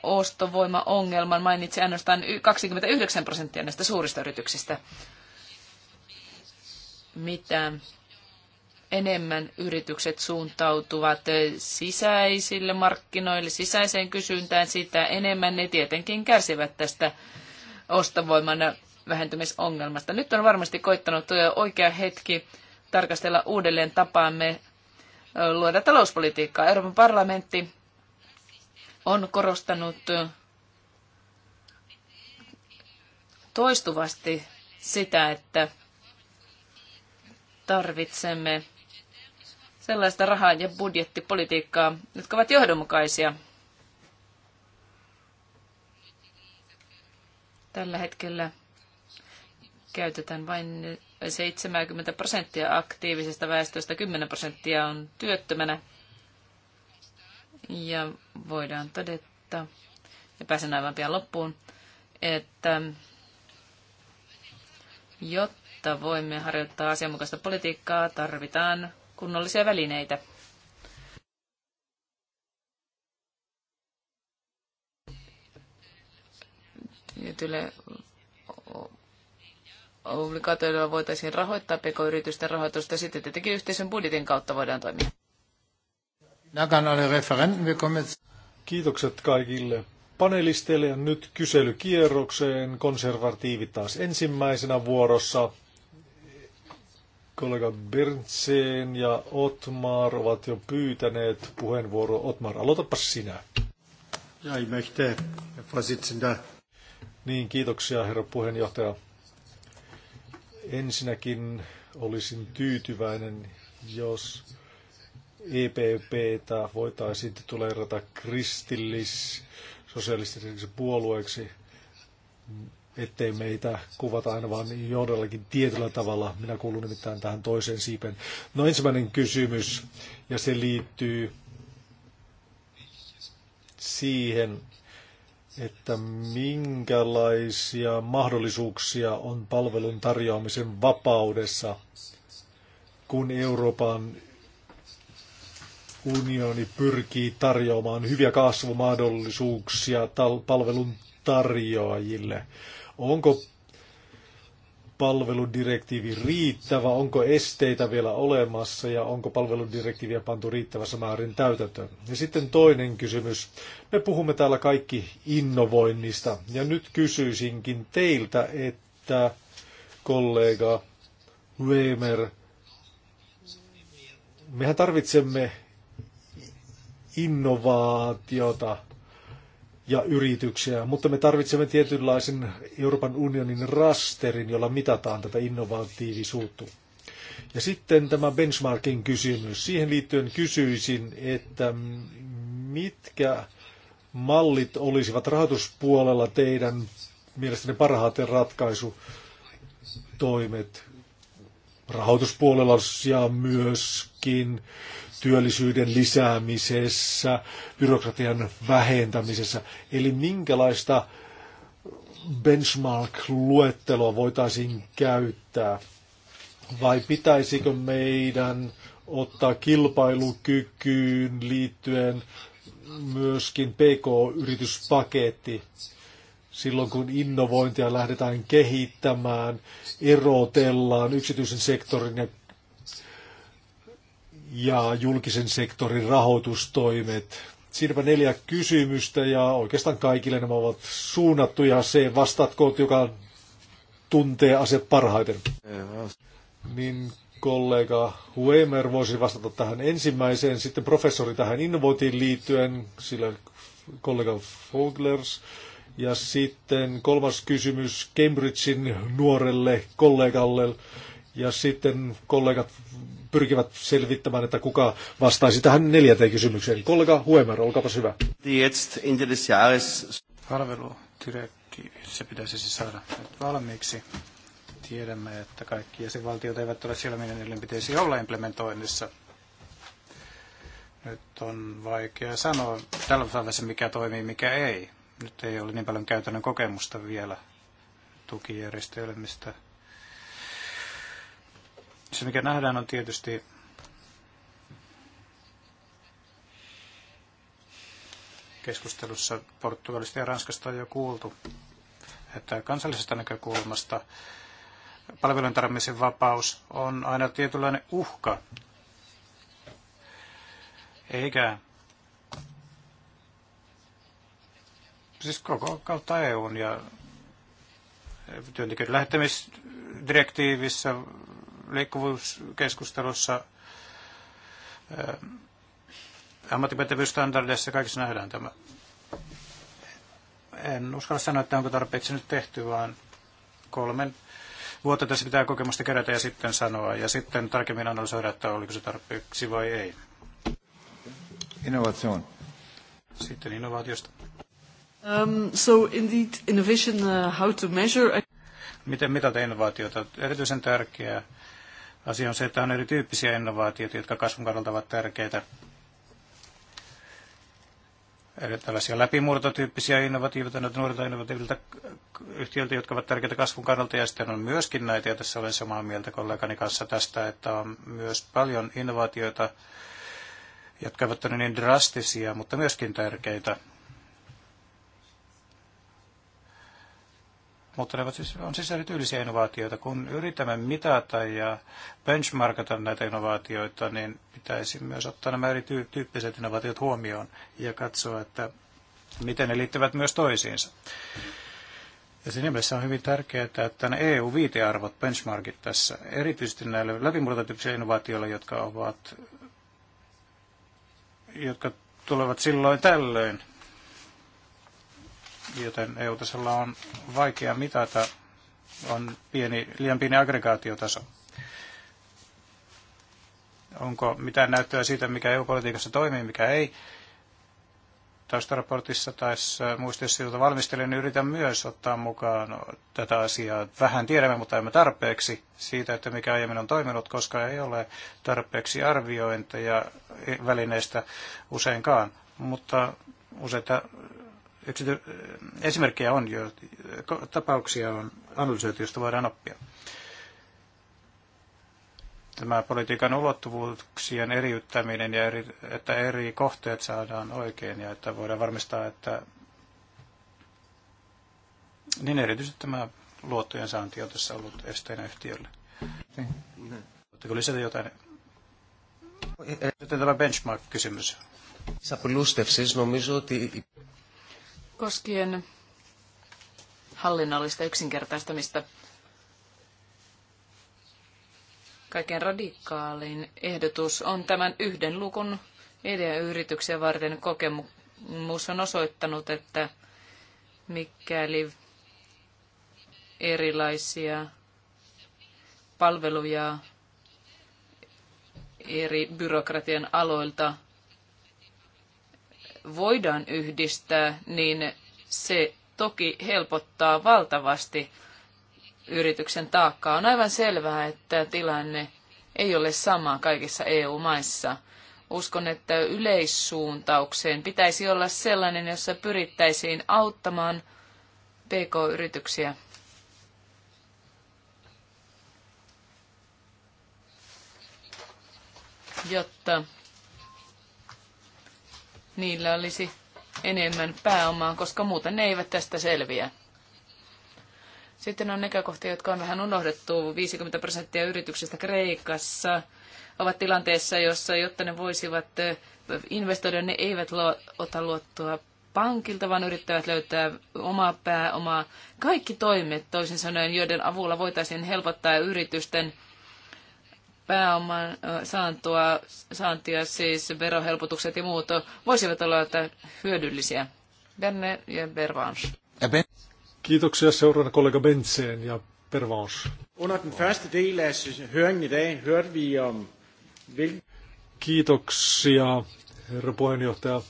ostovoimaongelman mainitsi ainoastaan 29 prosenttia näistä suurista yrityksistä. Mitä enemmän yritykset suuntautuvat sisäisille markkinoille, sisäiseen kysyntään, sitä enemmän ne tietenkin kärsivät tästä ostovoiman vähentymisongelmasta. Nyt on varmasti koittanut oikea hetki tarkastella uudelleen tapaamme luoda talouspolitiikkaa. Euroopan parlamentti on korostanut toistuvasti sitä, että tarvitsemme sellaista rahaa ja budjettipolitiikkaa, jotka ovat johdonmukaisia. Tällä hetkellä käytetään vain 70 prosenttia aktiivisesta väestöstä, 10 prosenttia on työttömänä. Ja voidaan todeta, ja pääsen aivan pian loppuun, että jotta voimme harjoittaa asianmukaista politiikkaa, tarvitaan kunnollisia välineitä. Tietylle obligaatioilla voitaisiin rahoittaa pk-yritysten rahoitusta, sitten tietenkin yhteisen budjetin kautta voidaan toimia. Kiitokset kaikille panelisteille ja nyt kyselykierrokseen. Konservatiivi taas ensimmäisenä vuorossa. Kollega Bernsen ja Otmar ovat jo pyytäneet puheenvuoro. Otmar, aloitapa sinä. Ja, ich möchte, Herr Niin, kiitoksia herra puheenjohtaja. Ensinnäkin olisin tyytyväinen, jos EPPtä voitaisiin tulerata kristillis sosialistiseksi puolueeksi, ettei meitä kuvata aina vaan jollakin tietyllä tavalla. Minä kuulun nimittäin tähän toiseen siipen. No ensimmäinen kysymys, ja se liittyy siihen, että minkälaisia mahdollisuuksia on palvelun tarjoamisen vapaudessa, kun Euroopan unioni pyrkii tarjoamaan hyviä kasvumahdollisuuksia tal- palvelun tarjoajille. Onko palveludirektiivi riittävä, onko esteitä vielä olemassa ja onko palveludirektiiviä pantu riittävässä määrin täytäntöön. Ja sitten toinen kysymys. Me puhumme täällä kaikki innovoinnista ja nyt kysyisinkin teiltä, että kollega Weimer, mehän tarvitsemme innovaatiota – ja yrityksiä, mutta me tarvitsemme tietynlaisen Euroopan unionin rasterin, jolla mitataan tätä innovatiivisuutta. Ja sitten tämä benchmarkin kysymys. Siihen liittyen kysyisin, että mitkä mallit olisivat rahoituspuolella teidän mielestäni parhaiten ratkaisutoimet rahoituspuolella ja myöskin työllisyyden lisäämisessä, byrokratian vähentämisessä. Eli minkälaista benchmark-luetteloa voitaisiin käyttää? Vai pitäisikö meidän ottaa kilpailukykyyn liittyen myöskin PK-yrityspaketti silloin, kun innovointia lähdetään kehittämään, erotellaan yksityisen sektorin ja ja julkisen sektorin rahoitustoimet. Siinäpä neljä kysymystä ja oikeastaan kaikille nämä ovat suunnattuja. Se vastatko, joka tuntee ase parhaiten. Niin kollega Huemer voisi vastata tähän ensimmäiseen, sitten professori tähän innovointiin liittyen, sillä kollega Foglers. Ja sitten kolmas kysymys Cambridgein nuorelle kollegalle. Ja sitten kollegat pyrkivät selvittämään, että kuka vastaisi tähän neljänteen kysymykseen. Kollega Huemer, olkaapa hyvä. Palveludirektiivi, se pitäisi siis saada nyt valmiiksi. Tiedämme, että kaikki jäsenvaltiot eivät ole siellä, minne niille pitäisi olla implementoinnissa. Nyt on vaikea sanoa tällä se mikä toimii, mikä ei. Nyt ei ole niin paljon käytännön kokemusta vielä tukijärjestelmistä se mikä nähdään on tietysti keskustelussa Portugalista ja Ranskasta on jo kuultu, että kansallisesta näkökulmasta palvelujen vapaus on aina tietynlainen uhka, eikä siis koko kautta EUn ja työntekijöiden lähettämisdirektiivissä liikkuvuuskeskustelussa eh, ammattipätevyysstandardeissa kaikissa nähdään tämä. En uskalla sanoa, että onko tarpeeksi nyt tehty, vaan kolmen vuotta tässä pitää kokemusta kerätä ja sitten sanoa. Ja sitten tarkemmin analysoida, että oliko se tarpeeksi vai ei. Innovation. Sitten innovaatiosta. Um, so indeed, innovation, uh, how to measure... Miten mitata innovaatiota? Erityisen tärkeää Asia on se, että on erityyppisiä innovaatioita, jotka kasvun kannalta ovat tärkeitä. Eli tällaisia läpimurtotyyppisiä innovatiivita, näitä nuorilta innovatiivilta yhtiöiltä, jotka ovat tärkeitä kasvun kannalta. Ja sitten on myöskin näitä, ja tässä olen samaa mieltä kollegani kanssa tästä, että on myös paljon innovaatioita, jotka eivät ole niin drastisia, mutta myöskin tärkeitä Mutta ne ovat siis, on siis erityylisiä innovaatioita. Kun yritämme mitata ja benchmarkata näitä innovaatioita, niin pitäisi myös ottaa nämä erityyppiset innovaatiot huomioon ja katsoa, että miten ne liittyvät myös toisiinsa. Ja siinä mielessä on hyvin tärkeää, että nämä EU-viitearvot, benchmarkit tässä, erityisesti näille läpimurtotyyppisille innovaatioille, jotka ovat jotka tulevat silloin tällöin joten EU-tasolla on vaikea mitata, on pieni, liian pieni aggregaatiotaso. Onko mitään näyttöä siitä, mikä EU-politiikassa toimii, mikä ei? taustaraportissa tai muistiossa, jota valmistelen, niin yritän myös ottaa mukaan tätä asiaa. Vähän tiedämme, mutta emme tarpeeksi siitä, että mikä aiemmin on toiminut, koska ei ole tarpeeksi arviointeja välineistä useinkaan. Mutta useita Yksity- esimerkkejä on jo, tapauksia on analysoitu, joista voidaan oppia. Tämä politiikan ulottuvuuksien eriyttäminen ja eri, että eri kohteet saadaan oikein ja että voidaan varmistaa, että niin erityisesti tämä luottojen saanti on tässä ollut esteenä yhtiölle. Voitteko lisätä jotain? Sitten tämä benchmark-kysymys. Sapulustevsis, νομίζω ότι... Koskien hallinnollista yksinkertaistamista. Kaiken radikaalin ehdotus on tämän yhden lukun idea yrityksen varten kokemus on osoittanut, että mikäli erilaisia palveluja eri byrokratian aloilta voidaan yhdistää, niin se toki helpottaa valtavasti yrityksen taakkaa. On aivan selvää, että tilanne ei ole sama kaikissa EU-maissa. Uskon, että yleissuuntaukseen pitäisi olla sellainen, jossa pyrittäisiin auttamaan PK-yrityksiä. jotta niillä olisi enemmän pääomaa, koska muuten ne eivät tästä selviä. Sitten on näkökohtia, jotka on vähän unohdettu. 50 prosenttia yrityksistä Kreikassa ovat tilanteessa, jossa jotta ne voisivat investoida, ne eivät luo, ota luottoa pankilta, vaan yrittävät löytää omaa pääomaa. Kaikki toimet, toisin sanoen, joiden avulla voitaisiin helpottaa yritysten pääoman saantua, saantia, siis verohelpotukset ja muut, voisivat olla hyödyllisiä. Benne ja Bervans. Kiitoksia seuraavana kollega Bentseen ja Bervans. Under den första delen av i dag vi om... Kiitoksia, herra puheenjohtaja.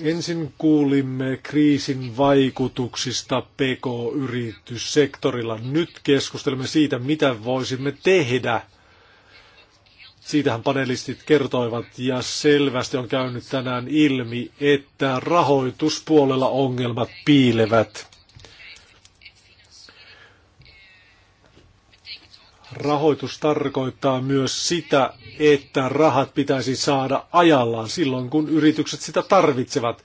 Ensin kuulimme kriisin vaikutuksista PK-yrityssektorilla. Nyt keskustelemme siitä, mitä voisimme tehdä – Siitähän panelistit kertoivat ja selvästi on käynyt tänään ilmi, että rahoituspuolella ongelmat piilevät. Rahoitus tarkoittaa myös sitä, että rahat pitäisi saada ajallaan silloin, kun yritykset sitä tarvitsevat.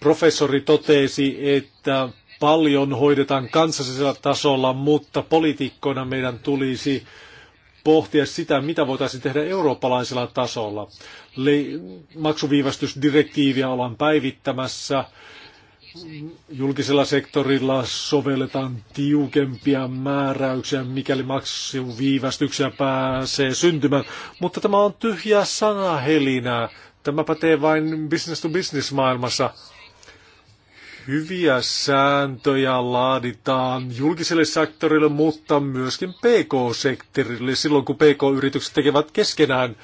Professori totesi, että paljon hoidetaan kansallisella tasolla, mutta poliitikkoina meidän tulisi pohtia sitä, mitä voitaisiin tehdä eurooppalaisella tasolla. Le- maksuviivästysdirektiiviä ollaan päivittämässä. Julkisella sektorilla sovelletaan tiukempia määräyksiä, mikäli maksuviivästyksiä pääsee syntymään. Mutta tämä on tyhjä sanahelinää. Tämä pätee vain business to business maailmassa hyviä sääntöjä laaditaan julkiselle sektorille, mutta myöskin PK-sektorille silloin, kun PK-yritykset tekevät keskenään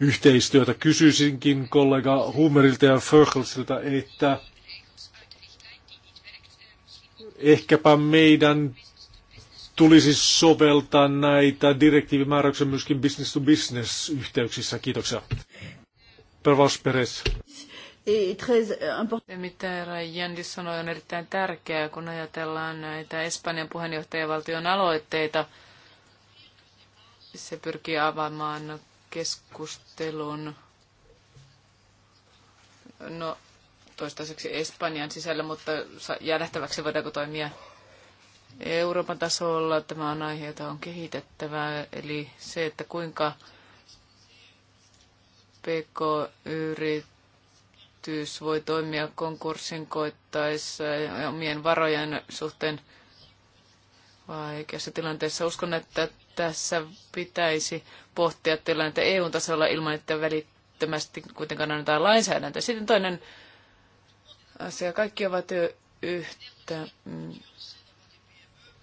yhteistyötä. Kysyisinkin kollega Hummerilta ja Förkelsiltä, että ehkäpä meidän tulisi soveltaa näitä direktiivimääräyksiä myöskin business-to-business-yhteyksissä. Kiitoksia. Pervas Peres. Se, mitä Jandis sanoi, on erittäin tärkeää, kun ajatellaan näitä Espanjan puheenjohtajavaltion aloitteita. Se pyrkii avaamaan keskustelun no, toistaiseksi Espanjan sisällä, mutta jää nähtäväksi, voidaanko toimia Euroopan tasolla. Tämä on aihe, jota on kehitettävää, eli se, että kuinka PK-yrit yritys voi toimia konkurssin koittaessa ja omien varojen suhteen vaikeassa tilanteessa. Uskon, että tässä pitäisi pohtia tilannetta EU-tasolla ilman, että välittömästi kuitenkaan annetaan lainsäädäntöä. Sitten toinen asia. Kaikki ovat jo yhtä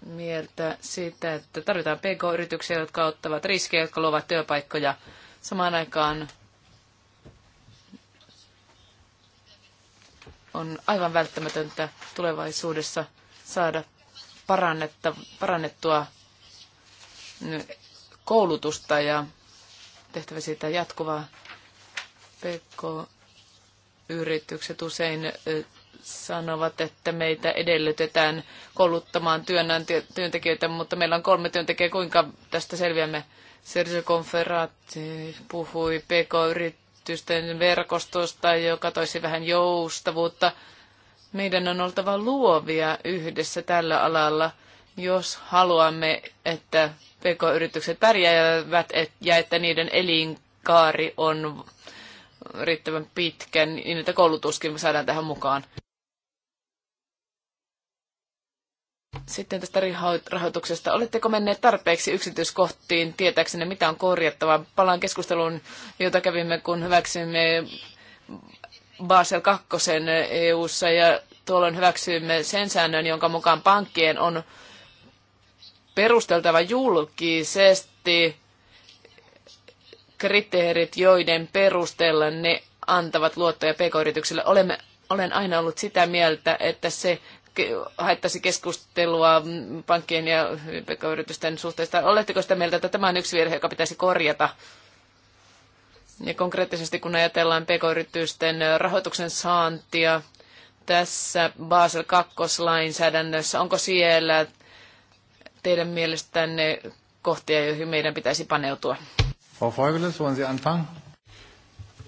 mieltä siitä, että tarvitaan PK-yrityksiä, jotka ottavat riskejä, jotka luovat työpaikkoja. Samaan aikaan on aivan välttämätöntä tulevaisuudessa saada parannetta, parannettua koulutusta ja tehtävä siitä jatkuvaa. PK-yritykset usein sanovat, että meitä edellytetään kouluttamaan työntekijöitä, mutta meillä on kolme työntekijää. Kuinka tästä selviämme? Sergio Conferati puhui PK-yrityksestä yritysten verkostosta, joka toisi vähän joustavuutta. Meidän on oltava luovia yhdessä tällä alalla, jos haluamme, että pk-yritykset pärjäävät ja että niiden elinkaari on riittävän pitkä, niin että koulutuskin saadaan tähän mukaan. Sitten tästä rahoituksesta. Oletteko menneet tarpeeksi yksityiskohtiin tietääksenne, mitä on korjattava? Palaan keskusteluun, jota kävimme, kun hyväksyimme Basel 2 EU-ssa ja tuolloin hyväksyimme sen säännön, jonka mukaan pankkien on perusteltava julkisesti kriteerit, joiden perusteella ne antavat luottoja pk-yrityksille. Olemme, olen aina ollut sitä mieltä, että se haittaisi keskustelua pankkien ja yritysten suhteesta. Oletteko sitä mieltä, että tämä on yksi virhe, joka pitäisi korjata? Ja konkreettisesti kun ajatellaan pk-yritysten rahoituksen saantia tässä Basel 2-lainsäädännössä, onko siellä teidän mielestänne kohtia, joihin meidän pitäisi paneutua? Frau Feugeles, wollen Sie anfangen?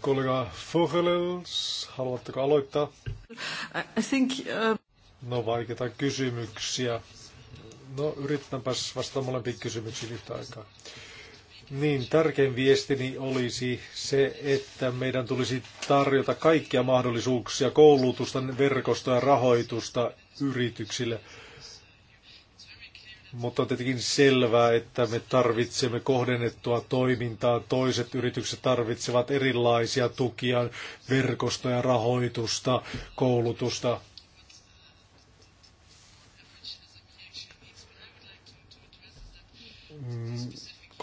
Kollega Vogelels, haluatteko aloittaa? I think, uh... No vaikeita kysymyksiä. No yritänpäs vastata molempiin kysymyksiin yhtä aikaa. Niin, tärkein viestini olisi se, että meidän tulisi tarjota kaikkia mahdollisuuksia, koulutusta, verkostoa ja rahoitusta yrityksille. Mutta on tietenkin selvää, että me tarvitsemme kohdennettua toimintaa. Toiset yritykset tarvitsevat erilaisia tukia, verkostoja, rahoitusta, koulutusta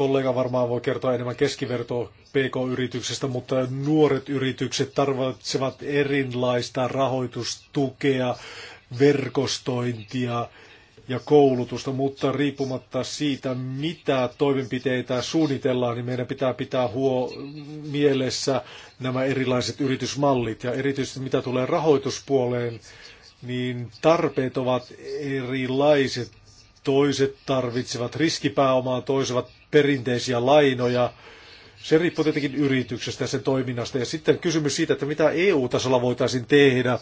kollega varmaan voi kertoa enemmän keskiverto PK-yrityksestä, mutta nuoret yritykset tarvitsevat erilaista rahoitustukea, verkostointia ja koulutusta, mutta riippumatta siitä, mitä toimenpiteitä suunnitellaan, niin meidän pitää pitää huo mielessä nämä erilaiset yritysmallit ja erityisesti mitä tulee rahoituspuoleen, niin tarpeet ovat erilaiset toiset tarvitsevat riskipääomaa, toiset perinteisiä lainoja. Se riippuu tietenkin yrityksestä ja sen toiminnasta. Ja sitten kysymys siitä, että mitä EU-tasolla voitaisiin tehdä.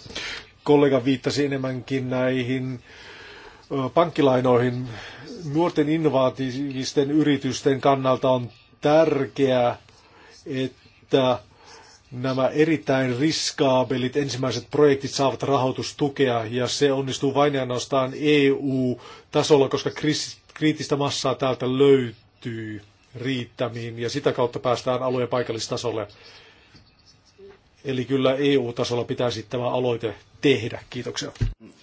Kollega viittasi enemmänkin näihin pankkilainoihin. Nuorten innovatiivisten yritysten kannalta on tärkeää, että nämä erittäin riskaabelit ensimmäiset projektit saavat rahoitustukea ja se onnistuu vain ja ainoastaan EU-tasolla, koska kriittistä massaa täältä löytyy liittyy riittämiin ja sitä kautta päästään alueen paikallistasolle. Eli kyllä EU-tasolla pitäisi tämä aloite tehdä. Kiitoksia.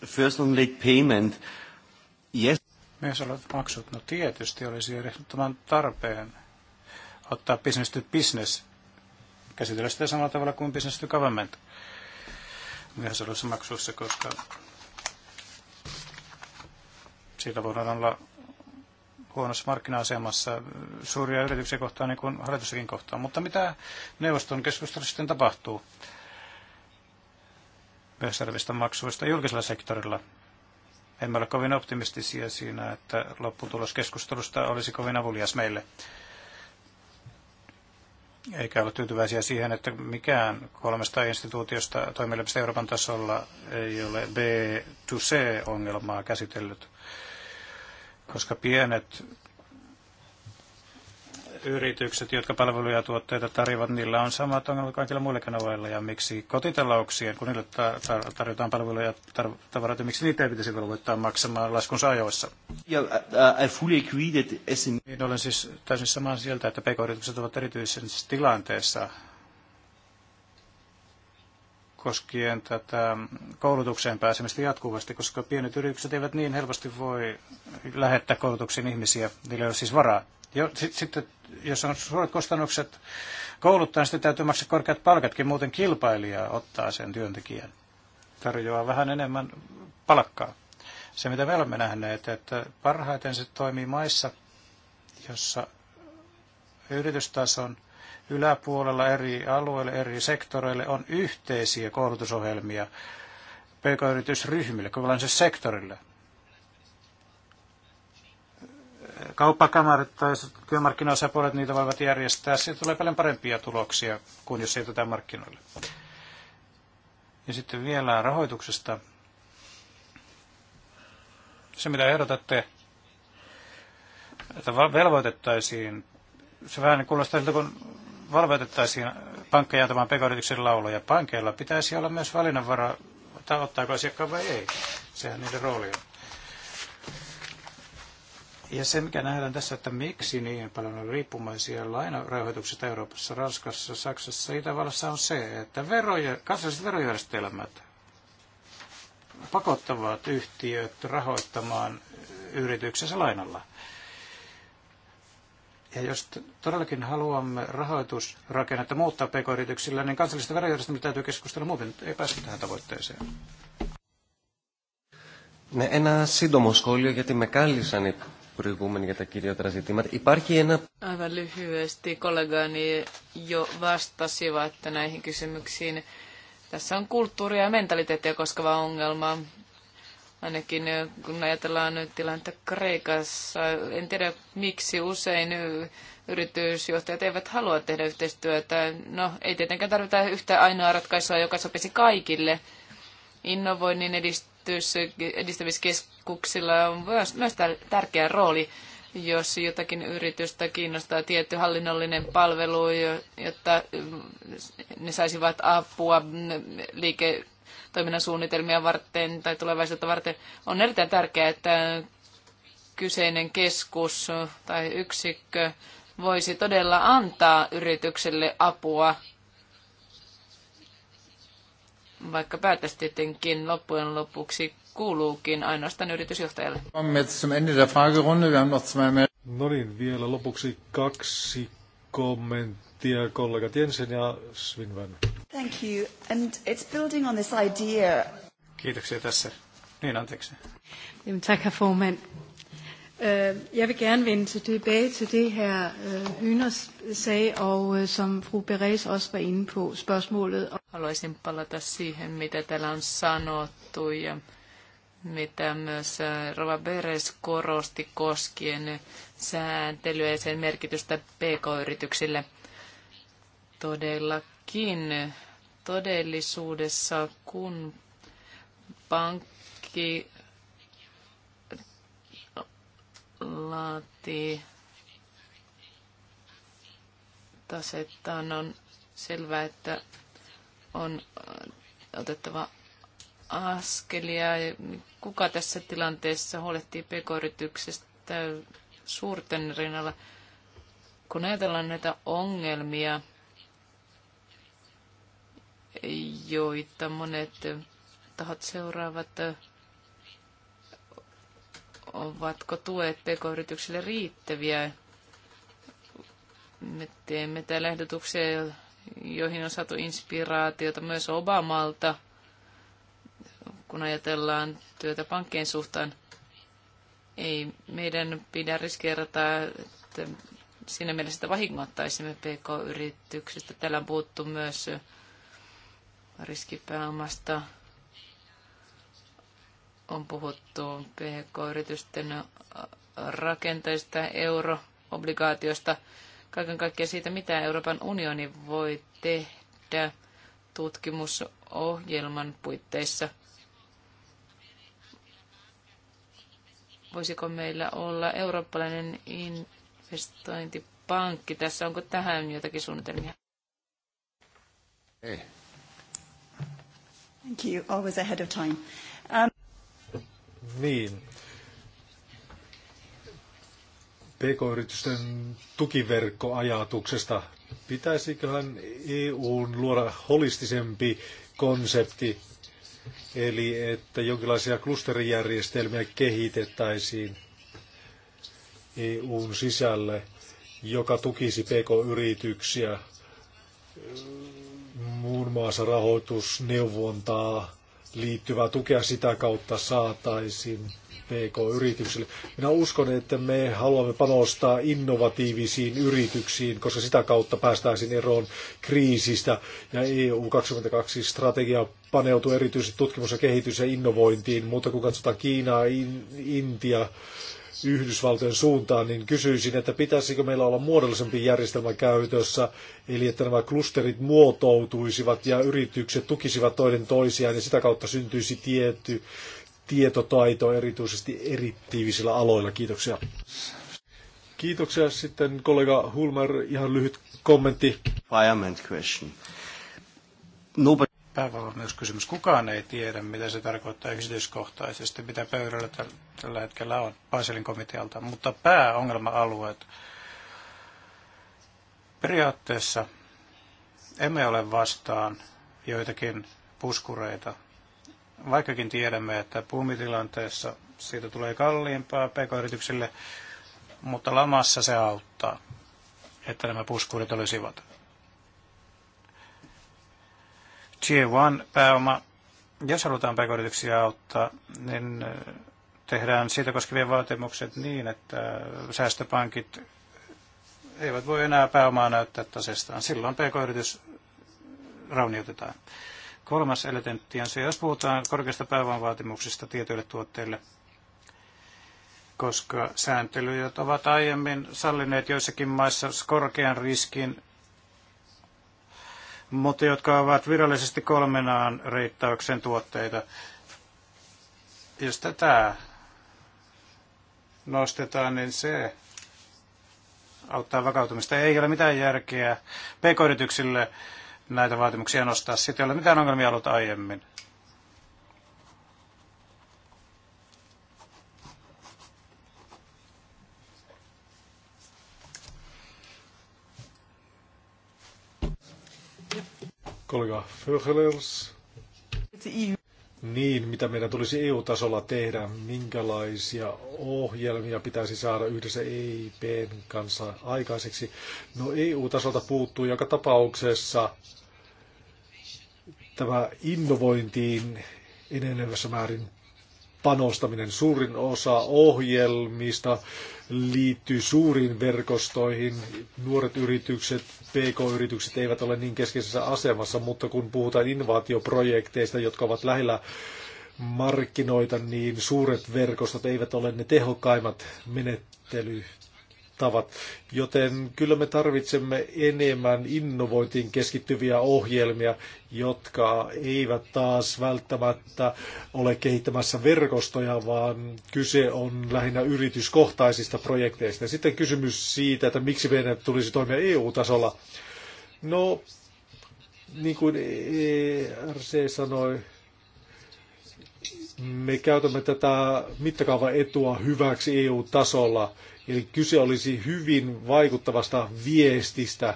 First on late payment. Yes. Myös olet maksut. No tietysti olisi ehdottoman tarpeen ottaa business to business. Käsitellä sitä samalla tavalla kuin business to government myös maksuissa, koska siitä voidaan olla huonossa markkina-asemassa äh, suuria yrityksiä kohtaan, niin kuin hallitussakin kohtaan. Mutta mitä neuvoston keskustelussa sitten tapahtuu myös maksuista julkisella sektorilla? Emme ole kovin optimistisia siinä, että lopputulos keskustelusta olisi kovin avulias meille. Eikä ole tyytyväisiä siihen, että mikään kolmesta instituutiosta toimielimistä Euroopan tasolla ei ole B2C-ongelmaa käsitellyt koska pienet yritykset, jotka palveluja ja tuotteita tarjoavat, niillä on samat ongelmat kaikilla muilla kanavoilla. Ja miksi kotitalouksien, kun niille tar- tarjotaan palveluja ja tar- tavaroita, miksi niitä ei pitäisi velvoittaa maksamaan laskunsa ajoissa? Yeah, äh, I äh, fully agree that niin olen siis täysin samaa sieltä, että pk-yritykset ovat erityisessä tilanteessa koskien tätä koulutukseen pääsemistä jatkuvasti, koska pienet yritykset eivät niin helposti voi lähettää koulutuksiin ihmisiä, niillä ei ole siis varaa. Jo, sit, sitten jos on suuret kustannukset kouluttaa, niin sitten täytyy maksaa korkeat palkatkin, muuten kilpailija ottaa sen työntekijän. Tarjoaa vähän enemmän palkkaa. Se, mitä me olemme nähneet, että parhaiten se toimii maissa, jossa yritystason yläpuolella eri alueille, eri sektoreille on yhteisiä koulutusohjelmia pk-yritysryhmille, kokonaiselle sektorille. Kauppakamarit tai työmarkkinaosapuolet niitä voivat järjestää. Siitä tulee paljon parempia tuloksia kuin jos siirrytään markkinoille. Ja sitten vielä rahoituksesta. Se, mitä ehdotatte, että velvoitettaisiin, se vähän kuulostaa siltä, kun valvotettaisiin pankkeja antamaan pk-yrityksen lauluja. Pankeilla pitäisi olla myös valinnanvara, ottaa, ottaako asiakkaan vai ei. Sehän niiden rooli on. Ja se, mikä nähdään tässä, että miksi niin paljon on riippumaisia lainarahoituksista Euroopassa, Ranskassa, Saksassa, Itävallassa on se, että veroja, kansalliset verojärjestelmät pakottavat yhtiöt rahoittamaan yrityksensä lainalla. Ja jos todellakin haluamme rahoitusrakennetta muuttaa pk-yrityksillä, niin kansallisten verojärjestelmien täytyy keskustella, muuten ei päästä tähän tavoitteeseen. Ναι, ένα σύντομο σχόλιο γιατί με κάλυψαν οι προηγούμενοι για τα κυριότερα ζητήματα. Υπάρχει ένα... Aivan lyhyesti kollegani jo vastasivat näihin kysymyksiin. Tässä on kulttuuria ja mentaliteettia koskeva ongelma. Ainakin kun ajatellaan nyt tilannetta Kreikassa, en tiedä miksi usein yritysjohtajat eivät halua tehdä yhteistyötä. No, ei tietenkään tarvita yhtä ainoa ratkaisua, joka sopisi kaikille. Innovoinnin edistys, edistämiskeskuksilla on myös, myös tärkeä rooli, jos jotakin yritystä kiinnostaa tietty hallinnollinen palvelu, jotta mm, ne saisivat apua mm, liike toiminnan suunnitelmia varten tai tulevaisuutta varten. On erittäin tärkeää, että kyseinen keskus tai yksikkö voisi todella antaa yritykselle apua, vaikka päätös tietenkin loppujen lopuksi kuuluukin ainoastaan yritysjohtajalle. No niin, vielä lopuksi kaksi kommenttia kollegat Jensen ja Svinvän. Thank you. And it's building on this idea. Kiitoksia tässä. Niin, anteeksi. Jamen, tak, herr formand. Øh, jeg vil gerne vende tilbage til det her øh, Hyners sag, og øh, som fru Beres også var inde på spørgsmålet. Haluaisin palata siihen, mitä täällä on sanottu ja mitä myös äh, Rova Beres korosti koskien äh, sääntelyä ja sen merkitystä pk-yrityksille. Todellakin kuitenkin todellisuudessa, kun pankki laatii tasettaan, on selvää, että on äh, otettava askelia. Kuka tässä tilanteessa huolehtii pk suurten rinnalla? Kun ajatellaan näitä ongelmia, joita monet tahot seuraavat. Ovatko tuet pk-yrityksille riittäviä? Me teemme täällä ehdotuksia, joihin on saatu inspiraatiota myös Obamalta, kun ajatellaan työtä pankkien suhtaan. Ei meidän pidä riskeerata, että siinä mielessä vahingoittaisimme pk-yrityksistä. Täällä on puhuttu myös riskipääomasta on puhuttu PK-yritysten rakenteista, euroobligaatiosta, kaiken kaikkiaan siitä, mitä Euroopan unioni voi tehdä tutkimusohjelman puitteissa. Voisiko meillä olla eurooppalainen investointipankki tässä? Onko tähän jotakin suunnitelmia? Ei. Thank you. Always ahead of time. Um... Niin. PK-yritysten tukiverkkoajatuksesta. Pitäisiköhän EUn luoda holistisempi konsepti, eli että jonkinlaisia klusterijärjestelmiä kehitettäisiin EUn sisälle, joka tukisi PK-yrityksiä muun muassa rahoitusneuvontaa liittyvää tukea sitä kautta saataisiin PK-yrityksille. Minä uskon, että me haluamme panostaa innovatiivisiin yrityksiin, koska sitä kautta päästäisiin eroon kriisistä. Ja EU 22 strategia paneutuu erityisesti tutkimus- ja kehitys- ja innovointiin, mutta kun katsotaan Kiinaa, in, Intia, Yhdysvaltojen suuntaan, niin kysyisin, että pitäisikö meillä olla muodollisempi järjestelmä käytössä, eli että nämä klusterit muotoutuisivat ja yritykset tukisivat toinen toisiaan ja sitä kautta syntyisi tietty tietotaito erityisesti erittiivisillä aloilla. Kiitoksia. Kiitoksia sitten kollega Hulmer. Ihan lyhyt kommentti. question. Nobody myös kysymys, Kukaan ei tiedä, mitä se tarkoittaa yksityiskohtaisesti, mitä pöydällä tällä hetkellä on Baselin komitealta, mutta pääongelma-alueet periaatteessa emme ole vastaan joitakin puskureita, vaikkakin tiedämme, että puumitilanteessa siitä tulee kalliimpaa pk-yrityksille, mutta lamassa se auttaa, että nämä puskurit olisivat Tier 1 pääoma, jos halutaan pk auttaa, niin eh, tehdään siitä koskevia vaatimukset niin, että säästöpankit eivät voi enää pääomaa näyttää tasestaan. Silloin pk-yritys raunioitetaan. Kolmas elementti on se, jos puhutaan korkeista pääomavaatimuksista tietyille tuotteille, koska sääntelyjät ovat aiemmin sallineet joissakin maissa korkean riskin mutta jotka ovat virallisesti kolmenaan reittauksen tuotteita. Jos tätä nostetaan, niin se auttaa vakautumista. Ei ole mitään järkeä pk näitä vaatimuksia nostaa. Sitten ei ole mitään ongelmia ollut aiemmin. Kollega Föhlers. Niin, mitä meidän tulisi EU-tasolla tehdä, minkälaisia ohjelmia pitäisi saada yhdessä EIPn kanssa aikaiseksi. No EU-tasolta puuttuu joka tapauksessa tämä innovointiin enenevässä määrin panostaminen. Suurin osa ohjelmista liittyy suuriin verkostoihin. Nuoret yritykset, PK-yritykset eivät ole niin keskeisessä asemassa, mutta kun puhutaan innovaatioprojekteista, jotka ovat lähellä markkinoita, niin suuret verkostot eivät ole ne tehokkaimmat menettelyt tavat. joten kyllä me tarvitsemme enemmän innovointiin keskittyviä ohjelmia, jotka eivät taas välttämättä ole kehittämässä verkostoja, vaan kyse on lähinnä yrityskohtaisista projekteista. Sitten kysymys siitä, että miksi meidän tulisi toimia EU-tasolla. No, niin kuin ERC sanoi, me käytämme tätä mittakaavaetua hyväksi EU-tasolla. Eli kyse olisi hyvin vaikuttavasta viestistä,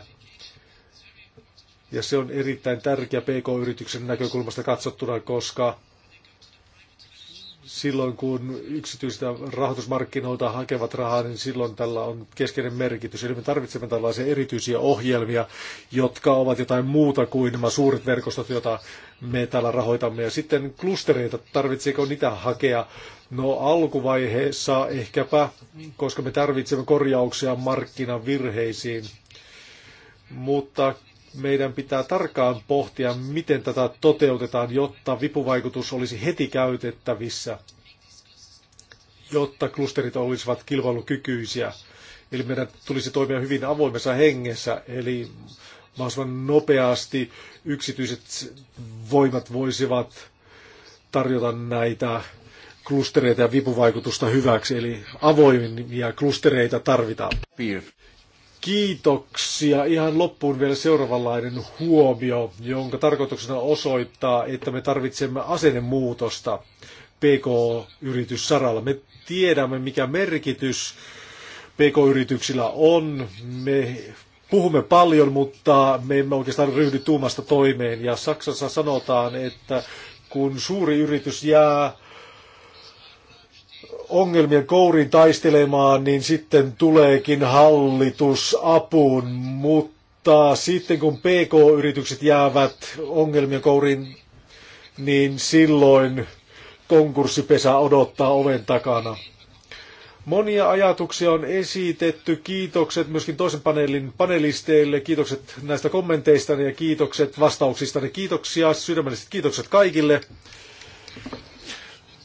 ja se on erittäin tärkeä PK-yrityksen näkökulmasta katsottuna, koska silloin kun yksityisiltä rahoitusmarkkinoilta hakevat rahaa, niin silloin tällä on keskeinen merkitys. Eli me tarvitsemme tällaisia erityisiä ohjelmia, jotka ovat jotain muuta kuin nämä suuret verkostot, joita me täällä rahoitamme. Ja sitten klustereita, tarvitseeko niitä hakea? No alkuvaiheessa ehkäpä, koska me tarvitsemme korjauksia markkinavirheisiin. Mutta meidän pitää tarkkaan pohtia, miten tätä toteutetaan, jotta vipuvaikutus olisi heti käytettävissä, jotta klusterit olisivat kilpailukykyisiä. Eli meidän tulisi toimia hyvin avoimessa hengessä, eli mahdollisimman nopeasti yksityiset voimat voisivat tarjota näitä klustereita ja vipuvaikutusta hyväksi, eli avoimia klustereita tarvitaan. Kiitoksia. Ihan loppuun vielä seuraavanlainen huomio, jonka tarkoituksena osoittaa, että me tarvitsemme asennemuutosta PK-yrityssaralla. Me tiedämme, mikä merkitys PK-yrityksillä on. Me puhumme paljon, mutta me emme oikeastaan ryhdy tuumasta toimeen. Ja Saksassa sanotaan, että kun suuri yritys jää ongelmien kouriin taistelemaan, niin sitten tuleekin hallitus apuun, mutta sitten kun PK-yritykset jäävät ongelmien kouriin, niin silloin konkurssipesä odottaa oven takana. Monia ajatuksia on esitetty. Kiitokset myöskin toisen paneelin panelisteille. Kiitokset näistä kommenteista ja kiitokset vastauksista. Kiitoksia, sydämelliset kiitokset kaikille.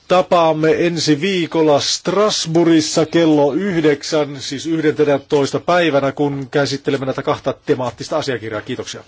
Tapaamme ensi viikolla Strasbourgissa kello 9, siis 11. päivänä, kun käsittelemme näitä kahta temaattista asiakirjaa. Kiitoksia.